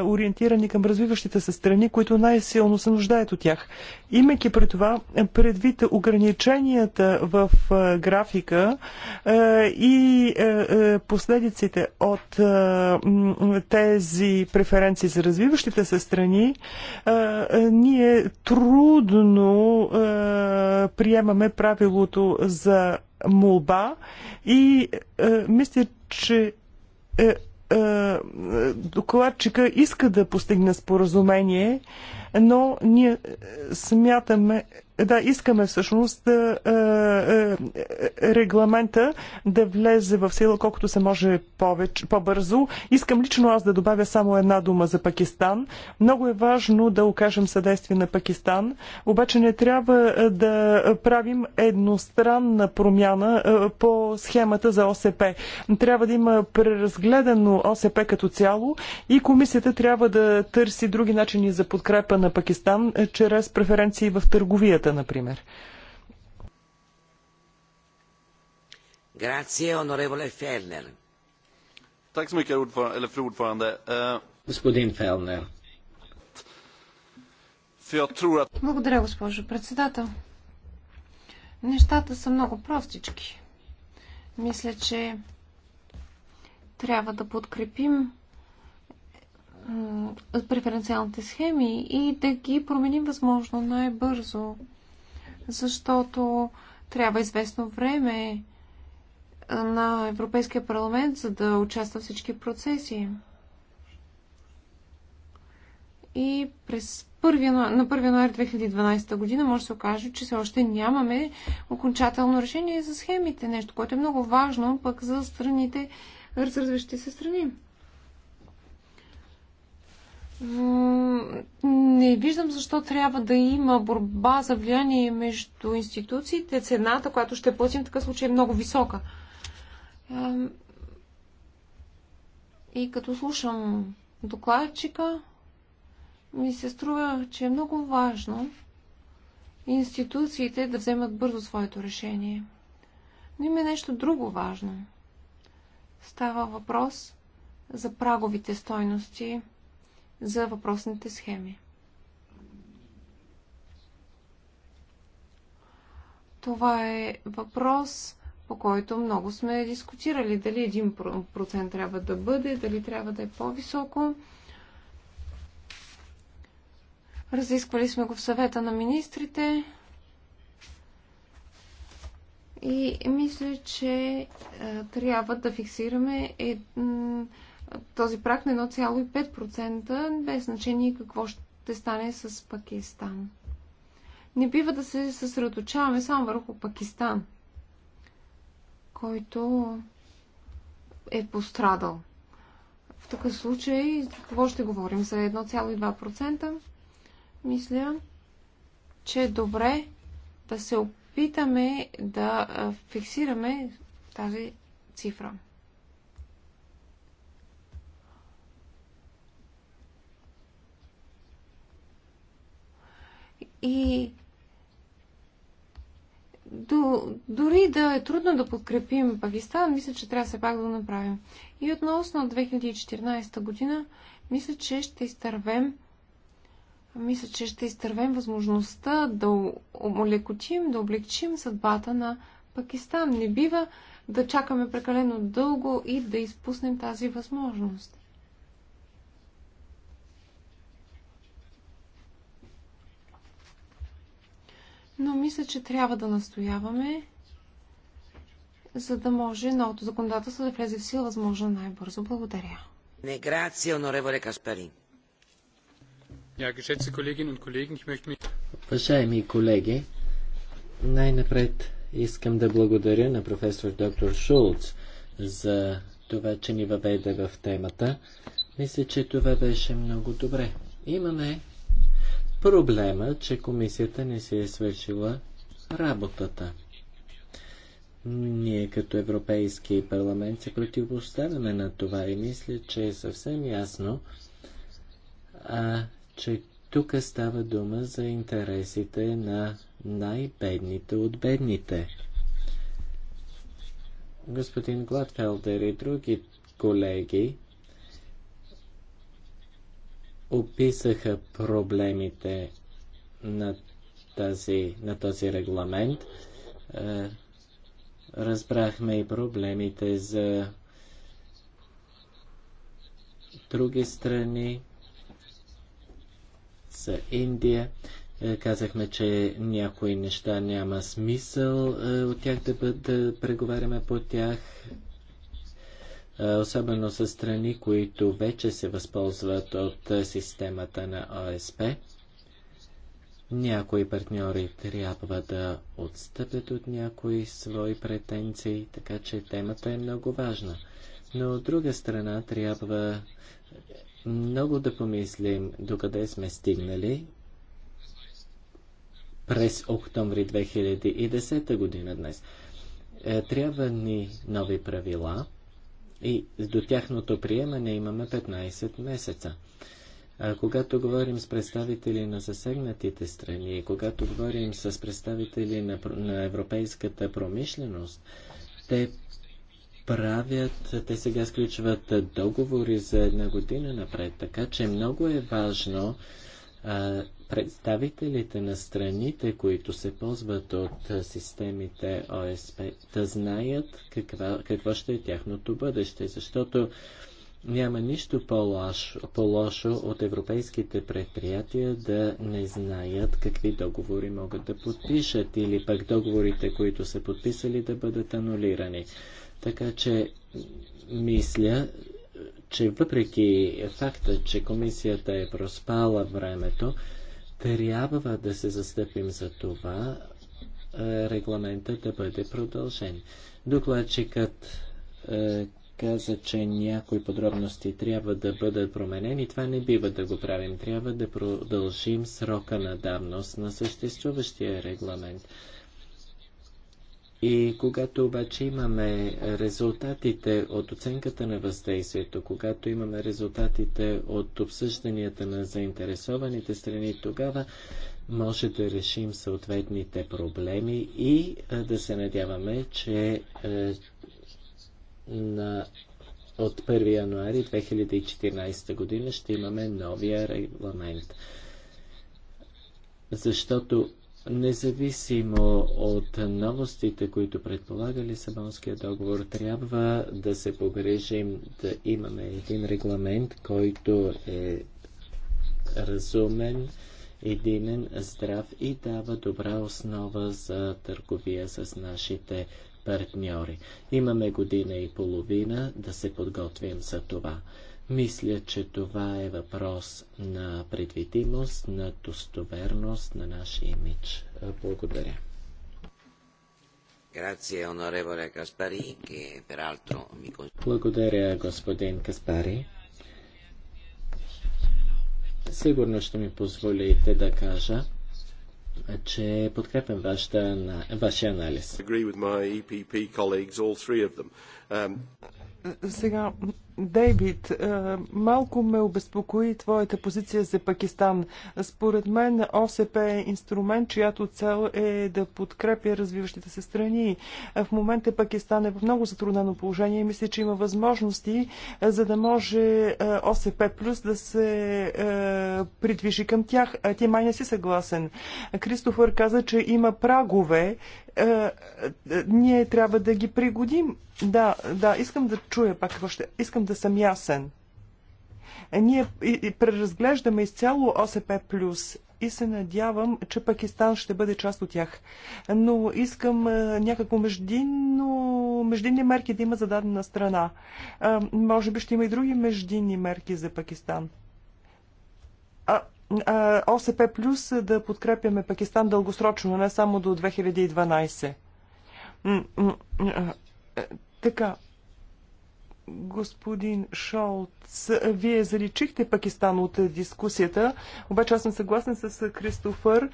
ориентирани към развиващите се страни, които най-силно се нуждаят от тях. Имайки при това предвид ограниченията в графика, политика е, и е, е, последиците от тези преференции за развиващите се страни, ние трудно приемаме правилото за молба и мисля, че докладчика иска да постигне споразумение, но ние смятаме, да, искаме всъщност да, е, е, е, регламента да влезе в сила колкото се може повече, по-бързо. Искам лично аз да добавя само една дума за Пакистан. Много е важно да окажем съдействие на Пакистан, обаче не трябва е, да правим едностранна промяна е, по схемата за ОСП. Трябва да има преразгледано ОСП като цяло и комисията трябва да търси други начини за подкрепа на Пакистан чрез преференции в търговията престъпността, например. Eh, Господин Фелнер. Благодаря, госпожо председател. Нещата са много простички. Мисля, че трябва да подкрепим преференциалните схеми и да ги променим възможно най-бързо защото трябва известно време на Европейския парламент, за да участва в всички процеси. И през 1, на 1 януари 2012 година може да се окаже, че все още нямаме окончателно решение за схемите. Нещо, което е много важно пък за страните, развиващи се страни не виждам защо трябва да има борба за влияние между институциите. Цената, която ще платим в такъв случай е много висока. И като слушам докладчика, ми се струва, че е много важно институциите да вземат бързо своето решение. Но има нещо друго важно. Става въпрос за праговите стойности – за въпросните схеми. Това е въпрос, по който много сме дискутирали. Дали 1% трябва да бъде, дали трябва да е по-високо. Разисквали сме го в съвета на министрите. И мисля, че е, трябва да фиксираме този прак на 1,5%, без значение какво ще стане с Пакистан. Не бива да се съсредоточаваме само върху Пакистан, който е пострадал. В такъв случай, какво ще говорим за 1,2%? Мисля, че е добре да се опитаме да фиксираме тази цифра. И до, дори да е трудно да подкрепим Пакистан, мисля, че трябва все пак да го направим. И относно 2014 година, мисля, че ще изтървем мисля, че ще изтървем възможността да омолекотим, да облегчим съдбата на Пакистан. Не бива да чакаме прекалено дълго и да изпуснем тази възможност. но мисля, че трябва да настояваме, за да може новото законодателство да влезе в сила възможно най-бързо. Благодаря. Не, грация, онореволе Каспарин. Уважаеми колеги, най-напред искам да благодаря на професор доктор Шулц за това, че ни въведе в темата. Мисля, че това беше много добре. Имаме Проблема, е, че комисията не си е свършила работата. Ние като Европейски парламент се противопоставяме на това и мисля, че е съвсем ясно, а, че тук става дума за интересите на най-бедните от бедните. Господин Гладфелдер и други колеги описаха проблемите на, тази, на този регламент. Е, разбрахме и проблемите за други страни, за Индия. Е, казахме, че някои неща няма смисъл е, от тях да, да преговаряме по тях. Е, особено с страни, които вече се възползват от е, системата на ОСП. Някои партньори трябва да отстъпят от някои свои претенции, така че темата е много важна. Но от друга страна трябва много да помислим докъде сме стигнали през октомври 2010 година днес. Е, трябва ни нови правила, и до тяхното приемане имаме 15 месеца. А когато говорим с представители на засегнатите страни, когато говорим с представители на, на европейската промишленост, те правят, те сега сключват договори за една година напред, така че много е важно а представителите на страните, които се ползват от системите ОСП, да знаят каква, какво ще е тяхното бъдеще, защото няма нищо по-лошо, по-лошо от европейските предприятия да не знаят какви договори могат да подпишат или пък договорите, които са подписали, да бъдат анулирани. Така че мисля, че въпреки факта, че комисията е проспала времето, трябва да се застъпим за това е, регламента да бъде продължен. Докладчикът е, каза, че някои подробности трябва да бъдат променени. Това не бива да го правим. Трябва да продължим срока на давност на съществуващия регламент. И когато обаче имаме резултатите от оценката на въздействието, когато имаме резултатите от обсъжданията на заинтересованите страни, тогава може да решим съответните проблеми и да се надяваме, че на, от 1 януари 2014 година ще имаме новия регламент. Защото Независимо от новостите, които предполага Лисабонския договор, трябва да се погрежим да имаме един регламент, който е разумен, единен, здрав и дава добра основа за търговия с нашите партньори. Имаме година и половина да се подготвим за това. Мисля, че това е въпрос на предвидимост, на достоверност на нашия имидж. Благодаря. Благодаря, господин Каспари. Сигурно ще ми позволите да кажа, че подкрепям вашия анализ. E um, Сега Дейвид, е, малко ме обезпокои твоята позиция за Пакистан. Според мен ОСП е инструмент, чиято цел е да подкрепя развиващите се страни. Е, в момента Пакистан е в много затруднено положение и мисля, че има възможности, е, за да може ОСП плюс да се придвижи към тях. ти май не си съгласен. Кристофър каза, че има прагове. Ние трябва да ги пригодим. Да, да, искам да чуя пак въобще. Искам искам да съм ясен. Е, ние преразглеждаме изцяло ОСП плюс и се надявам, че Пакистан ще бъде част от тях. Но искам е, някакво междинно, междинни мерки да има за дадена страна. Е, може би ще има и други междинни мерки за Пакистан. А, а, ОСП плюс да подкрепяме Пакистан дългосрочно, не само до 2012. Така, господин Шолц, вие заличихте Пакистан от дискусията, обаче аз съм съгласен с Кристофър,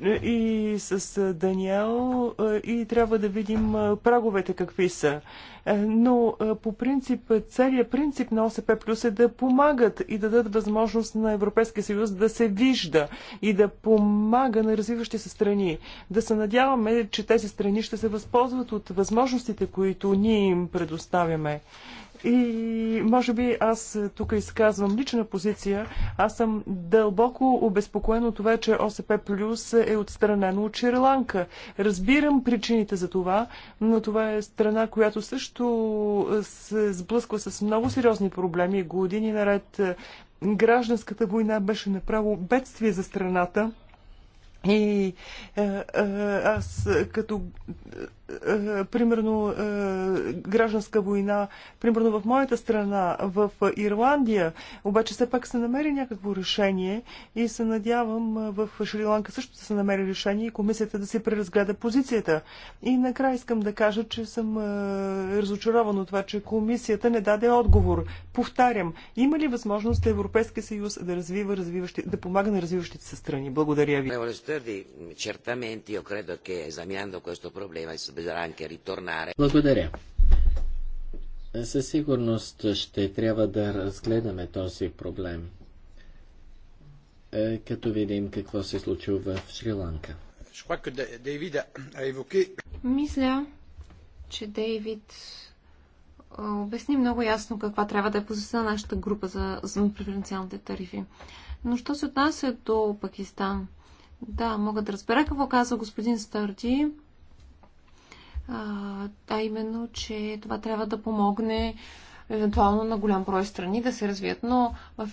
и с Даниел и трябва да видим праговете какви са. Е, но по принцип, целият принцип на ОСП Плюс е да помагат и да дадат възможност на Европейския съюз да се вижда и да помага на развиващи се страни. Да се надяваме, че тези страни ще се възползват от възможностите, които ние им предоставяме. И може би аз тук изказвам лична позиция. Аз съм дълбоко обезпокоен от това, че ОСП Плюс е отстранено от Шри-Ланка. Разбирам причините за това, но това е страна, която също се сблъсква с много сериозни проблеми. Години наред гражданската война беше направо бедствие за страната. И е, е, аз като е, примерно е, гражданска война, примерно в моята страна, в Ирландия, обаче все пак се намери някакво решение и се надявам е, в Шри-Ланка също да се намери решение и комисията да се преразгледа позицията. И накрая искам да кажа, че съм разочарован от това, че комисията не даде отговор. Повтарям, има ли възможност Европейския съюз да развива развиващи, да помага на развиващите се страни? Благодаря ви. Certamente io credo che esaminando questo problema благодаря. Със сигурност ще трябва да разгледаме този проблем, е, като видим какво се случва в Шри-Ланка. Мисля, че Дейвид обясни много ясно каква трябва да е позиция на нашата група за, за преференциалните тарифи. Но що се отнася до Пакистан? Да, мога да разбера какво каза господин Старди а именно, че това трябва да помогне евентуално на голям брой страни да се развият. Но в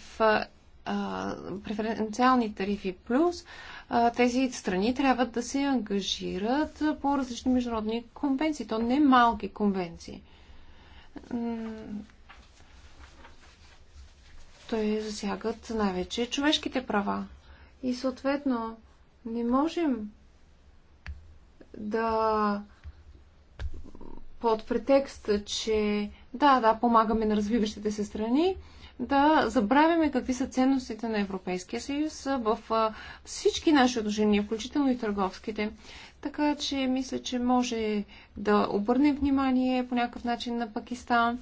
а, преференциални тарифи плюс а, тези страни трябва да се ангажират по различни международни конвенции, то не малки конвенции. Те засягат най-вече човешките права. И съответно не можем да под претекст, че да, да, помагаме на развиващите се страни, да забравяме какви са ценностите на Европейския съюз в всички наши отношения, включително и търговските. Така че мисля, че може да обърнем внимание по някакъв начин на Пакистан.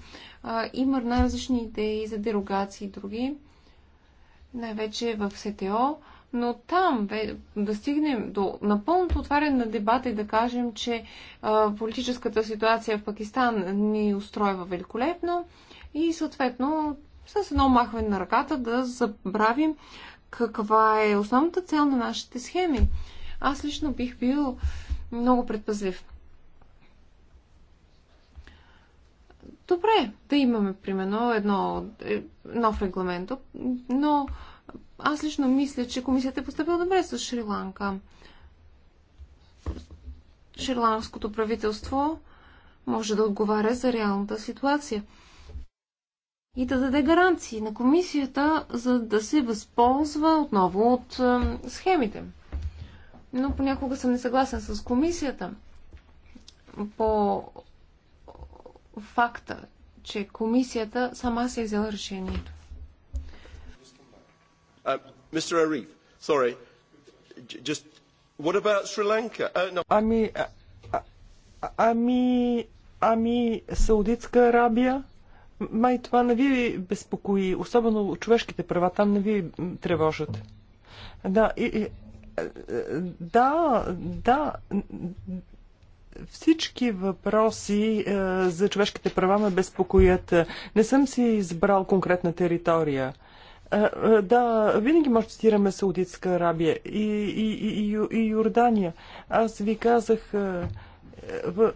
Има различни идеи за дерогации и други, най-вече в СТО но там да стигнем до напълното отваряне на дебата и да кажем, че политическата ситуация в Пакистан ни устройва великолепно и съответно с едно махване на ръката да забравим каква е основната цел на нашите схеми. Аз лично бих бил много предпазлив. Добре, да имаме, примерно, едно, е, нов регламент, но аз лично мисля, че комисията е поступила добре с Шри-Ланка. Шри-ланското правителство може да отговаря за реалната ситуация и да даде гаранции на комисията, за да се възползва отново от схемите. Но понякога съм несъгласен с комисията по факта, че комисията сама се е взела решението. Uh, Mr. Arif, sorry. Just, what about Sri Lanka? Uh, no. Ами, а, ами, ами, Саудитска Арабия? Май това не ви безпокои, особено човешките права там не ви тревожат. Да, и, и, да, да, всички въпроси е, за човешките права ме безпокоят. Не съм си избрал конкретна територия. Да, винаги може да цитираме Саудитска Арабия и, и, и, и Йордания. Аз ви казах, в...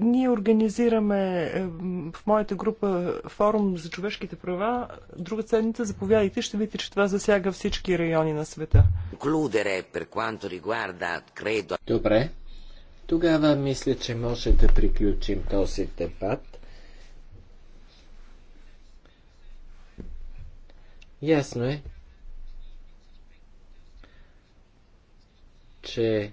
ние организираме в моята група форум за човешките права. Друга седмица заповядайте, ще видите, че това засяга всички райони на света. Добре. Тогава мисля, че може да приключим този дебат. Ясно е, че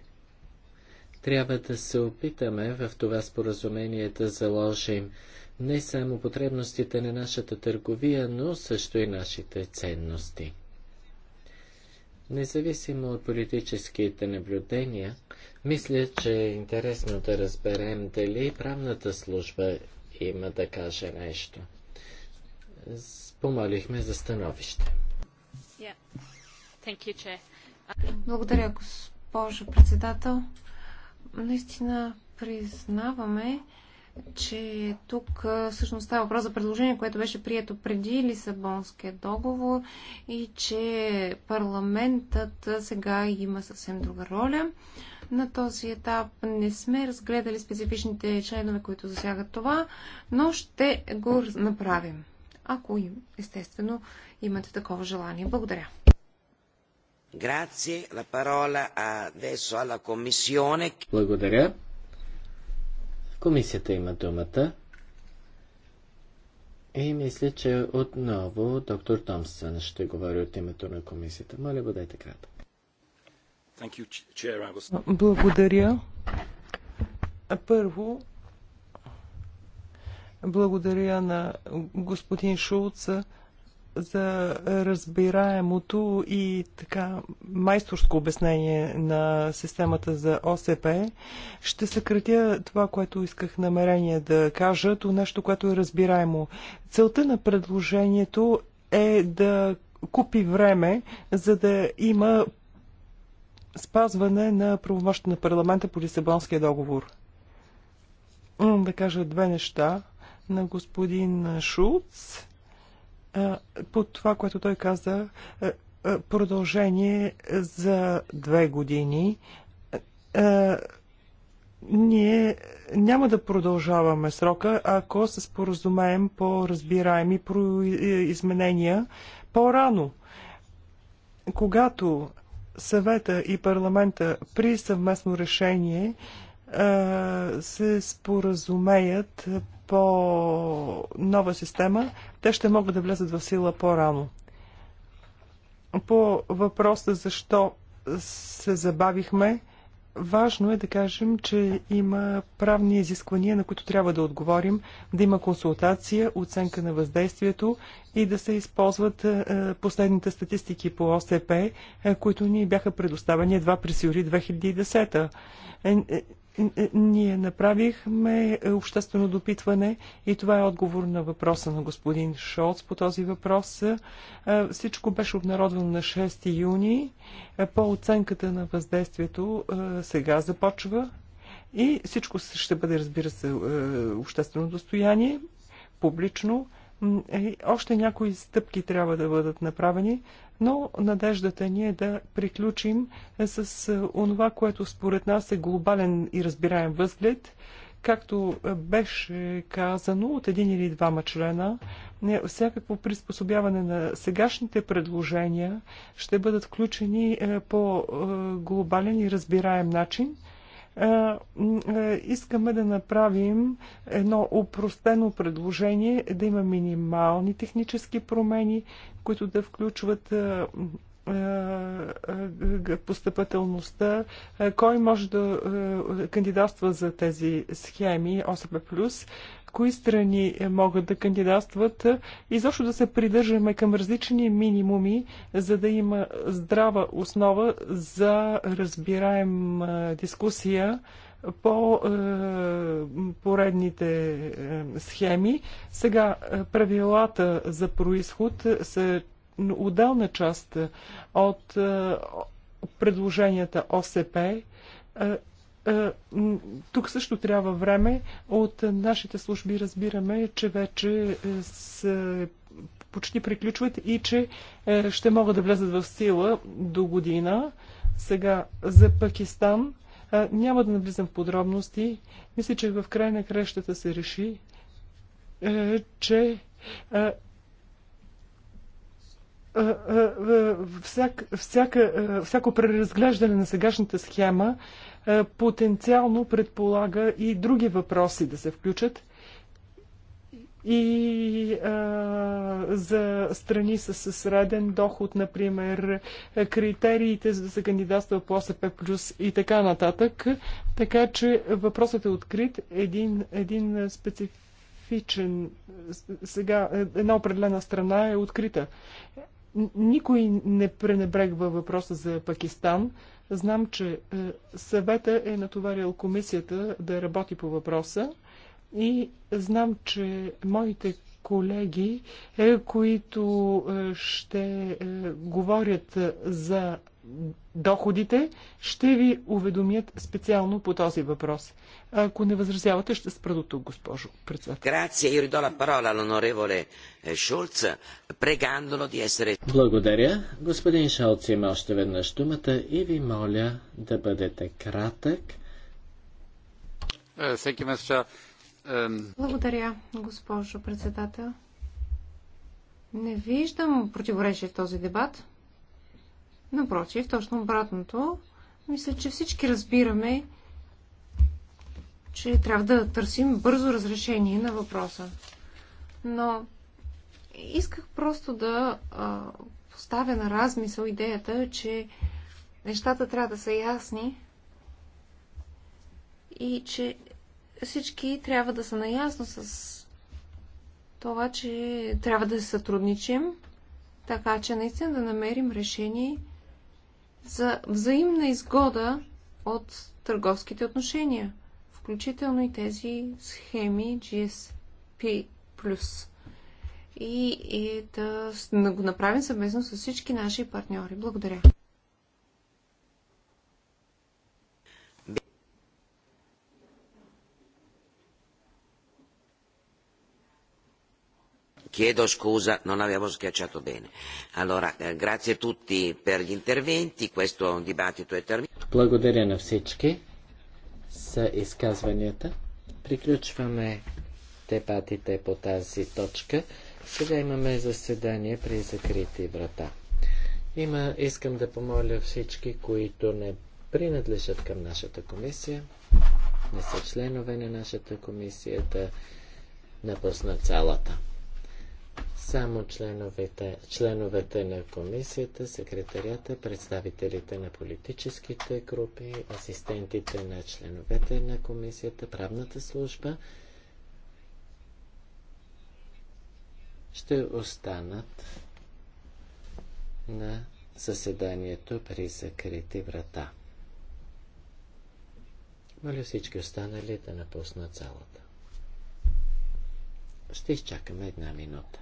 трябва да се опитаме в това споразумение да заложим не само потребностите на нашата търговия, но също и нашите ценности. Независимо от политическите наблюдения, мисля, че е интересно да разберем дали правната служба има да каже нещо помолихме за становище. Благодаря, госпожо председател. Наистина признаваме, че тук всъщност става въпрос за предложение, което беше прието преди Лисабонския договор и че парламентът сега има съвсем друга роля. На този етап не сме разгледали специфичните членове, които засягат това, но ще го направим ако им, естествено имате такова желание. Благодаря. Благодаря. Комисията има думата. И мисля, че отново доктор Томсън ще говори от името на комисията. Моля, бъдете кратък. Благодаря. Първо, благодаря на господин Шулца за разбираемото и така майсторско обяснение на системата за ОСП. Ще съкратя това, което исках намерение да кажа, то нещо, което е разбираемо. Целта на предложението е да купи време, за да има спазване на правомощта на парламента по Лисабонския договор. Да кажа две неща на господин Шулц по това, което той каза, продължение за две години. Ние няма да продължаваме срока, ако се споразумеем по разбираеми изменения по-рано. Когато съвета и парламента при съвместно решение се споразумеят по нова система, те ще могат да влезат в сила по-рано. По въпроса защо се забавихме, важно е да кажем, че има правни изисквания, на които трябва да отговорим, да има консултация, оценка на въздействието и да се използват е, последните статистики по ОСП, е, които ни бяха предоставени едва през юри 2010. Е, ние направихме обществено допитване и това е отговор на въпроса на господин Шолц по този въпрос. Е, всичко беше обнародвано на 6 юни. Е, по оценката на въздействието сега започва и всичко ще бъде, разбира се, обществено достояние, публично. Е, още някои стъпки трябва да бъдат направени, но надеждата ни е да приключим е, с е, онова, което според нас е глобален и разбираем възглед, както беше казано от един или двама члена, всякакво приспособяване на сегашните предложения ще бъдат включени по глобален и разбираем начин – е, е, искаме да направим едно упростено предложение, да има минимални технически промени, които да включват е, постъпателността, кой може да кандидатства за тези схеми ОСП+, кои страни могат да кандидатстват и защо да се придържаме към различни минимуми, за да има здрава основа за разбираем дискусия по е, поредните е, схеми. Сега правилата за происход са отделна част от е, предложенията ОСП е, тук също трябва време. От нашите служби разбираме, че вече е, се почти приключват и че е, ще могат да влезат в сила до година. Сега за Пакистан няма да навлизам в подробности. Мисля, че в край на крещата се реши, че всяк, всяка, всяко преразглеждане на сегашната схема потенциално предполага и други въпроси да се включат и а, за страни с среден доход, например, критериите за да се кандидатства по СП плюс и така нататък. Така че въпросът е открит. Един, един специфичен сега една определена страна е открита. Никой не пренебрегва въпроса за Пакистан. Знам, че е, съвета е натоварил комисията да работи по въпроса и знам, че моите колеги, е, които е, ще говорят за доходите, ще ви уведомят специално по този въпрос. Ако не възразявате, ще спра до тук, госпожо председател. Е, Благодаря. Господин Шолц има още веднъж думата и ви моля да бъдете кратък. Е, Благодаря, госпожо председател. Не виждам противоречие в този дебат. Напротив, точно обратното, мисля, че всички разбираме, че трябва да търсим бързо разрешение на въпроса. Но исках просто да а, поставя на размисъл идеята, че нещата трябва да са ясни и че всички трябва да са наясно с това, че трябва да се сътрудничим, така че наистина да намерим решение за взаимна изгода от търговските отношения, включително и тези схеми GSP+. И, и да го направим съвместно с всички наши партньори. Благодаря. Chiedo scusa, non avevo schiacciato bene. Allora, eh, grazie a tutti per gli interventi, questo dibattito è terminato. Благодаря на всички за изказванията. Приключваме дебатите по тази точка. Сега имаме заседание при закрити врата. Има, искам да помоля всички, които не принадлежат към нашата комисия, не са членове на нашата комисия, да напуснат залата. Само членовете, членовете на комисията, секретарията, представителите на политическите групи, асистентите на членовете на комисията, правната служба ще останат на съседанието при закрити врата. Моля всички останали да напуснат залата. Ще изчакаме една минута.